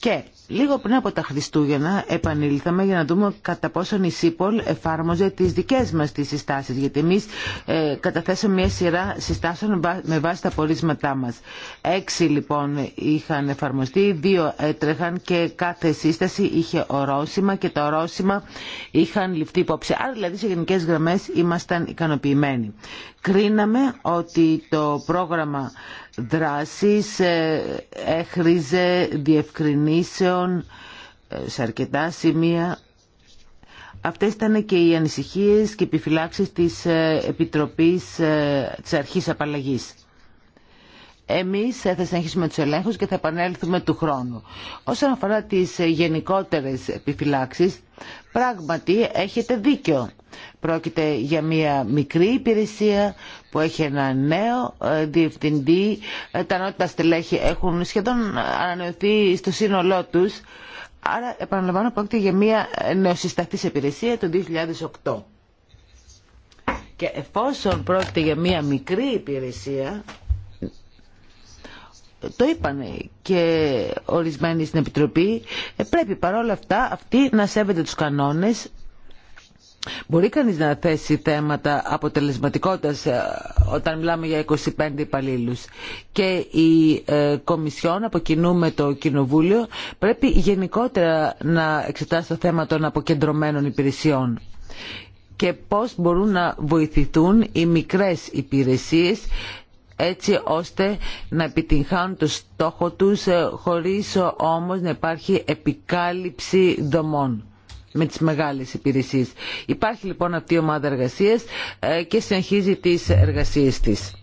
Και Λίγο πριν από τα Χριστούγεννα επανήλθαμε για να δούμε κατά πόσον η ΣΥΠΟΛ εφάρμοζε τις δικές μας τις συστάσεις. Γιατί εμείς ε, καταθέσαμε μια σειρά συστάσεων με βάση τα πορίσματά μας. Έξι λοιπόν είχαν εφαρμοστεί, δύο έτρεχαν και κάθε σύσταση είχε ορόσημα και τα ορόσημα είχαν ληφθεί υπόψη. Άρα δηλαδή σε γενικές γραμμές ήμασταν ικανοποιημένοι. Κρίναμε ότι το πρόγραμμα δράσεις ε, έχριζε διευκρινήσεων ε, σε αρκετά σημεία. Αυτές ήταν και οι ανησυχίες και επιφυλάξεις της ε, Επιτροπής της Αρχής Απαλλαγής. Εμείς θα συνεχίσουμε τους ελέγχους και θα επανέλθουμε του χρόνου. Όσον αφορά τις γενικότερες επιφυλάξεις, πράγματι έχετε δίκιο. Πρόκειται για μια μικρή υπηρεσία που έχει ένα νέο ε, διευθυντή. Ε, τα νότητα στελέχη έχουν σχεδόν ανανεωθεί στο σύνολό τους. Άρα, επαναλαμβάνω, πρόκειται για μια νεοσυσταθής υπηρεσία το 2008. Και εφόσον πρόκειται για μια μικρή υπηρεσία, το είπαν και ορισμένοι στην Επιτροπή, ε, πρέπει παρόλα αυτά αυτοί να σέβεται τους κανόνες Μπορεί κανείς να θέσει θέματα αποτελεσματικότητας ε, όταν μιλάμε για 25 υπαλλήλους και η ε, Κομισιόν από κοινού το Κοινοβούλιο πρέπει γενικότερα να εξετάσει το θέμα των αποκεντρωμένων υπηρεσιών και πώς μπορούν να βοηθηθούν οι μικρές υπηρεσίες έτσι ώστε να επιτυγχάνουν το στόχο τους ε, χωρίς όμως να υπάρχει επικάλυψη δομών με τις μεγάλες υπηρεσίες. Υπάρχει λοιπόν αυτή η ομάδα εργασίας ε, και συνεχίζει τις εργασίες της.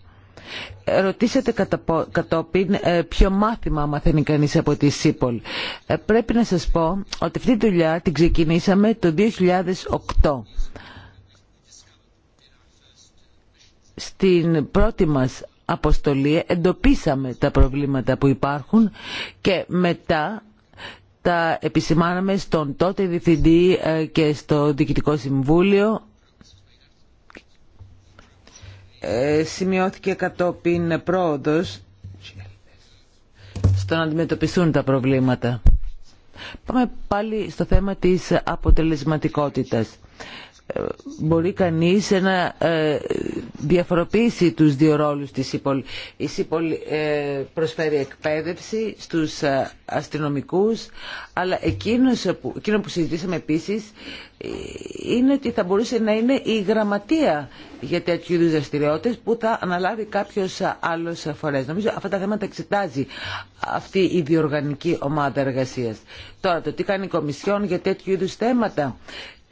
Ρωτήσατε κατόπιν ε, ποιο μάθημα μαθαίνει κανείς από τη ΣΥΠΟΛ. Πρέπει να σας πω ότι αυτή τη δουλειά την ξεκινήσαμε το 2008. Στην πρώτη μας αποστολή εντοπίσαμε τα προβλήματα που υπάρχουν και μετά τα επισημάναμε στον τότε Διευθυντή ε, και στο Διοικητικό Συμβούλιο. Ε, σημειώθηκε κατόπιν πρόοδος στο να αντιμετωπιστούν τα προβλήματα. Πάμε πάλι στο θέμα της αποτελεσματικότητας. Ε, μπορεί κανείς να ε, διαφοροποιήσει τους δύο ρόλους της ΥΠΟΛ. Η ΥΠΟΛ ε, προσφέρει εκπαίδευση στους αστυνομικούς, αλλά εκείνος εκείνο που συζητήσαμε επίσης είναι ότι θα μπορούσε να είναι η γραμματεία για τέτοιου είδου δραστηριότητε που θα αναλάβει κάποιο άλλο φορέ. Νομίζω αυτά τα θέματα εξετάζει αυτή η διοργανική ομάδα εργασία. Τώρα, το τι κάνει η Κομισιόν για τέτοιου είδου θέματα.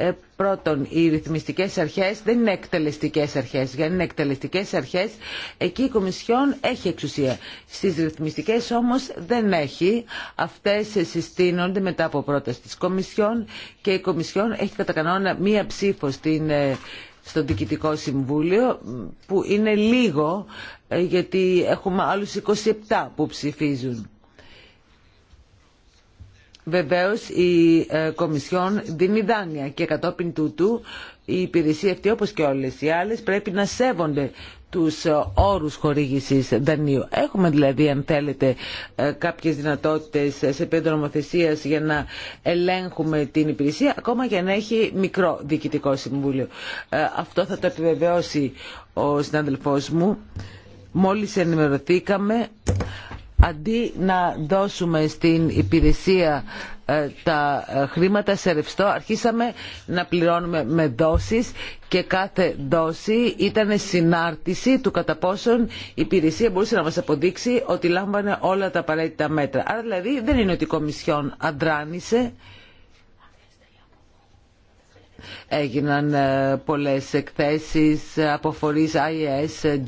Ε, πρώτον, οι ρυθμιστικέ αρχές δεν είναι εκτελεστικές αρχές. Για να είναι εκτελεστικές αρχές, εκεί η Κομισιόν έχει εξουσία. Στις ρυθμιστικέ όμως δεν έχει. αυτέ συστήνονται μετά από πρόταση της Κομισιόν και η Κομισιόν έχει κατά κανόνα μία ψήφο στην ε, στο Διοικητικό Συμβούλιο που είναι λίγο ε, γιατί έχουμε άλλους 27 που ψηφίζουν. Βεβαίω, η ε, Κομισιόν δίνει δάνεια και κατόπιν τούτου η υπηρεσία αυτή όπως και όλες οι άλλες πρέπει να σέβονται τους ε, όρους χορήγησης δανείου. Έχουμε δηλαδή αν θέλετε ε, κάποιες δυνατότητες σε πέντρο νομοθεσία για να ελέγχουμε την υπηρεσία ακόμα και να έχει μικρό διοικητικό συμβούλιο. Αυτό θα το επιβεβαιώσει ο συνάδελφός μου. Μόλις ενημερωθήκαμε αντί να δώσουμε στην υπηρεσία ε, τα ε, χρήματα σε ρευστό αρχίσαμε να πληρώνουμε με δόσεις και κάθε δόση ήταν συνάρτηση του κατά πόσον η υπηρεσία μπορούσε να μας αποδείξει ότι λάμβανε όλα τα απαραίτητα μέτρα. Άρα δηλαδή δεν είναι ότι η Κομισιόν αντράνησε. Έγιναν ε, πολλές εκθέσεις από φορείς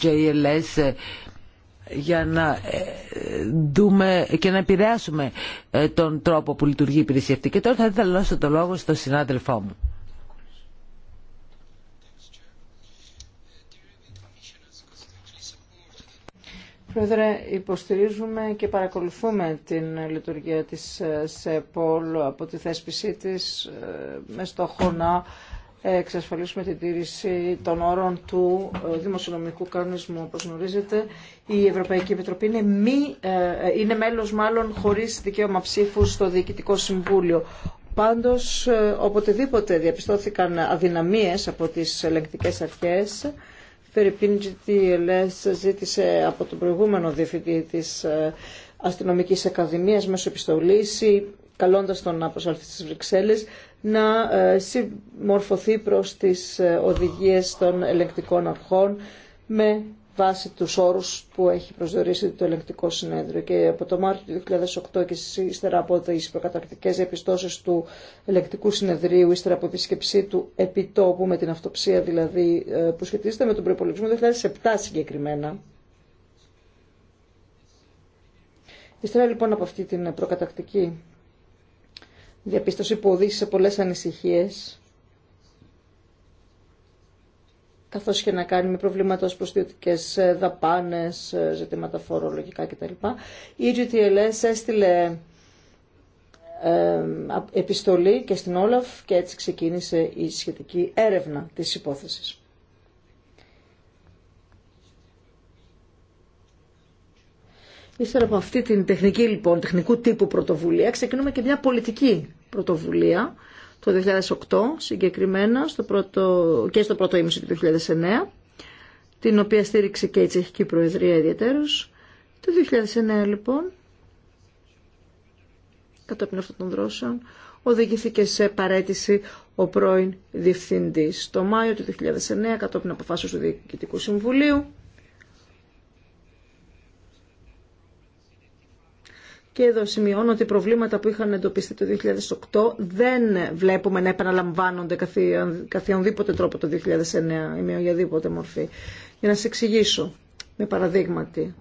JLS για να ε, δούμε και να επηρεάσουμε ε, τον τρόπο που λειτουργεί η υπηρεσία αυτή. Και τώρα θα ήθελα να δώσω το λόγο στον συνάδελφό μου. Πρόεδρε, υποστηρίζουμε και παρακολουθούμε την λειτουργία της ε, ΣΕΠΟΛ από τη θέσπιση της με στόχο να εξασφαλίσουμε την τήρηση των όρων του ε, δημοσιονομικού κανονισμού. Όπως γνωρίζετε, η Ευρωπαϊκή Επιτροπή είναι, μη, ε, είναι μέλος μάλλον χωρίς δικαίωμα ψήφου στο Διοικητικό Συμβούλιο. Πάντως, ε, οποτεδήποτε διαπιστώθηκαν αδυναμίες από τις ελεγκτικές αρχές, Φερρυπίν Ελές ζήτησε από τον προηγούμενο διευθυντή της Αστυνομικής Ακαδημίας μέσω επιστολής καλώντας τον να προσαρθεί στις Βρυξέλλες, να ε, συμμορφωθεί προς τις ε, οδηγίες των ελεγκτικών αρχών με βάση τους όρους που έχει προσδιορίσει το ελεγκτικό συνέδριο. Και από το Μάρτιο του 2008 και ύστερα από τις προκαταρκτικές επιστώσεις του ελεγκτικού συνεδρίου, ύστερα από επισκεψή του επιτόπου με την αυτοψία δηλαδή ε, που σχετίζεται με τον προπολογισμό 2007 συγκεκριμένα, Ύστερα λοιπόν από αυτή την προκατακτική διαπίστωση που οδήγησε σε πολλές ανησυχίες καθώς και να κάνει με προβλήματα ως προστιωτικές ε, δαπάνες, ε, ζητήματα φορολογικά κτλ. Η GTLS έστειλε ε, επιστολή και στην Όλαφ και έτσι ξεκίνησε η σχετική έρευνα της υπόθεσης. Ύστερα από αυτή την τεχνική λοιπόν, τεχνικού τύπου πρωτοβουλία, ξεκινούμε και μια πολιτική πρωτοβουλία το 2008 συγκεκριμένα στο πρώτο, και στο πρώτο ήμιση του 2009, την οποία στήριξε και η Τσεχική Προεδρία ιδιαίτερως. Το 2009 λοιπόν, κατόπιν αυτών των δρόσεων, οδηγήθηκε σε παρέτηση ο πρώην διευθυντής. Το Μάιο του 2009, κατόπιν αποφάσεως του Διοικητικού Συμβουλίου, Και εδώ σημειώνω ότι προβλήματα που είχαν εντοπιστεί το 2008 δεν βλέπουμε να επαναλαμβάνονται καθιονδήποτε τρόπο το 2009 ή με οποιαδήποτε μορφή. Για να σε εξηγήσω με παραδείγματα.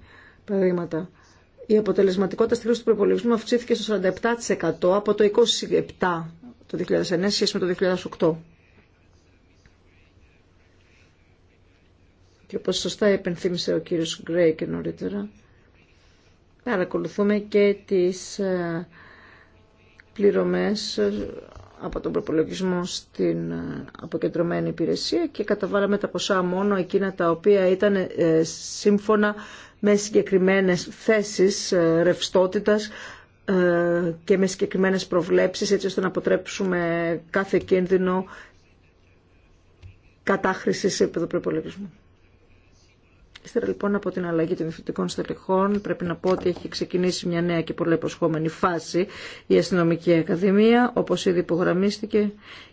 Η αποτελεσματικότητα στη χρήση του προπολογισμού αυξήθηκε στο 47% από το 27% το 2009 σχέση με το 2008. Και όπως σωστά επενθύμησε ο κύριος Γκρέι νωρίτερα, παρακολουθούμε και τις ε, πληρωμές ε, από τον προπολογισμό στην ε, αποκεντρωμένη υπηρεσία και καταβάλαμε τα ποσά μόνο εκείνα τα οποία ήταν σύμφωνα με συγκεκριμένες θέσεις ρευστότητας και με συγκεκριμένες προβλέψεις έτσι ώστε να αποτρέψουμε κάθε κίνδυνο κατάχρησης επί του προπολογισμού. Ύστερα λοιπόν από την αλλαγή των διευθυντικών στελεχών πρέπει να πω ότι έχει ξεκινήσει μια νέα και πολύ υποσχόμενη φάση η Αστυνομική Ακαδημία. Όπως ήδη υπογραμμίστηκε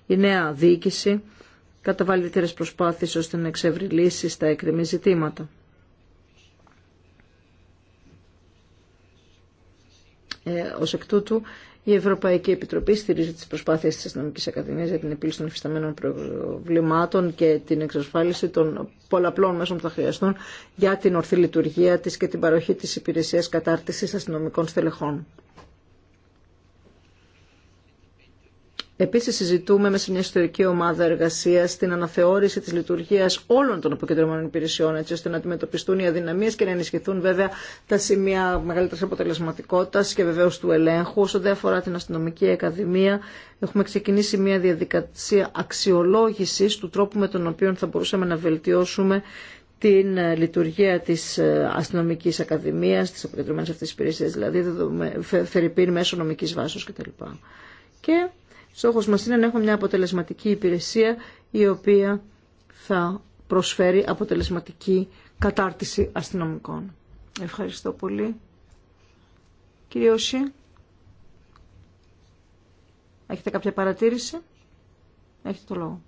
η νέα διοίκηση καταβάλει ιδιαίτερες προσπάθειες ώστε να εξεύρει στα έκρημη ζητήματα. Ε, ως εκ τούτου η Ευρωπαϊκή Επιτροπή στηρίζει τι προσπάθειε τη Αστυνομική Ακαδημία για την επίλυση των υφισταμένων προβλημάτων και την εξασφάλιση των πολλαπλών μέσων που θα χρειαστούν για την ορθή λειτουργία τη και την παροχή τη υπηρεσία κατάρτιση αστυνομικών στελεχών. Επίση, συζητούμε μέσα σε μια ιστορική ομάδα εργασία την αναθεώρηση τη λειτουργία όλων των αποκεντρωμένων υπηρεσιών έτσι ώστε να αντιμετωπιστούν οι αδυναμίε και να ενισχυθούν βέβαια τα σημεία μεγαλύτερη αποτελεσματικότητα και βεβαίω του ελέγχου. Όσο δεν αφορά την αστυνομική ακαδημία έχουμε ξεκινήσει μια διαδικασία αξιολόγηση του τρόπου με τον οποίο θα μπορούσαμε να βελτιώσουμε την ε, λειτουργία τη ε, αστυνομική ακαδημία, τη αποκεντρωμένη αυτή υπηρεσία, δηλαδή μέσω νομική βάση κτλ. Και Στόχος μας είναι να έχουμε μια αποτελεσματική υπηρεσία η οποία θα προσφέρει αποτελεσματική κατάρτιση αστυνομικών. Ευχαριστώ πολύ. Κύριε Όση, έχετε κάποια παρατήρηση. Έχετε το λόγο.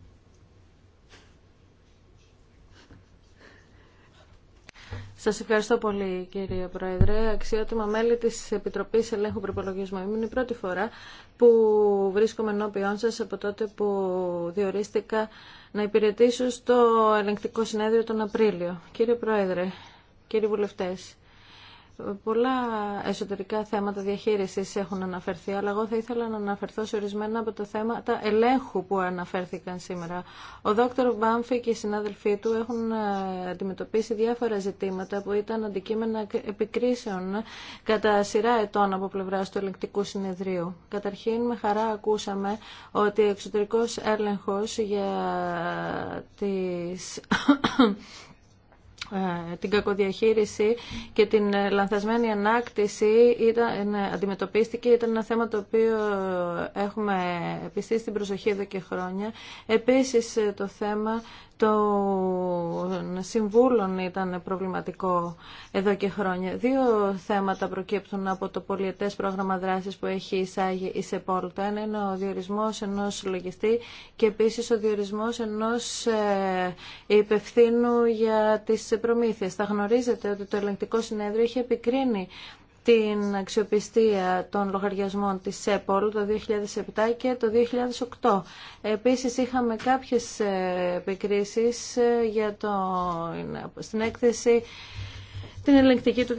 Σας ευχαριστώ πολύ κύριε Πρόεδρε. Αξιότιμα μέλη της Επιτροπής Ελέγχου Προπολογισμού. Είναι η πρώτη φορά που βρίσκομαι ενώπιόν σας από τότε που διορίστηκα να υπηρετήσω στο ελεγκτικό συνέδριο τον Απρίλιο. Κύριε Πρόεδρε, κύριοι βουλευτές, Πολλά εσωτερικά θέματα διαχείρισης έχουν αναφερθεί, αλλά εγώ θα ήθελα να αναφερθώ σε ορισμένα από τα θέματα ελέγχου που αναφέρθηκαν σήμερα. Ο δόκτωρ Μπάμφη και οι συνάδελφοί του έχουν ε, αντιμετωπίσει διάφορα ζητήματα που ήταν αντικείμενα επικρίσεων κατά σειρά ετών από πλευρά του ελεγκτικού συνεδρίου. Καταρχήν, με χαρά ακούσαμε ότι ο εξωτερικός έλεγχος για τις ε, την κακοδιαχείριση και την ε, λανθασμένη ανάκτηση ήταν, ε, ναι, αντιμετωπίστηκε. Ήταν ένα θέμα το οποίο έχουμε επιστήσει την προσοχή εδώ και χρόνια. Επίσης το θέμα των συμβούλων ήταν προβληματικό εδώ και χρόνια. Δύο θέματα προκύπτουν από το πολιετές πρόγραμμα δράσης που έχει εισάγει η ΣΕΠΟΛ. Το ένα είναι ο διορισμός ενός λογιστή και επίσης ο διορισμός ενός ε, υπευθύνου για τις προμήθειες. Θα γνωρίζετε ότι το ελεγκτικό συνέδριο είχε επικρίνει την αξιοπιστία των λογαριασμών της ΣΕΠΟΛ το 2007 και το 2008. Επίσης είχαμε κάποιες ε, επικρίσεις ε, για το, στην έκθεση την ελεγκτική του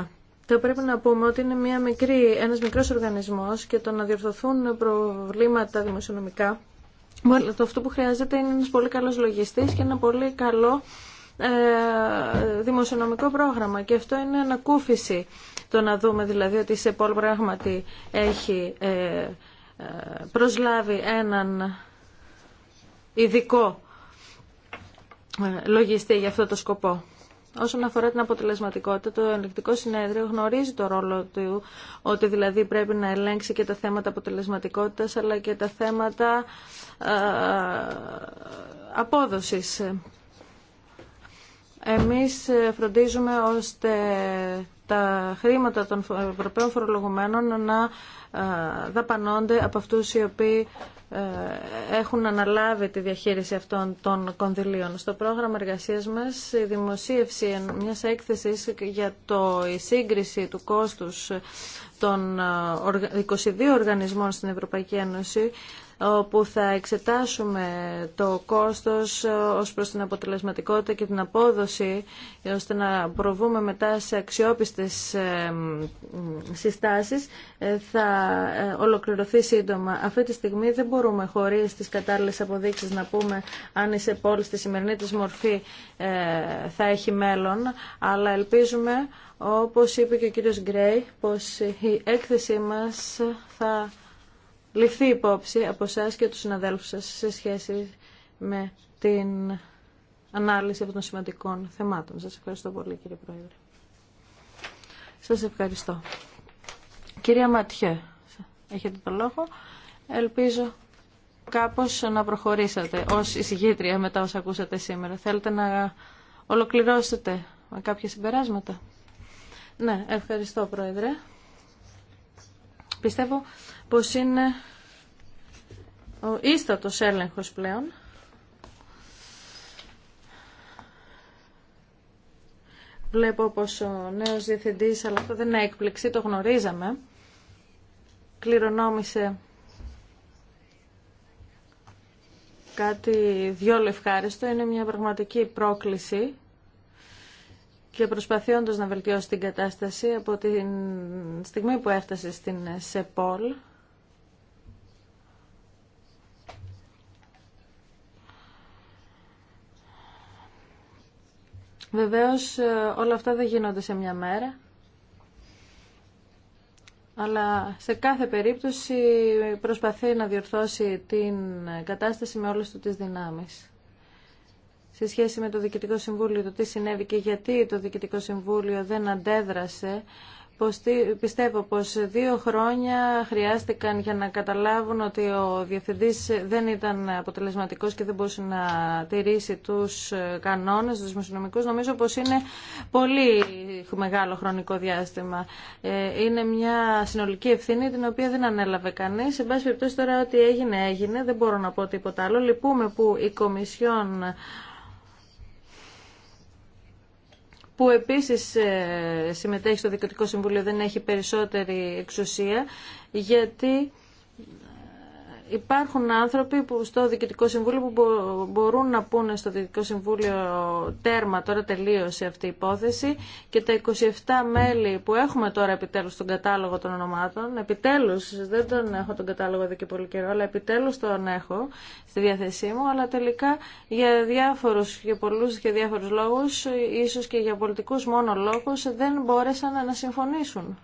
2009. Θα πρέπει να πούμε ότι είναι μια μικρή, ένας μικρός οργανισμός και το να διορθωθούν προβλήματα δημοσιονομικά το αυτό που χρειάζεται είναι ένας πολύ καλός λογιστής και ένα πολύ καλό ε, δημοσιονομικό πρόγραμμα και αυτό είναι ανακούφιση το να δούμε δηλαδή ότι σε ΣΕΠΟΛ πράγματι έχει ε, ε, προσλάβει έναν ειδικό λογιστή για αυτό το σκοπό. Όσον αφορά την αποτελεσματικότητα, το ελεκτικό συνέδριο γνωρίζει το ρόλο του, ότι δηλαδή πρέπει να ελέγξει και τα θέματα αποτελεσματικότητας, αλλά και τα θέματα απόδοσης. Εμείς φροντίζουμε ώστε τα χρήματα των Ευρωπαίων φορολογουμένων να ε, δαπανώνται από αυτούς οι οποίοι ε, έχουν αναλάβει τη διαχείριση αυτών των κονδυλίων. Στο πρόγραμμα εργασίας μας η δημοσίευση μιας έκθεσης για το, η σύγκριση του κόστους των ε, 22 οργανισμών στην Ευρωπαϊκή Ένωση όπου θα εξετάσουμε το κόστος ε, ως προς την αποτελεσματικότητα και την απόδοση ε, ώστε να προβούμε μετά σε αξιόπιστες ε, συστάσεις θα ολοκληρωθεί σύντομα. Αυτή τη στιγμή δεν μπορούμε χωρίς τις κατάλληλες αποδείξεις να πούμε αν η πόλη στη σημερινή της μορφή θα έχει μέλλον, αλλά ελπίζουμε όπως είπε και ο κύριος Γκρέι πως η έκθεσή μας θα ληφθεί υπόψη από εσά και του συναδέλφου σας σε σχέση με την ανάλυση αυτών των σημαντικών θεμάτων. Σα ευχαριστώ πολύ κύριε Πρόεδρε. Σας ευχαριστώ. Κυρία Ματιέ, έχετε το λόγο. Ελπίζω κάπως να προχωρήσατε ως εισηγήτρια μετά όσα ακούσατε σήμερα. Θέλετε να ολοκληρώσετε με κάποια συμπεράσματα. Ναι, ευχαριστώ Πρόεδρε. Πιστεύω πως είναι ο ίστατος έλεγχος πλέον. Βλέπω πως ο νέος διευθυντής, αλλά αυτό δεν είναι έκπληξη, το γνωρίζαμε, κληρονόμησε κάτι δυο ευχάριστο, είναι μια πραγματική πρόκληση και προσπαθώντας να βελτιώσει την κατάσταση από την στιγμή που έφτασε στην ΣΕΠΟΛ, Βεβαίως ε, όλα αυτά δεν γίνονται σε μια μέρα. Αλλά σε κάθε περίπτωση προσπαθεί να διορθώσει την κατάσταση με όλες του τις δυνάμεις. Σε σχέση με το Δικητικό Συμβούλιο, το τι συνέβη και γιατί το Δικητικό Συμβούλιο δεν αντέδρασε Πιστεύω πως δύο χρόνια χρειάστηκαν για να καταλάβουν ότι ο Διευθυντής δεν ήταν αποτελεσματικός και δεν μπορούσε να τηρήσει τους κανόνες, τους δημοσιονομικούς. Νομίζω πως είναι πολύ μεγάλο χρονικό διάστημα. Ε, είναι μια συνολική ευθύνη την οποία δεν ανέλαβε κανείς. Σε πάση περιπτώσει τώρα ότι έγινε έγινε, δεν μπορώ να πω τίποτα άλλο. Λυπούμε που η Κομισιόν που επίσης ε, συμμετέχει στο δικαιωτικό Συμβούλιο δεν έχει περισσότερη εξουσία γιατί υπάρχουν άνθρωποι που στο Διοικητικό Συμβούλιο που μπορούν να πούνε στο Διοικητικό Συμβούλιο τέρμα, τώρα τελείωσε αυτή η υπόθεση και τα 27 μέλη που έχουμε τώρα επιτέλους στον κατάλογο των ονομάτων, επιτέλους δεν τον έχω τον κατάλογο εδώ και πολύ καιρό, αλλά επιτέλους τον έχω στη διάθεσή μου, αλλά τελικά για διάφορους, για πολλούς και διάφορους λόγους, ίσως και για πολιτικούς μόνο λόγους, δεν μπόρεσαν να συμφωνήσουν.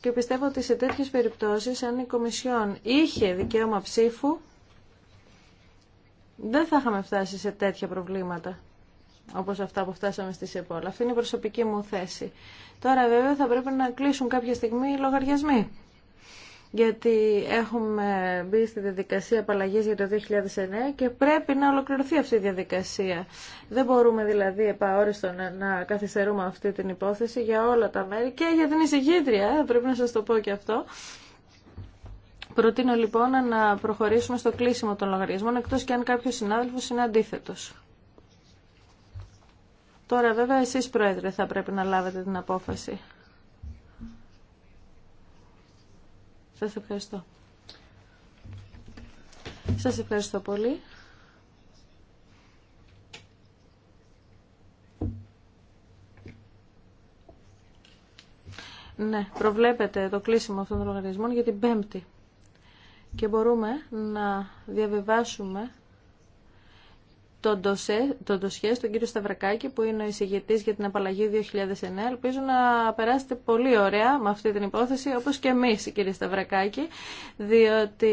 Και πιστεύω ότι σε τέτοιες περιπτώσεις, αν η Κομισιόν είχε δικαίωμα ψήφου, δεν θα είχαμε φτάσει σε τέτοια προβλήματα όπως αυτά που φτάσαμε στη ΣΕΠΟΛ. Αυτή είναι η προσωπική μου θέση. Τώρα βέβαια θα πρέπει να κλείσουν κάποια στιγμή οι λογαριασμοί γιατί έχουμε μπει στη διαδικασία απαλλαγής για το 2009 και πρέπει να ολοκληρωθεί αυτή η διαδικασία. Δεν μπορούμε δηλαδή επαόριστον να καθυστερούμε αυτή την υπόθεση για όλα τα μέρη και για την εισηγήτρια, ε, πρέπει να σας το πω και αυτό. Προτείνω λοιπόν να προχωρήσουμε στο κλείσιμο των λογαριασμών, εκτός και αν κάποιος συνάδελφος είναι αντίθετος. Τώρα βέβαια εσείς πρόεδρε θα πρέπει να λάβετε την απόφαση. Σας ευχαριστώ. Σας ευχαριστώ πολύ. Ναι, προβλέπετε το κλείσιμο αυτών των οργανισμών για την Πέμπτη. Και μπορούμε να διαβιβάσουμε το ντοσέ, το ντοσιέ, τον κύριο Σταυρακάκη που είναι ο εισηγητής για την απαλλαγή 2009. Ελπίζω να περάσετε πολύ ωραία με αυτή την υπόθεση όπως και εμείς κύριε Σταυρακάκη διότι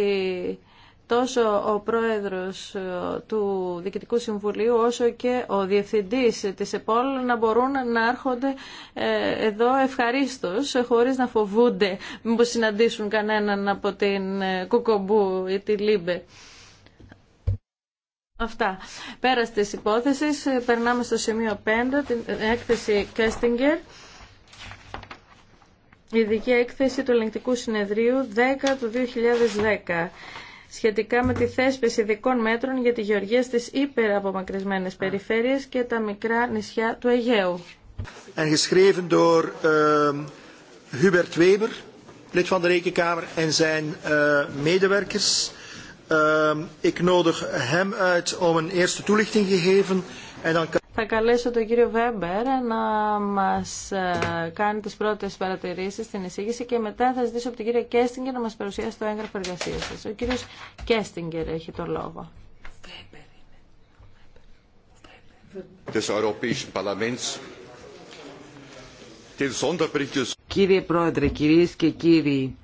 τόσο ο πρόεδρος ε, του Διοικητικού Συμβουλίου όσο και ο διευθυντής της ΕΠΟΛ να μπορούν να έρχονται ε, εδώ ευχαρίστως χωρίς να φοβούνται μήπως συναντήσουν κανέναν από την ε, Κουκομπού ή τη Λίμπε. Αυτά. Πέρα τη υπόθεση, ε, περνάμε στο σημείο 5, την έκθεση Κέστιγκερ. Ειδική έκθεση του Ελεγκτικού Συνεδρίου 10 του 2010 σχετικά με τη θέσπιση ειδικών μέτρων για τη γεωργία στις υπεραπομακρυσμένες περιφέρειες και τα μικρά νησιά του Αιγαίου. En geschreven door ehm, Hubert Weber, lid van de Rekenkamer, en zijn eh, medewerkers θα καλέσω τον κύριο Βέμπερ να μας ε, κάνει τις πρώτες παρατηρήσεις στην εισήγηση και μετά θα ζητήσω από τον κύριο Κέστιγκερ να μας παρουσιάσει το έγγραφο εργασίας σας. Ο κύριος Κέστιγκερ έχει το λόγο. Κύριε Πρόεδρε, κυρίες και κύριοι,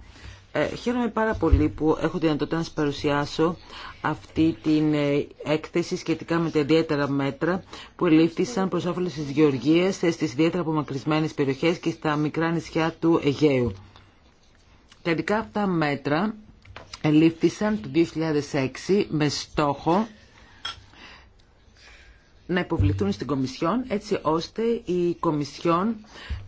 ε, χαίρομαι πάρα πολύ που έχω τη δυνατότητα να σας παρουσιάσω αυτή την ε, έκθεση σχετικά με τα ιδιαίτερα μέτρα που ελήφθησαν προς όφελος της Γεωργίας στις ιδιαίτερα απομακρυσμένες περιοχές και στα μικρά νησιά του Αιγαίου. Τα ειδικά αυτά μέτρα ελήφθησαν το 2006 με στόχο να υποβληθούν στην Κομισιόν έτσι ώστε η Κομισιόν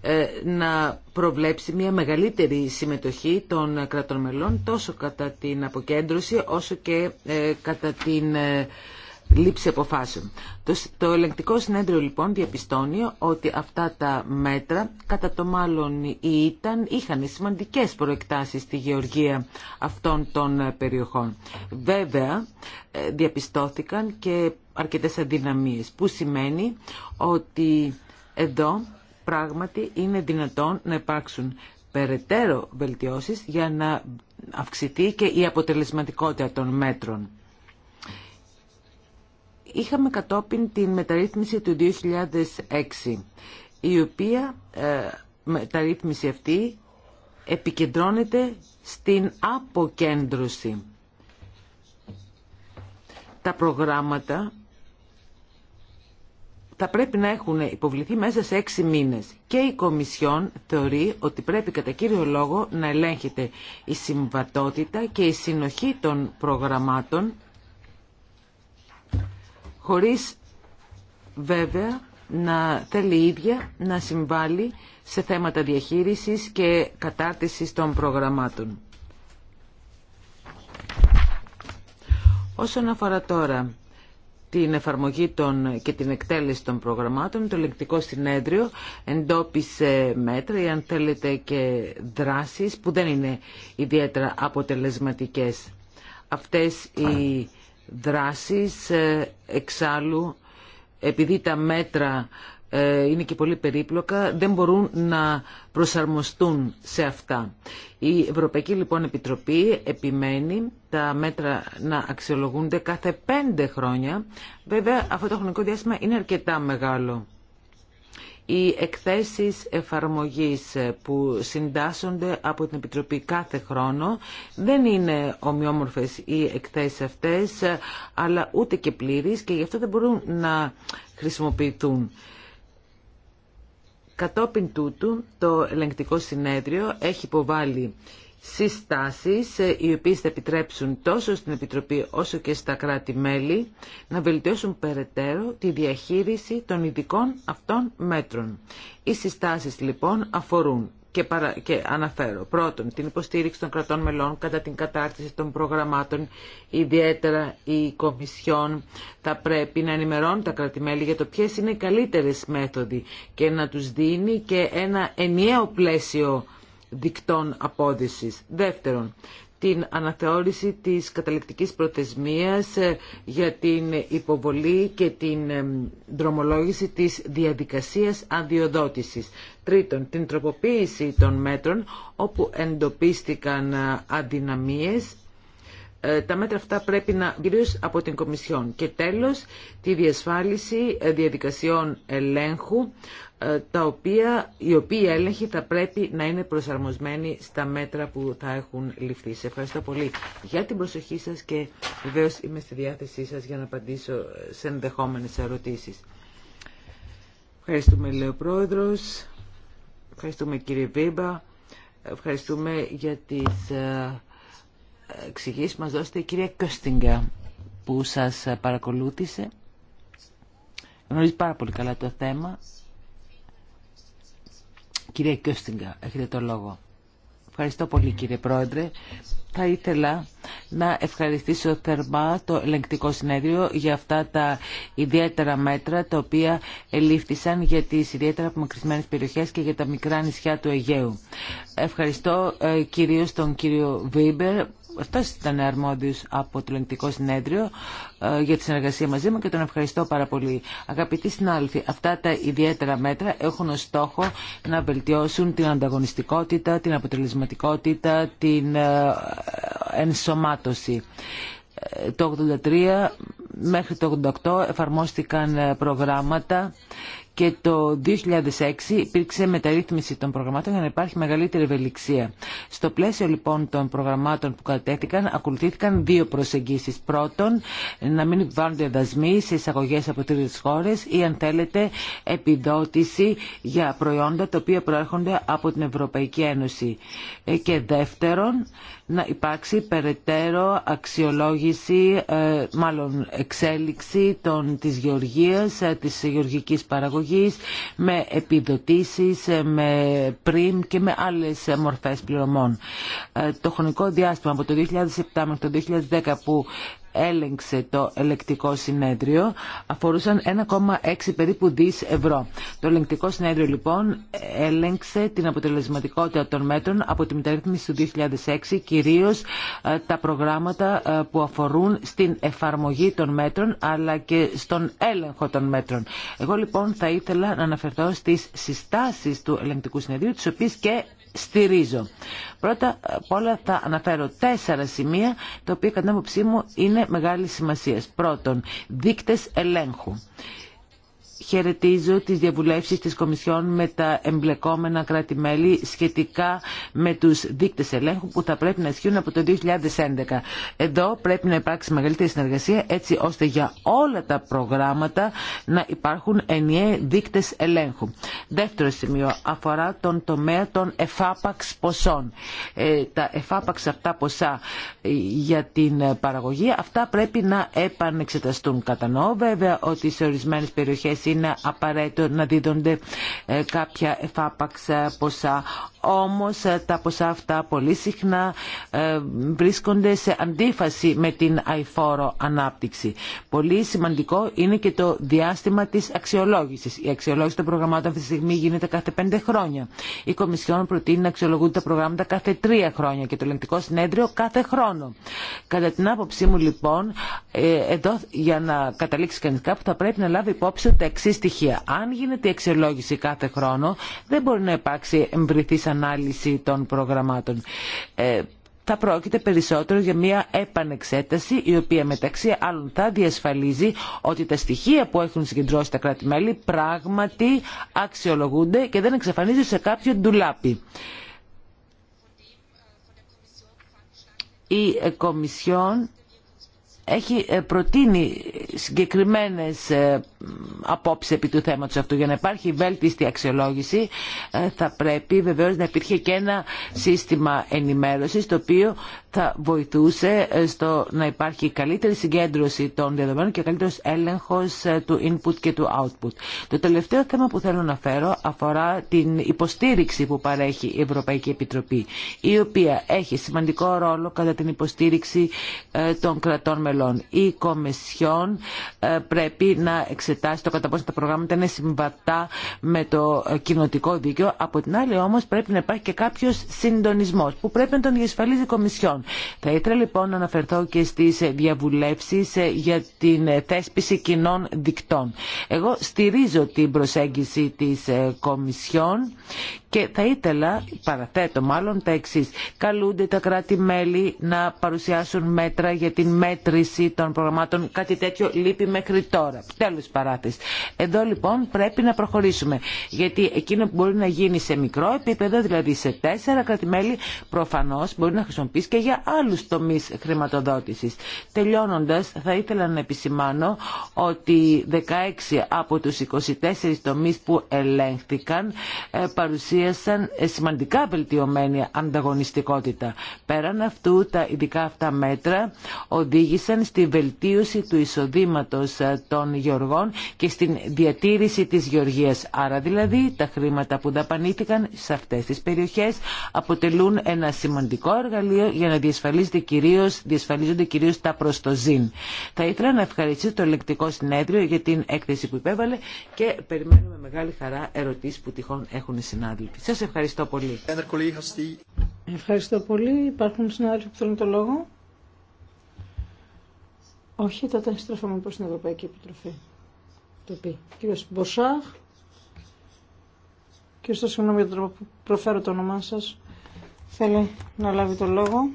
ε, να προβλέψει μια μεγαλύτερη συμμετοχή των κρατών μελών τόσο κατά την αποκέντρωση όσο και ε, κατά την ε, λήψη αποφάσεων. Το, το ελεγκτικό συνέδριο λοιπόν διαπιστώνει ότι αυτά τα μέτρα κατά το μάλλον ήταν, είχαν σημαντικές προεκτάσεις στη γεωργία αυτών των ε, περιοχών. Βέβαια ε, διαπιστώθηκαν και αρκετές αδυναμίες που σημαίνει ότι εδώ πράγματι είναι δυνατόν να υπάρξουν περαιτέρω βελτιώσεις για να αυξηθεί και η αποτελεσματικότητα των μέτρων. Είχαμε κατόπιν την μεταρρύθμιση του 2006, η οποία ε, μεταρρύθμιση αυτή επικεντρώνεται στην αποκέντρωση. Τα προγράμματα θα πρέπει να έχουν υποβληθεί μέσα σε έξι μήνες. Και η Κομισιόν θεωρεί ότι πρέπει κατά κύριο λόγο να ελέγχεται η συμβατότητα και η συνοχή των προγραμμάτων χωρίς βέβαια να θέλει η ίδια να συμβάλλει σε θέματα διαχείρισης και κατάρτισης των προγραμμάτων. Όσον αφορά τώρα την εφαρμογή των και την εκτέλεση των προγραμμάτων, το λεκτικό συνέδριο εντόπισε μέτρα ή αν θέλετε και δράσεις που δεν είναι ιδιαίτερα αποτελεσματικές. Αυτές οι δράσεις. Ε, εξάλλου, επειδή τα μέτρα ε, είναι και πολύ περίπλοκα, δεν μπορούν να προσαρμοστούν σε αυτά. Η Ευρωπαϊκή λοιπόν Επιτροπή επιμένει τα μέτρα να αξιολογούνται κάθε πέντε χρόνια. Βέβαια αυτό το χρονικό διάστημα είναι αρκετά μεγάλο. Οι εκθέσεις εφαρμογής που συντάσσονται από την Επιτροπή κάθε χρόνο δεν είναι ομοιόμορφες οι εκθέσεις αυτές, αλλά ούτε και πλήρεις και γι' αυτό δεν μπορούν να χρησιμοποιηθούν. Κατόπιν τούτου, το ελεγκτικό συνέδριο έχει υποβάλει συστάσεις ε, οι οποίες θα επιτρέψουν τόσο στην Επιτροπή όσο και στα κράτη-μέλη να βελτιώσουν περαιτέρω τη διαχείριση των ειδικών αυτών μέτρων. Οι συστάσεις λοιπόν αφορούν και, και αναφέρω πρώτον την υποστήριξη των κρατών μελών κατά την κατάρτιση των προγραμμάτων ιδιαίτερα η Κομισιόν θα πρέπει να ενημερώνουν τα κρατημέλη για το ποιες είναι οι καλύτερες μέθοδοι και να τους δίνει και ένα ενιαίο πλαίσιο δικτών απόδυσης. Δεύτερον, την αναθεώρηση της καταληκτικής προθεσμίας ε, για την υποβολή και την ε, δρομολόγηση της διαδικασίας αδειοδότησης. Τρίτον, την τροποποίηση των μέτρων όπου εντοπίστηκαν ε, αδυναμίες ε, τα μέτρα αυτά πρέπει να κυρίως από την Κομισιόν. Και τέλος, τη διασφάλιση ε, διαδικασιών ελέγχου, ε, τα οποία, οι οποίοι έλεγχοι θα πρέπει να είναι προσαρμοσμένοι στα μέτρα που θα έχουν ληφθεί. Σε ευχαριστώ πολύ για την προσοχή σας και βεβαίω είμαι στη διάθεσή σας για να απαντήσω σε ενδεχόμενε ερωτήσεις. Ευχαριστούμε, λέει ο Πρόεδρος. Ευχαριστούμε, κύριε Βίμπα. Ευχαριστούμε για τις εξηγήσει μας δώσετε η κυρία Κιώστιγκα που σας παρακολούθησε. Γνωρίζει πάρα πολύ καλά το θέμα. Κυρία Κιώστιγκα, έχετε το λόγο. Ευχαριστώ πολύ κύριε Πρόεδρε. Θα ήθελα να ευχαριστήσω θερμά το ελεγκτικό συνέδριο για αυτά τα ιδιαίτερα μέτρα τα οποία ελήφθησαν για τις ιδιαίτερα απομακρυσμένες περιοχές και για τα μικρά νησιά του Αιγαίου. Ευχαριστώ ε, κυρίως τον κύριο Βίμπερ αυτό ήταν αρμόδιος από το Λεγκτικό Συνέδριο ε, για τη συνεργασία μαζί μου και τον ευχαριστώ πάρα πολύ. Αγαπητοί συνάδελφοι, αυτά τα ιδιαίτερα μέτρα έχουν ως στόχο να βελτιώσουν την ανταγωνιστικότητα, την αποτελεσματικότητα, την ε, ενσωμάτωση. Ε, το 83 μέχρι το 88 εφαρμόστηκαν προγράμματα και το 2006 υπήρξε μεταρρύθμιση των προγραμμάτων για να υπάρχει μεγαλύτερη ευελιξία. Στο πλαίσιο λοιπόν των προγραμμάτων που κατέθηκαν ακολουθήθηκαν δύο προσεγγίσεις. Πρώτον, να μην επιβάλλονται δασμοί σε εισαγωγέ από τρίτε χώρε ή αν θέλετε επιδότηση για προϊόντα τα οποία προέρχονται από την Ευρωπαϊκή Ένωση. Ε, και δεύτερον, να υπάρξει περαιτέρω αξιολόγηση, ε, μάλλον εξέλιξη των, της γεωργίας, ε, της γεωργικής παραγωγής με επιδοτήσεις, με πριμ και με άλλες μορφές πληρωμών. Ε, το χρονικό διάστημα από το 2007 μέχρι το 2010 που έλεγξε το ελεκτικό συνέδριο αφορούσαν 1,6 περίπου δις ευρώ. Το ελεγκτικό συνέδριο λοιπόν έλεγξε την αποτελεσματικότητα των μέτρων από τη μεταρρύθμιση του 2006 κυρίως ε, τα προγράμματα ε, που αφορούν στην εφαρμογή των μέτρων αλλά και στον έλεγχο των μέτρων. Εγώ λοιπόν θα ήθελα να αναφερθώ στις συστάσεις του ελεγκτικού συνεδρίου τις οποίες και στηρίζω. Πρώτα απ' όλα θα αναφέρω τέσσερα σημεία, τα οποία κατά άποψή μου είναι μεγάλη σημασία. Πρώτον, δείκτες ελέγχου χαιρετίζω τις διαβουλεύσεις της Κομισιόν με τα εμπλεκόμενα κράτη-μέλη σχετικά με τους δείκτες ελέγχου που θα πρέπει να ισχύουν από το 2011. Εδώ πρέπει να υπάρξει μεγαλύτερη συνεργασία έτσι ώστε για όλα τα προγράμματα να υπάρχουν ενιαίοι δείκτες ελέγχου. Δεύτερο σημείο αφορά τον τομέα των εφάπαξ ποσών. Ε, τα εφάπαξ αυτά ποσά ε, για την παραγωγή αυτά πρέπει να επανεξεταστούν. Κατανοώ βέβαια ότι σε ορισμένες περιοχές είναι απαραίτητο να δίδονται ε, κάποια εφάπαξ ποσά όμως τα ποσά αυτά πολύ συχνά ε, βρίσκονται σε αντίφαση με την αηφόρο ανάπτυξη. Πολύ σημαντικό είναι και το διάστημα της αξιολόγησης. Η αξιολόγηση των προγραμμάτων αυτή τη στιγμή γίνεται κάθε πέντε χρόνια. Η Κομισιόν προτείνει να αξιολογούνται τα προγράμματα κάθε τρία χρόνια και το ελεγκτικό συνέδριο κάθε χρόνο. Κατά την άποψή μου λοιπόν, ε, εδώ για να καταλήξει κανείς κάπου θα πρέπει να λάβει υπόψη τα εξή στοιχεία. Αν γίνεται η αξιολόγηση κάθε χρόνο, δεν μπορεί να υπάρξει εμβριθής ανάλυση των προγραμμάτων. Ε, θα πρόκειται περισσότερο για μια επανεξέταση η οποία μεταξύ άλλων θα διασφαλίζει ότι τα στοιχεία που έχουν συγκεντρώσει τα κράτη-μέλη πράγματι αξιολογούνται και δεν εξαφανίζονται σε κάποιο ντουλάπι. Η ε, Κομισιόν έχει ε, προτείνει συγκεκριμένες ε, απόψεις επί του θέματος αυτού. Για να υπάρχει βέλτιστη αξιολόγηση ε, θα πρέπει βεβαίως να υπήρχε και ένα σύστημα ενημέρωσης το οποίο θα βοηθούσε ε, στο να υπάρχει καλύτερη συγκέντρωση των δεδομένων και καλύτερο έλεγχο ε, του input και του output. Το τελευταίο θέμα που θέλω να φέρω αφορά την υποστήριξη που παρέχει η Ευρωπαϊκή Επιτροπή, η οποία έχει σημαντικό ρόλο κατά την υποστήριξη ε, των κρατών μελών. Η Κομισιόν πρέπει να εξετάσει το κατά πόσο τα προγράμματα είναι συμβατά με το κοινοτικό δίκαιο. Από την άλλη όμω πρέπει να υπάρχει και κάποιο συντονισμό που πρέπει να τον διασφαλίζει η Κομισιόν. Θα ήθελα λοιπόν να αναφερθώ και στις διαβουλεύσεις ε, για την ε, θέσπιση κοινών δικτών. Εγώ στηρίζω την προσέγγιση της ε, Κομισιόν και θα ήθελα, παραθέτω μάλλον τα εξή. Καλούνται τα κράτη-μέλη να παρουσιάσουν μέτρα για την μέτρηση των προγραμμάτων. Κάτι τέτοιο λείπει μέχρι τώρα. Τέλο παράθεση. Εδώ λοιπόν πρέπει να προχωρήσουμε. Γιατί εκείνο που μπορεί να γίνει σε μικρό επίπεδο, δηλαδή σε τέσσερα κράτη-μέλη, προφανώ μπορεί να χρησιμοποιήσει και για άλλου τομεί χρηματοδότηση. Τελειώνοντα, θα ήθελα να επισημάνω ότι 16 από του 24 τομεί που ελέγχθηκαν ε, παρουσίασαν παρουσίασαν ε, σημαντικά βελτιωμένη ανταγωνιστικότητα. Πέραν αυτού, τα ειδικά αυτά μέτρα οδήγησαν στη βελτίωση του εισοδήματος ε, των γεωργών και στην διατήρηση της γεωργίας. Άρα δηλαδή τα χρήματα που δαπανήθηκαν σε αυτές τις περιοχές αποτελούν ένα σημαντικό εργαλείο για να διασφαλίζονται κυρίως, διασφαλίζονται τα προστοζήν. Θα ήθελα να ευχαριστήσω το ελεκτικό συνέδριο για την έκθεση που υπέβαλε και περιμένουμε μεγάλη χαρά ερωτήσεις που τυχόν έχουν οι συνάδελφοι πολίτη. Σας ευχαριστώ πολύ. Ευχαριστώ πολύ. Υπάρχουν συνάδελφοι που θέλουν το λόγο. Όχι, τότε στρέφαμε προ την Ευρωπαϊκή Επιτροφή. Το πει. Κύριος Μποσάχ. Και συγγνώμη για τον τρόπο που προφέρω το όνομά σας. Θέλει να λάβει το λόγο.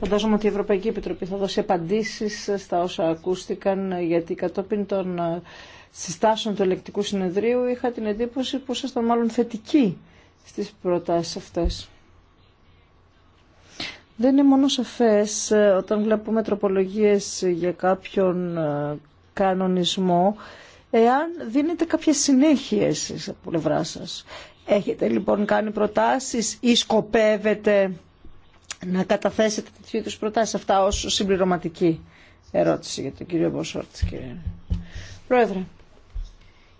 Φαντάζομαι ότι η Ευρωπαϊκή Επιτροπή θα δώσει απαντήσεις στα όσα ακούστηκαν, γιατί κατόπιν των ε, συστάσεων του ελεκτικού συνεδρίου είχα την εντύπωση που ήσασταν μάλλον θετική στις προτάσεις αυτές. Δεν είναι μόνο σαφές ε, όταν βλέπουμε τροπολογίες για κάποιον ε, κανονισμό, εάν δίνετε κάποιες συνέχεια από πλευρά σας. Έχετε λοιπόν κάνει προτάσεις ή σκοπεύετε να καταθέσετε τέτοιου είδου προτάσει αυτά ως συμπληρωματική ερώτηση για τον κύριο Μποσόρτ. Κύριε. Πρόεδρε,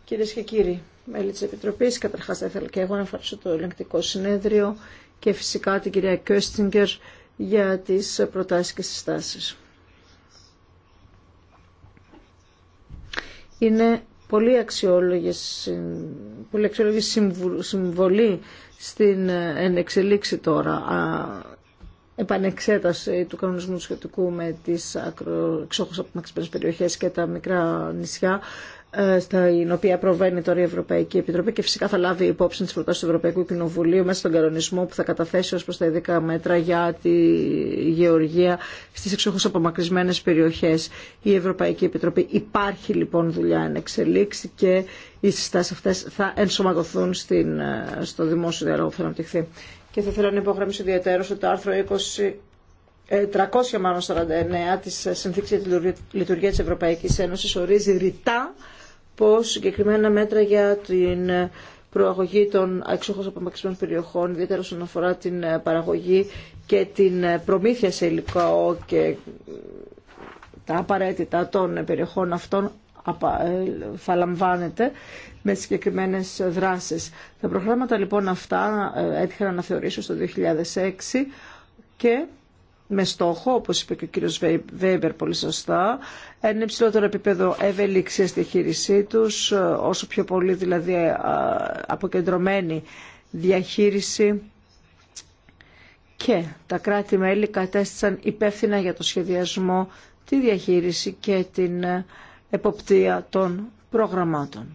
κυρίες και κύριοι, μέλη τη Επιτροπή, καταρχάς θα ήθελα και εγώ να ευχαριστήσω το ελεγκτικό συνέδριο και φυσικά την κυρία Κέστιγκερ για τις προτάσει και συστάσεις. Είναι πολύ αξιόλογη, πολύ αξιόλογη συμβολή στην ε, ενεξελίξη τώρα επανεξέταση του κανονισμού του σχετικού με τις εξόχους από περιοχές και τα μικρά νησιά ε, στην οποία προβαίνει τώρα η Ευρωπαϊκή Επιτροπή και φυσικά θα λάβει υπόψη τι προτάσει του Ευρωπαϊκού Κοινοβουλίου μέσα στον κανονισμό που θα καταθέσει ω προ τα ειδικά μέτρα για τη γεωργία στι εξόχω απομακρυσμένε περιοχέ. Η Ευρωπαϊκή Επιτροπή υπάρχει λοιπόν δουλειά εν εξελίξη και οι συστάσει αυτέ θα ενσωματωθούν στην, ε, στο δημόσιο διάλογο που θα αναπτυχθεί και θα ήθελα να υπογραμμίσω ιδιαίτερως ότι το άρθρο 20 349 ε, της Συνθήκης για τη Λειτουργία της Ευρωπαϊκής Ένωσης ορίζει ρητά πως συγκεκριμένα μέτρα για την προαγωγή των αξιόχως απομακρυσμένων περιοχών, ιδιαίτερα όσον αφορά την ε, παραγωγή και την ε, προμήθεια σε υλικό και τα απαραίτητα των περιοχών αυτών θα λαμβάνεται με συγκεκριμένες δράσεις. Τα προγράμματα λοιπόν αυτά ε, έτυχαν να θεωρήσω στο 2006 και με στόχο, όπως είπε και ο κύριος Βέιμπερ πολύ σωστά, ένα υψηλότερο επίπεδο ευελιξίας στη χείρισή τους, ε, όσο πιο πολύ δηλαδή ε, αποκεντρωμένη διαχείριση και τα κράτη-μέλη κατέστησαν υπεύθυνα για το σχεδιασμό, τη διαχείριση και την εποπτεία των προγραμμάτων.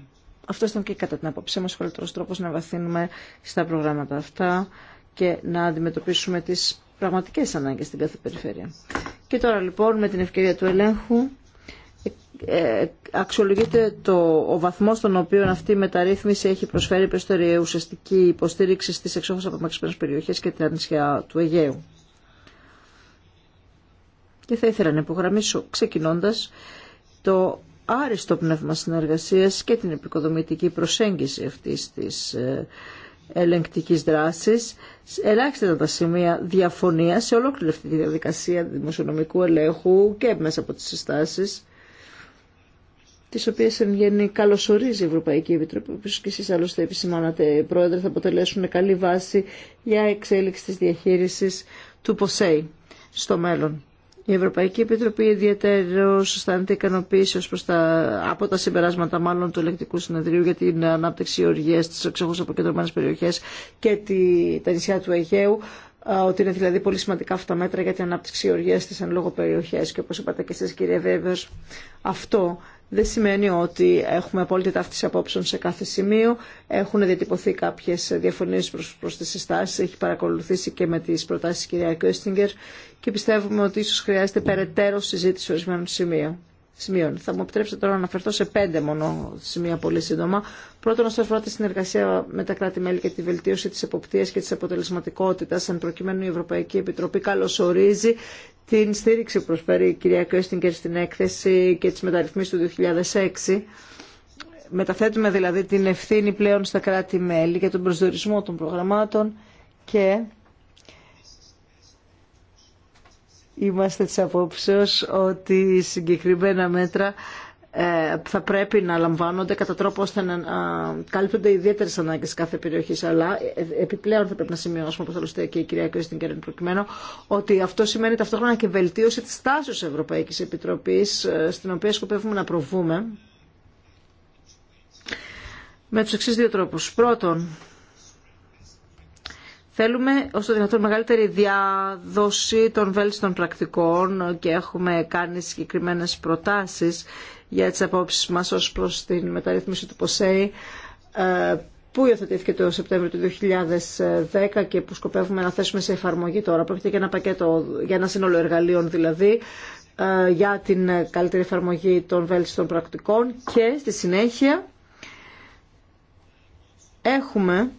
Αυτό ήταν και κατά την άποψή μας ο καλύτερος τρόπος να βαθύνουμε στα προγράμματα αυτά και να αντιμετωπίσουμε τις πραγματικές ανάγκες στην κάθε περιφέρεια. Και τώρα λοιπόν με την ευκαιρία του ελέγχου ε, ε, αξιολογείται το, ο βαθμός στον οποίο αυτή η μεταρρύθμιση έχει προσφέρει περισσότερη ουσιαστική υποστήριξη στις εξόχω μαξιπέρας περιοχές και τα νησιά του Αιγαίου. Και θα ήθελα να υπογραμμίσω ξεκινώντας το άριστο πνεύμα συνεργασίας και την επικοδομητική προσέγγιση αυτής της ε, ελεγκτικής δράσης. Ελάχιστα τα σημεία διαφωνία σε ολόκληρη αυτή τη διαδικασία δημοσιονομικού ελέγχου και μέσα από τις συστάσεις τις οποίες εν γέννη καλωσορίζει η Ευρωπαϊκή Επιτροπή, που και εσείς άλλωστε επισημάνατε, Πρόεδρε, θα αποτελέσουν καλή βάση για εξέλιξη της διαχείρισης του ΠΟΣΕΙ στο μέλλον. Η Ευρωπαϊκή Επιτροπή ιδιαίτερω αισθάνεται ικανοποίηση προς τα, από τα συμπεράσματα μάλλον του ελεκτικού συνεδρίου για την ανάπτυξη οργίας στις εξοχώς αποκεντρωμένε περιοχές και τη, τα νησιά του Αιγαίου ότι είναι δηλαδή πολύ σημαντικά αυτά τα μέτρα για την ανάπτυξη οργίας στις εν περιοχές και όπω είπατε και εσεί, κύριε Βέβαιο, αυτό δεν σημαίνει ότι έχουμε απόλυτη ταύτιση απόψεων σε κάθε σημείο. Έχουν διατυπωθεί κάποιε διαφωνίε προ τι συστάσει. Έχει παρακολουθήσει και με τι προτάσει η κυρία Κέστιγκερ και πιστεύουμε ότι ίσω χρειάζεται περαιτέρω συζήτηση ορισμένων σημείων σημείων. Θα μου επιτρέψετε τώρα να αναφερθώ σε πέντε μόνο σημεία πολύ σύντομα. Πρώτον, όσον αφορά τη συνεργασία με τα κράτη-μέλη και τη βελτίωση τη εποπτεία και τη αποτελεσματικότητα, εν προκειμένου η Ευρωπαϊκή Επιτροπή καλωσορίζει την στήριξη που προσφέρει η κυρία Κέστιγκερ στην έκθεση και τι μεταρρυθμίσει του 2006. Μεταθέτουμε δηλαδή την ευθύνη πλέον στα κράτη-μέλη για τον προσδιορισμό των προγραμμάτων και Είμαστε της απόψεως ότι συγκεκριμένα μέτρα ε, θα πρέπει να λαμβάνονται κατά τρόπο ώστε να καλύπτονται ιδιαίτερε ανάγκε κάθε περιοχή. Αλλά ε, επιπλέον θα πρέπει να σημειώσουμε, όπω άλλωστε και η κυρία Κρίστιν Κέρεν προκειμένου, ότι αυτό σημαίνει ταυτόχρονα και βελτίωση τη τάση Ευρωπαϊκή Επιτροπή, ε, στην οποία σκοπεύουμε να προβούμε με του εξή δύο τρόπου. Πρώτον, Θέλουμε όσο δυνατόν μεγαλύτερη διάδοση των βέλτιστων πρακτικών και έχουμε κάνει συγκεκριμένες προτάσεις για τις απόψεις μας ως προς την μεταρρύθμιση του ΠΟΣΕΙ ε, που υιοθετήθηκε το Σεπτέμβριο του 2010 και που σκοπεύουμε να θέσουμε σε εφαρμογή τώρα. Πρόκειται για ένα πακέτο, για ένα σύνολο εργαλείων δηλαδή, ε, για την καλύτερη εφαρμογή των βέλτιστων πρακτικών και στη συνέχεια έχουμε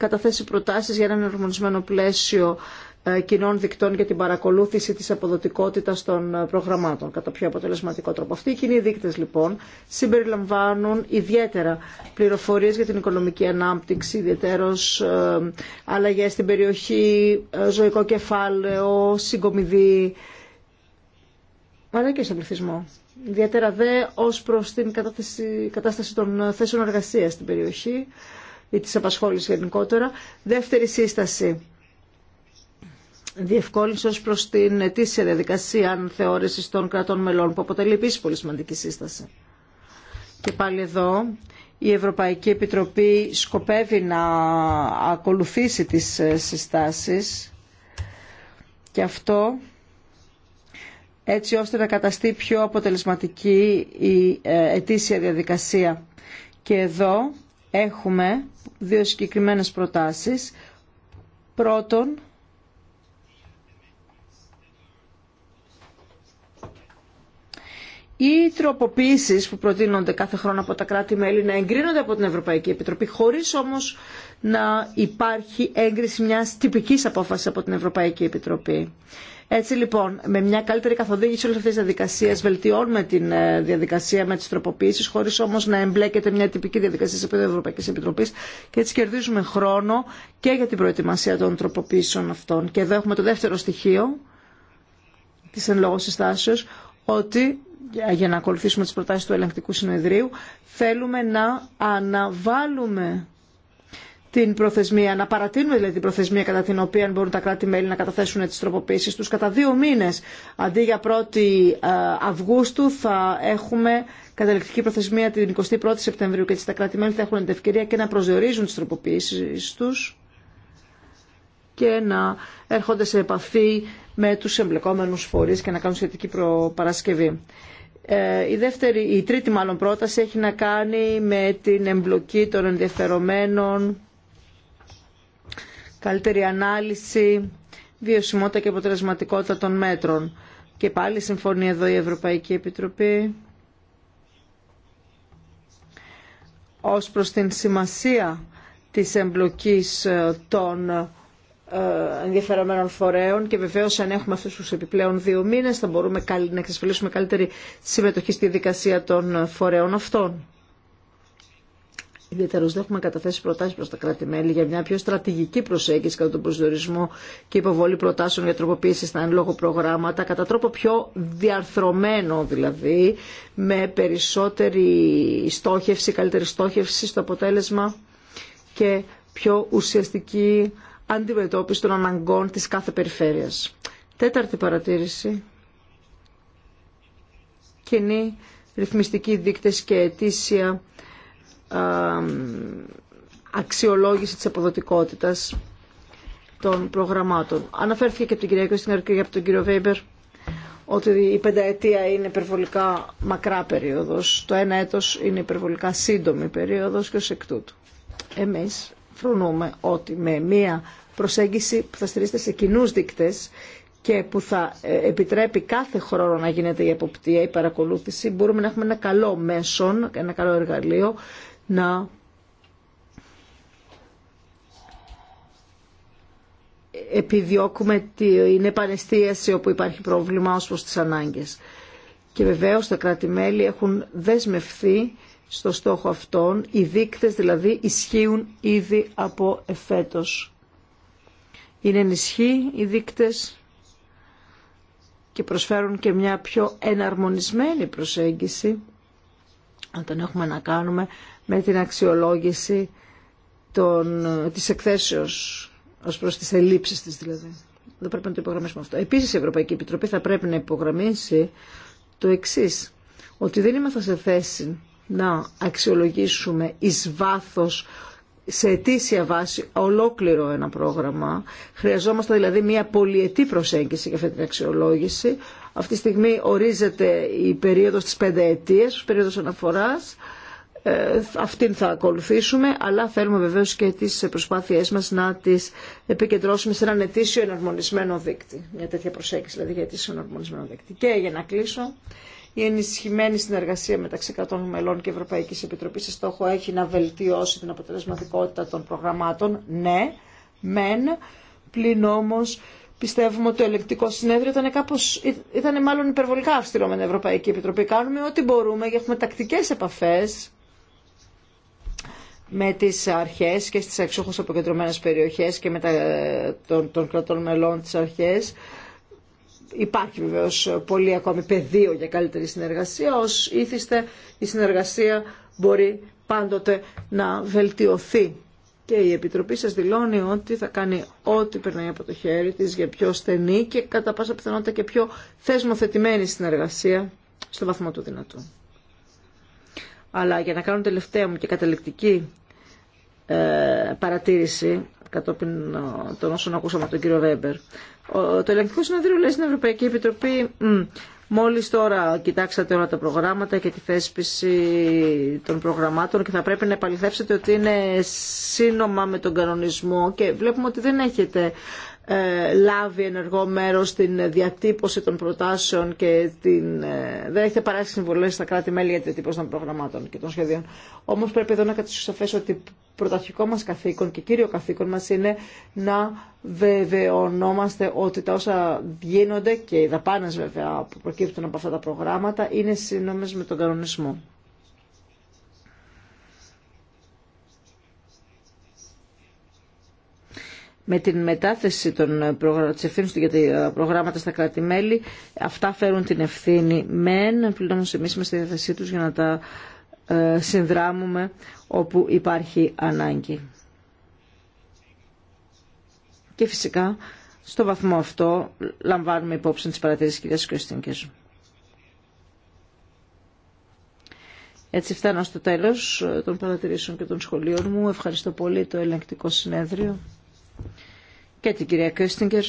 καταθέσει προτάσεις για έναν ενορμονισμένο πλαίσιο ε, κοινών δικτών για την παρακολούθηση της αποδοτικότητας των ε, προγραμμάτων κατά πιο αποτελεσματικό τρόπο. Αυτοί οι κοινοί δείκτες λοιπόν συμπεριλαμβάνουν ιδιαίτερα πληροφορίες για την οικονομική ανάπτυξη, ιδιαίτερως ε, αλλαγές στην περιοχή, ζωικό κεφάλαιο, συγκομιδή, αλλά και στον πληθυσμό. Ιδιαίτερα δε ως προς την κατάσταση των θέσεων εργασίας στην περιοχή, ή της απασχόλησης γενικότερα. Δεύτερη σύσταση. Διευκόλυνση ω προ την ετήσια διαδικασία αν των κρατών μελών, που αποτελεί επίση πολύ σημαντική σύσταση. Και πάλι εδώ η Ευρωπαϊκή Επιτροπή σκοπεύει να ακολουθήσει τις ε, συστάσεις και αυτό έτσι ώστε να καταστεί πιο αποτελεσματική η ε, ετήσια διαδικασία. Και εδώ έχουμε δύο συγκεκριμένες προτάσεις. Πρώτον, οι τροποποιήσεις που προτείνονται κάθε χρόνο από τα κράτη-μέλη να εγκρίνονται από την Ευρωπαϊκή Επιτροπή, χωρίς όμως να υπάρχει έγκριση μια τυπική απόφαση από την Ευρωπαϊκή Επιτροπή. Έτσι λοιπόν, με μια καλύτερη καθοδήγηση όλε αυτέ τις διαδικασίε, ναι. βελτιώνουμε τη ε, διαδικασία με τι τροποποιήσει, χωρί όμω να εμπλέκεται μια τυπική διαδικασία σε επίπεδο Ευρωπαϊκή Επιτροπή και έτσι κερδίζουμε χρόνο και για την προετοιμασία των τροποποιήσεων αυτών. Και εδώ έχουμε το δεύτερο στοιχείο τη εν λόγω συστάσεω, ότι για να ακολουθήσουμε τι προτάσει του ελεγκτικού συνεδρίου, θέλουμε να αναβάλουμε την προθεσμία, να παρατείνουμε δηλαδή την προθεσμία κατά την οποία μπορούν τα κράτη-μέλη να καταθέσουν τις τροποποίησεις τους. Κατά δύο μήνες, αντί για 1η ε, Αυγούστου, θα έχουμε καταληκτική προθεσμία την 21η Σεπτεμβρίου και έτσι τα κράτη-μέλη θα έχουν την ευκαιρία και να προσδιορίζουν τις τροποποίησεις τους και να έρχονται σε επαφή με τους εμπλεκόμενους φορείς και να κάνουν σχετική προπαρασκευή. Ε, η, δεύτερη, η τρίτη μάλλον πρόταση έχει να κάνει με την εμπλοκή των ενδιαφερομένων καλύτερη ανάλυση, βιωσιμότητα και αποτελεσματικότητα των μέτρων. Και πάλι συμφωνεί εδώ η Ευρωπαϊκή Επιτροπή ως προς την σημασία της εμπλοκής ε, των ε, ενδιαφερομένων φορέων και βεβαίως αν έχουμε αυτούς τους επιπλέον δύο μήνες θα μπορούμε να εξασφαλίσουμε καλύτερη συμμετοχή στη δικασία των ε, φορέων αυτών ιδιαίτερα δεν έχουμε καταθέσει προτάσει προ τα κράτη-μέλη για μια πιο στρατηγική προσέγγιση κατά τον προσδιορισμό και υποβολή προτάσεων για τροποποίηση στα εν προγράμματα, κατά τρόπο πιο διαρθρωμένο δηλαδή, με περισσότερη στόχευση, καλύτερη στόχευση στο αποτέλεσμα και πιο ουσιαστική αντιμετώπιση των αναγκών της κάθε περιφέρειας. Τέταρτη παρατήρηση. Κοινή ρυθμιστική δείκτες και αιτήσια αξιολόγηση της αποδοτικότητας των προγραμμάτων. Αναφέρθηκε και από την κυρία Κωστινέρ και από τον κύριο Βέιμπερ ότι η πενταετία είναι υπερβολικά μακρά περίοδος, το ένα έτος είναι υπερβολικά σύντομη περίοδος και ως εκ τούτου. Εμείς φρονούμε ότι με μία προσέγγιση που θα στηρίζεται σε κοινού δείκτες και που θα ε, επιτρέπει κάθε χρόνο να γίνεται η εποπτεία, η παρακολούθηση, μπορούμε να έχουμε ένα καλό μέσον, ένα καλό εργαλείο να επιδιώκουμε την επανεστίαση όπου υπάρχει πρόβλημα ως προς τις ανάγκες. Και βεβαίως τα κράτη-μέλη έχουν δεσμευθεί στο στόχο αυτόν, οι δείκτες δηλαδή ισχύουν ήδη από εφέτος. Είναι ενισχύ οι δείκτες και προσφέρουν και μια πιο εναρμονισμένη προσέγγιση όταν έχουμε να κάνουμε με την αξιολόγηση των, της εκθέσεως ως προς τις ελλείψεις της δηλαδή. Δεν πρέπει να το υπογραμμίσουμε αυτό. Επίσης η Ευρωπαϊκή Επιτροπή θα πρέπει να υπογραμμίσει το εξή ότι δεν είμαστε σε θέση να αξιολογήσουμε εις βάθος σε αιτήσια βάση ολόκληρο ένα πρόγραμμα. Χρειαζόμαστε δηλαδή μια πολυετή προσέγγιση για αυτή την αξιολόγηση. Αυτή τη στιγμή ορίζεται η περίοδος της πενταετίας, η περίοδος αναφοράς. Ε, αυτήν θα ακολουθήσουμε, αλλά θέλουμε βεβαίω και τι προσπάθειε μα να τι επικεντρώσουμε σε έναν ετήσιο εναρμονισμένο δείκτη. Μια τέτοια προσέγγιση, δηλαδή για ετήσιο εναρμονισμένο δείκτη. Και για να κλείσω, η ενισχυμένη συνεργασία μεταξύ κρατών μελών και Ευρωπαϊκή Επιτροπή. σε στόχο έχει να βελτιώσει την αποτελεσματικότητα των προγραμμάτων. Ναι, μεν, πλην όμω, πιστεύουμε ότι το ελεκτικό συνέδριο ήταν, κάπως, ήταν μάλλον υπερβολικά αυστηρό με την Ευρωπαϊκή Επιτροπή. Κάνουμε ό,τι μπορούμε και έχουμε τακτικέ επαφέ με τις αρχές και στις εξόχως αποκεντρωμένες περιοχές και με τα, των, των κρατών μελών τις αρχές. Υπάρχει βεβαίω πολύ ακόμη πεδίο για καλύτερη συνεργασία. Ως ήθιστε η συνεργασία μπορεί πάντοτε να βελτιωθεί. Και η Επιτροπή σας δηλώνει ότι θα κάνει ό,τι περνάει από το χέρι της για πιο στενή και κατά πάσα πιθανότητα και πιο θεσμοθετημένη συνεργασία στο βαθμό του δυνατού. Αλλά για να κάνω τελευταία μου και καταληκτική ε, παρατήρηση κατόπιν ε, των όσων ακούσαμε από τον κύριο Βέμπερ. Το ελεγκτικό συνεδρίο λέει στην Ευρωπαϊκή Επιτροπή μόλις τώρα κοιτάξατε όλα τα προγράμματα και τη θέσπιση των προγραμμάτων και θα πρέπει να επαληθεύσετε ότι είναι σύνομα με τον κανονισμό και βλέπουμε ότι δεν έχετε ε, λάβει ενεργό μέρος στην διατύπωση των προτάσεων και την, ε, δεν έχετε παράσει συμβολές στα κράτη-μέλη για τη διατύπωση των προγραμμάτων και των σχεδίων. Όμως πρέπει εδώ να σαφέ ότι πρωταρχικό μας καθήκον και κύριο καθήκον μας είναι να βεβαιωνόμαστε ότι τα όσα γίνονται και οι δαπάνες βέβαια που προκύπτουν από αυτά τα προγράμματα είναι σύνομες με τον κανονισμό. με την μετάθεση των ε, ευθύνων για τα προγράμματα στα κράτη-μέλη, αυτά φέρουν την ευθύνη μεν, πλην όμως εμείς είμαστε στη διάθεσή τους για να τα ε, συνδράμουμε όπου υπάρχει ανάγκη. Και φυσικά, στο βαθμό αυτό, λαμβάνουμε υπόψη τις παρατηρήσεις κυρία κυρίας Έτσι φτάνω στο τέλος των παρατηρήσεων και των σχολείων μου. Ευχαριστώ πολύ το ελεγκτικό συνέδριο και την κυρία Κέστιγκερ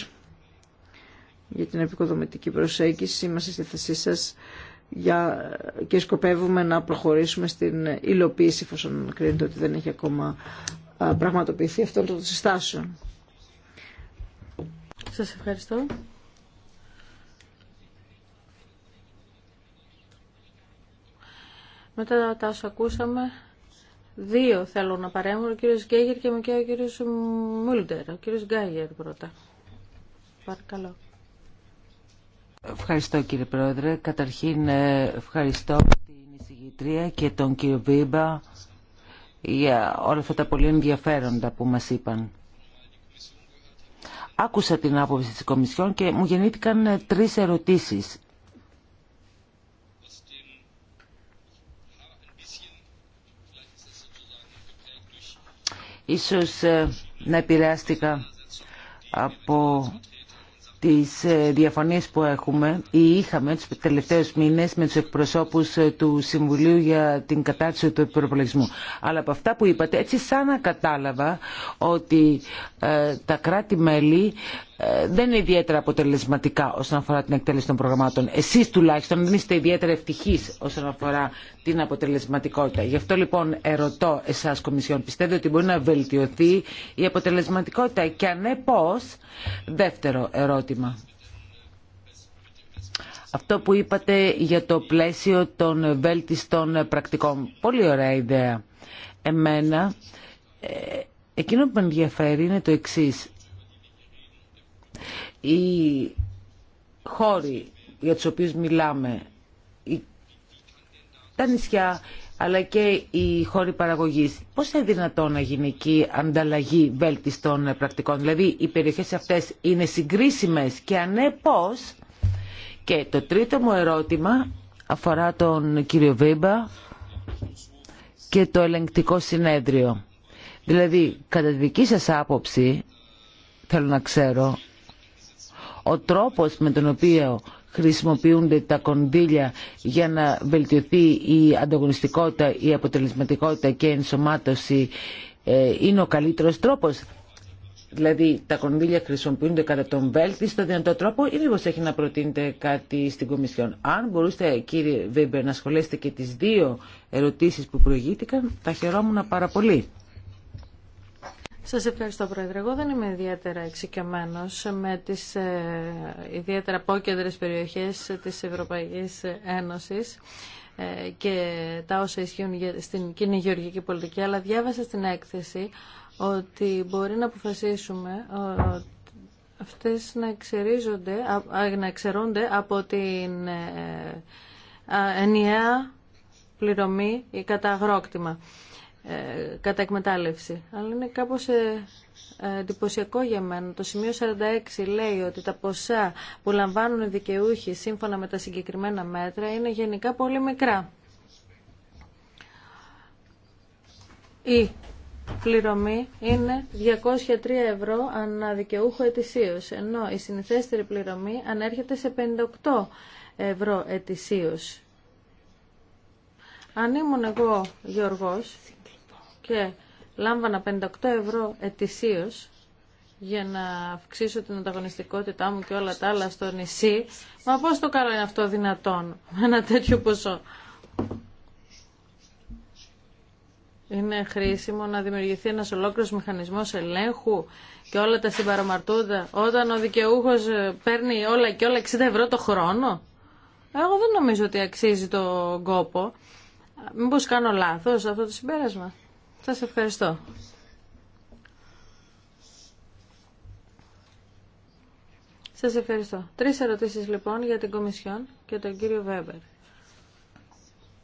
για την επικοδομητική προσέγγιση. Είμαστε στη θέση σας για... και σκοπεύουμε να προχωρήσουμε στην υλοποίηση εφόσον κρίνεται ότι δεν έχει ακόμα πραγματοποιηθεί αυτό το συστάσιο. Σας ευχαριστώ. Μετά τα όσα ακούσαμε, Δύο θέλω να παρέμβω, ο κύριος Γκέγερ και ο κύριος Μούλντερ. Ο κύριος Γκάγερ πρώτα. Παρακαλώ. Ευχαριστώ κύριε Πρόεδρε. Καταρχήν ε, ευχαριστώ την εισηγητρία και τον κύριο Βίμπα για όλα αυτά τα πολύ ενδιαφέροντα που μας είπαν. Άκουσα την άποψη της Κομισιόν και μου γεννήθηκαν ε, τρεις ερωτήσεις. Ίσως ε, να επηρεάστηκα από τις ε, διαφωνίες που έχουμε ή είχαμε τους τελευταίους μήνες με τους εκπροσώπους ε, του Συμβουλίου για την κατάρτιση του προπολογισμού. Αλλά από αυτά που είπατε, έτσι σαν να κατάλαβα ότι τα κράτη-μέλη ε, δεν είναι ιδιαίτερα αποτελεσματικά όσον αφορά την εκτέλεση των προγραμμάτων. Εσείς τουλάχιστον δεν είστε ιδιαίτερα ευτυχείς όσον αφορά την αποτελεσματικότητα. Γι' αυτό λοιπόν ερωτώ εσάς Κομισιόν, πιστεύετε ότι μπορεί να βελτιωθεί η αποτελεσματικότητα και αν ναι πώς, δεύτερο ερώτημα. Αυτό που είπατε για το πλαίσιο των βέλτιστων πρακτικών. Πολύ ωραία ιδέα. Εμένα, ε, εκείνο που με ενδιαφέρει είναι το εξής οι χώροι για τους οποίους μιλάμε, τα νησιά, αλλά και οι χώροι παραγωγής. Πώς είναι δυνατόν να γίνει εκεί ανταλλαγή βέλτιστων πρακτικών. Δηλαδή οι περιοχές αυτές είναι συγκρίσιμες και ανέ ναι, Και το τρίτο μου ερώτημα αφορά τον κύριο Βίμπα και το ελεγκτικό συνέδριο. Δηλαδή κατά τη δική σας άποψη θέλω να ξέρω ο τρόπος με τον οποίο χρησιμοποιούνται τα κονδύλια για να βελτιωθεί η ανταγωνιστικότητα, η αποτελεσματικότητα και η ενσωμάτωση ε, είναι ο καλύτερος τρόπος. Δηλαδή τα κονδύλια χρησιμοποιούνται κατά τον βέλτιστο δυνατό τρόπο ή μήπως έχει να προτείνετε κάτι στην Κομισιόν. Αν μπορούσατε κύριε Βέμπερ να σχολέσετε και τις δύο ερωτήσεις που προηγήθηκαν θα χαιρόμουν πάρα πολύ. Σας ευχαριστώ Πρόεδρε. Εγώ δεν είμαι ιδιαίτερα εξοικειωμένο με τις ε, ιδιαίτερα απόκεντρες περιοχές της Ευρωπαϊκής Ένωσης ε, και τα όσα ισχύουν στην κοινή γεωργική πολιτική, αλλά διάβασα στην έκθεση ότι μπορεί να αποφασίσουμε ότι αυτές να, εξερίζονται, να εξαιρούνται από την ε, ενιαία πληρωμή ή κατά αγρόκτημα ε, κατά εκμετάλλευση. Αλλά είναι κάπως ε, ε, εντυπωσιακό για μένα. Το σημείο 46 λέει ότι τα ποσά που λαμβάνουν οι δικαιούχοι σύμφωνα με τα συγκεκριμένα μέτρα είναι γενικά πολύ μικρά. Η πληρωμή είναι 203 ευρώ ανά δικαιούχο ετησίως, ενώ η συνηθέστερη πληρωμή ανέρχεται σε 58 ευρώ ετησίως. Αν ήμουν εγώ Γιώργος και λάμβανα 58 ευρώ ετησίω για να αυξήσω την ανταγωνιστικότητά μου και όλα τα άλλα στο νησί. Μα πώς το κάνω είναι αυτό δυνατόν με ένα τέτοιο ποσό. Είναι χρήσιμο να δημιουργηθεί ένας ολόκληρος μηχανισμός ελέγχου και όλα τα συμπαραμαρτούντα όταν ο δικαιούχος ε, παίρνει όλα και όλα 60 ευρώ το χρόνο. Εγώ δεν νομίζω ότι αξίζει το κόπο. Μήπως κάνω λάθος αυτό το συμπέρασμα. Σας ευχαριστώ. Σας ευχαριστώ. Τρεις ερωτήσεις λοιπόν για την Κομισιόν και τον κύριο Βέμπερ.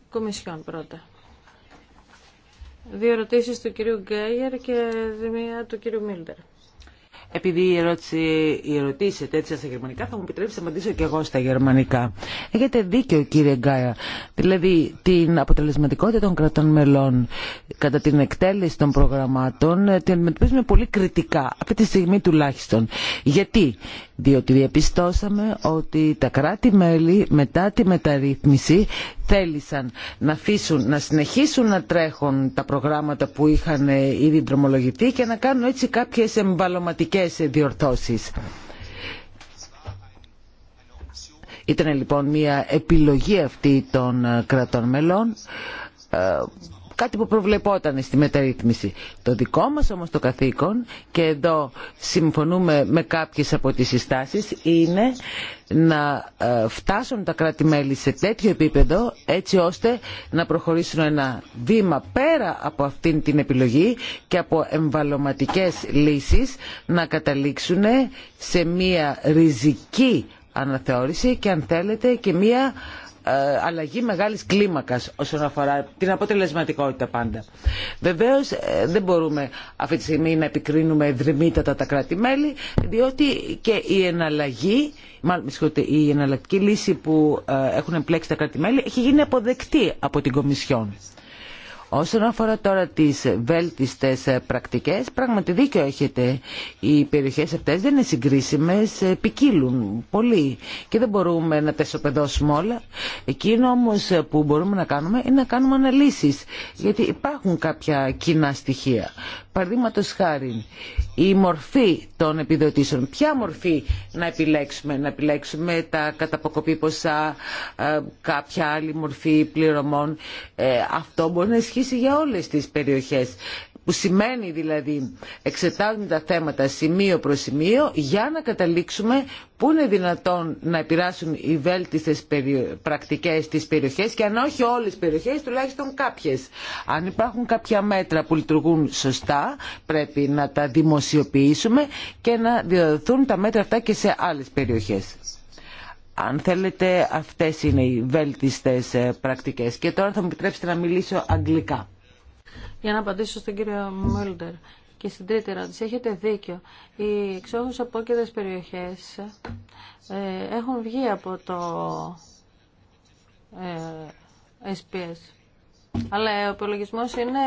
Κομισιόν πρώτα. Δύο ερωτήσεις του κυρίου Γκέιερ και μία του κυρίου Μίλτερ. Επειδή η ερώτηση, η τέτοια στα γερμανικά θα μου επιτρέψει να απαντήσω και εγώ στα γερμανικά. Έχετε δίκιο κύριε Γκάια. Δηλαδή την αποτελεσματικότητα των κρατών μελών κατά την εκτέλεση των προγραμμάτων ε, την αντιμετωπίζουμε πολύ κριτικά, αυτή τη στιγμή τουλάχιστον. Γιατί, διότι διαπιστώσαμε ότι τα κράτη-μέλη μετά τη μεταρρύθμιση θέλησαν να, αφήσουν, να συνεχίσουν να τρέχουν τα προγράμματα που είχαν ε, ήδη δρομολογηθεί και να κάνουν έτσι κάποιες εμβαλωματικές διορθώσεις. Ήταν λοιπόν μια επιλογή αυτή των ε, κρατών μελών ε, κάτι που προβλεπόταν στη μεταρρύθμιση. Το δικό μας όμως το καθήκον, και εδώ συμφωνούμε με κάποιες από τις συστάσεις, είναι να ε, φτάσουν τα κράτη-μέλη σε τέτοιο επίπεδο έτσι ώστε να προχωρήσουν ένα βήμα πέρα από αυτήν την επιλογή και από εμβαλωματικές λύσεις να καταλήξουν σε μία ριζική αναθεώρηση και αν θέλετε και μία ε, αλλαγή μεγάλης κλίμακας όσον αφορά την αποτελεσματικότητα πάντα. Βεβαίως ε, δεν μπορούμε αυτή τη στιγμή να επικρίνουμε δρυμύτατα τα κράτη-μέλη διότι και η εναλλαγή, μάλλον, η εναλλακτική λύση που ε, έχουν εμπλέξει τα κράτη-μέλη έχει γίνει αποδεκτή από την Κομισιόν. Όσον αφορά τώρα τις βέλτιστες ε, πρακτικές, πράγματι δίκιο έχετε. Οι περιοχές αυτές δεν είναι συγκρίσιμες, ε, ποικίλουν πολύ και δεν μπορούμε να τα ισοπεδώσουμε όλα. Εκείνο όμως ε, που μπορούμε να κάνουμε είναι να κάνουμε αναλύσεις, γιατί υπάρχουν κάποια κοινά στοιχεία. Παραδείγματο χάρη, η μορφή των επιδοτήσεων. Ποια μορφή να επιλέξουμε, να επιλέξουμε τα καταποκοπή ποσά, ε, κάποια άλλη μορφή πληρωμών. Ε, αυτό μπορεί να ισχύσει για όλες τις περιοχές που σημαίνει δηλαδή εξετάζουμε τα θέματα σημείο προς σημείο για να καταλήξουμε πού είναι δυνατόν να επηρεάσουν οι βέλτιστες πρακτικές στις περιοχές και αν όχι όλες τις περιοχές, τουλάχιστον κάποιες. Αν υπάρχουν κάποια μέτρα που λειτουργούν σωστά, πρέπει να τα δημοσιοποιήσουμε και να διαδοθούν τα μέτρα αυτά και σε άλλες περιοχές. Αν θέλετε, αυτές είναι οι βέλτιστες ε, πρακτικές. Και τώρα θα μου επιτρέψετε να μιλήσω αγγλικά. Για να απαντήσω στον κύριο Μούλντερ και στην τρίτη ερώτηση, έχετε δίκιο. Οι εξόχως περιοχέ περιοχές ε, έχουν βγει από το ε, SPS. Αλλά ο υπολογισμό είναι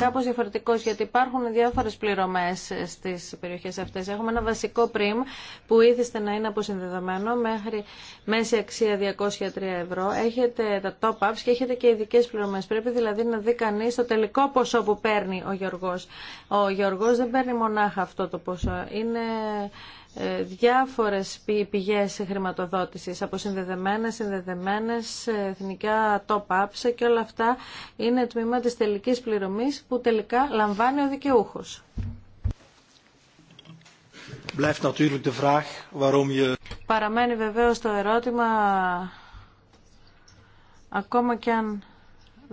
κάπω διαφορετικό γιατί υπάρχουν διάφορε πληρωμέ στι περιοχέ αυτέ. Έχουμε ένα βασικό πριμ που ήθιστε να είναι αποσυνδεδεμένο μέχρι μέση αξία 203 ευρώ. Έχετε τα top-ups και έχετε και ειδικέ πληρωμέ. Πρέπει δηλαδή να δει κανεί το τελικό ποσό που παίρνει ο Γιώργο. Ο Γιώργο δεν παίρνει μονάχα αυτό το ποσό. Είναι ε, διάφορες πηγές χρηματοδότησης από συνδεδεμένες, συνδεδεμένες, εθνικά top-ups και όλα αυτά είναι τμήμα της τελικής πληρωμής που τελικά λαμβάνει ο δικαιούχος. Παραμένει βεβαίως το ερώτημα ακόμα και αν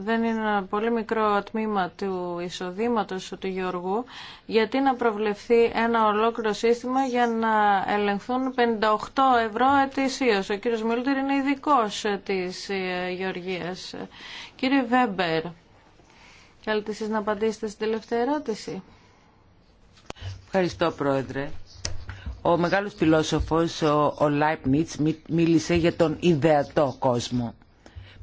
δεν είναι ένα πολύ μικρό τμήμα του εισοδήματος του Γεωργού, γιατί να προβλεφθεί ένα ολόκληρο σύστημα για να ελεγχθούν 58 ευρώ ετησίως. Ο κύριος Μιλτερ είναι ειδικό της ε, Γεωργίας. Κύριε Βέμπερ, θέλετε να απαντήσετε στην τελευταία ερώτηση. Ευχαριστώ, Πρόεδρε. Ο μεγάλος φιλόσοφος, ο Λάιπ μίλησε για τον ιδεατό κόσμο.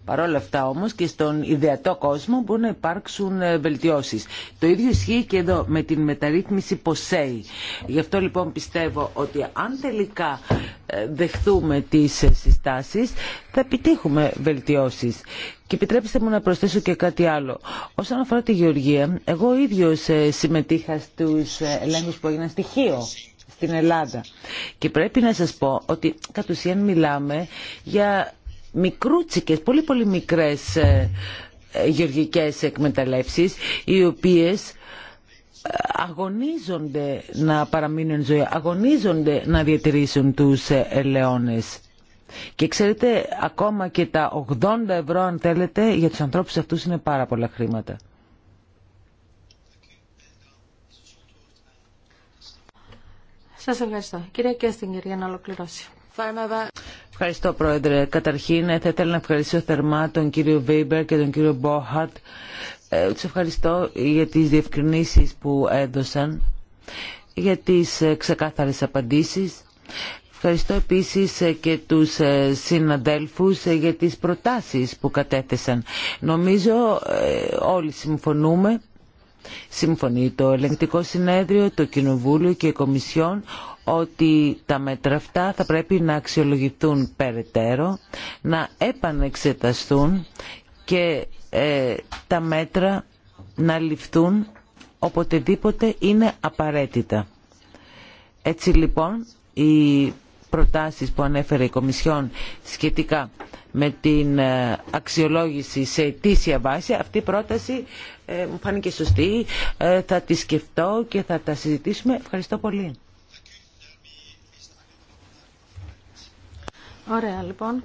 Παρ' όλα αυτά όμως και στον ιδεατό κόσμο μπορούν να υπάρξουν ε, βελτιώσεις. Το ίδιο ισχύει και εδώ με την μεταρρύθμιση ΠΟΣΕΙ. Γι' αυτό λοιπόν πιστεύω ότι αν τελικά ε, δεχθούμε τις ε, συστάσεις θα επιτύχουμε βελτιώσεις. Και επιτρέψτε μου να προσθέσω και κάτι άλλο. Όσον αφορά τη Γεωργία, εγώ ίδιος συμμετείχα στους ελέγχους που έγιναν στοιχείο στην Ελλάδα. Και πρέπει να σας πω ότι κατ' ουσίαν μιλάμε για μικρούτσικες, πολύ πολύ μικρές ε, ε, γεωργικές εκμεταλλεύσεις οι οποίες ε, αγωνίζονται να παραμείνουν ζωή, αγωνίζονται να διατηρήσουν τους ελαιώνες. Και ξέρετε, ακόμα και τα 80 ευρώ, αν θέλετε, για τους ανθρώπους αυτούς είναι πάρα πολλά χρήματα. Σας ευχαριστώ. Κυρία Κέστιγκερ, για να ολοκληρώσει. Ευχαριστώ Πρόεδρε. Καταρχήν θα ήθελα να ευχαριστήσω θερμά τον κύριο Βέιμπερ και τον κύριο Μπόχαρτ. Ε, ευχαριστώ για τις διευκρινήσεις που έδωσαν, για τις ε, ξεκάθαρες απαντήσεις. Ευχαριστώ επίσης ε, και τους ε, συναδέλφους για τις προτάσεις που κατέθεσαν. Νομίζω όλοι συμφωνούμε Συμφωνεί το Ελεγκτικό Συνέδριο, το Κοινοβούλιο και η Κομισιόν ότι τα μέτρα αυτά θα πρέπει να αξιολογηθούν περαιτέρω, να επανεξεταστούν και ε, τα μέτρα να ληφθούν οποτεδήποτε είναι απαραίτητα. Έτσι λοιπόν οι προτάσεις που ανέφερε η Κομισιόν σχετικά με την ε, αξιολόγηση σε αιτήσια βάση, αυτή η πρόταση ε, μου φάνηκε σωστή, θα τη σκεφτώ και θα τα συζητήσουμε. Ευχαριστώ πολύ. Ωραία λοιπόν.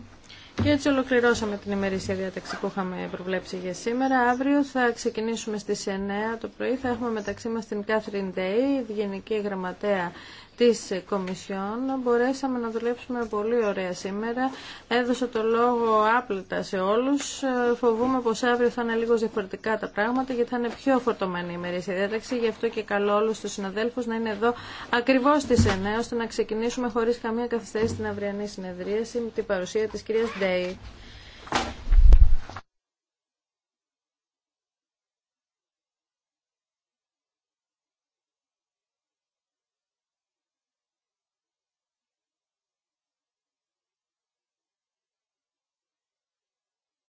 Και έτσι ολοκληρώσαμε την ημερήσια διάταξη που είχαμε προβλέψει για σήμερα. Αύριο θα ξεκινήσουμε στις 9 το πρωί. Θα έχουμε μεταξύ μας την Κάθριν Ντέι, Γενική Γραμματέα της Κομισιόν. Μπορέσαμε να δουλέψουμε πολύ ωραία σήμερα. Έδωσα το λόγο άπλυτα σε όλους. Φοβούμαι πως αύριο θα είναι λίγο διαφορετικά τα πράγματα γιατί θα είναι πιο φορτωμένη η ημερήσια διάταξη. Γι' αυτό και καλό όλους τους συναδέλφους να είναι εδώ ακριβώς στις 9 ώστε να ξεκινήσουμε χωρίς καμία καθυστέρηση στην αυριανή συνεδρίαση με την παρουσία της κυρίας Ντέι.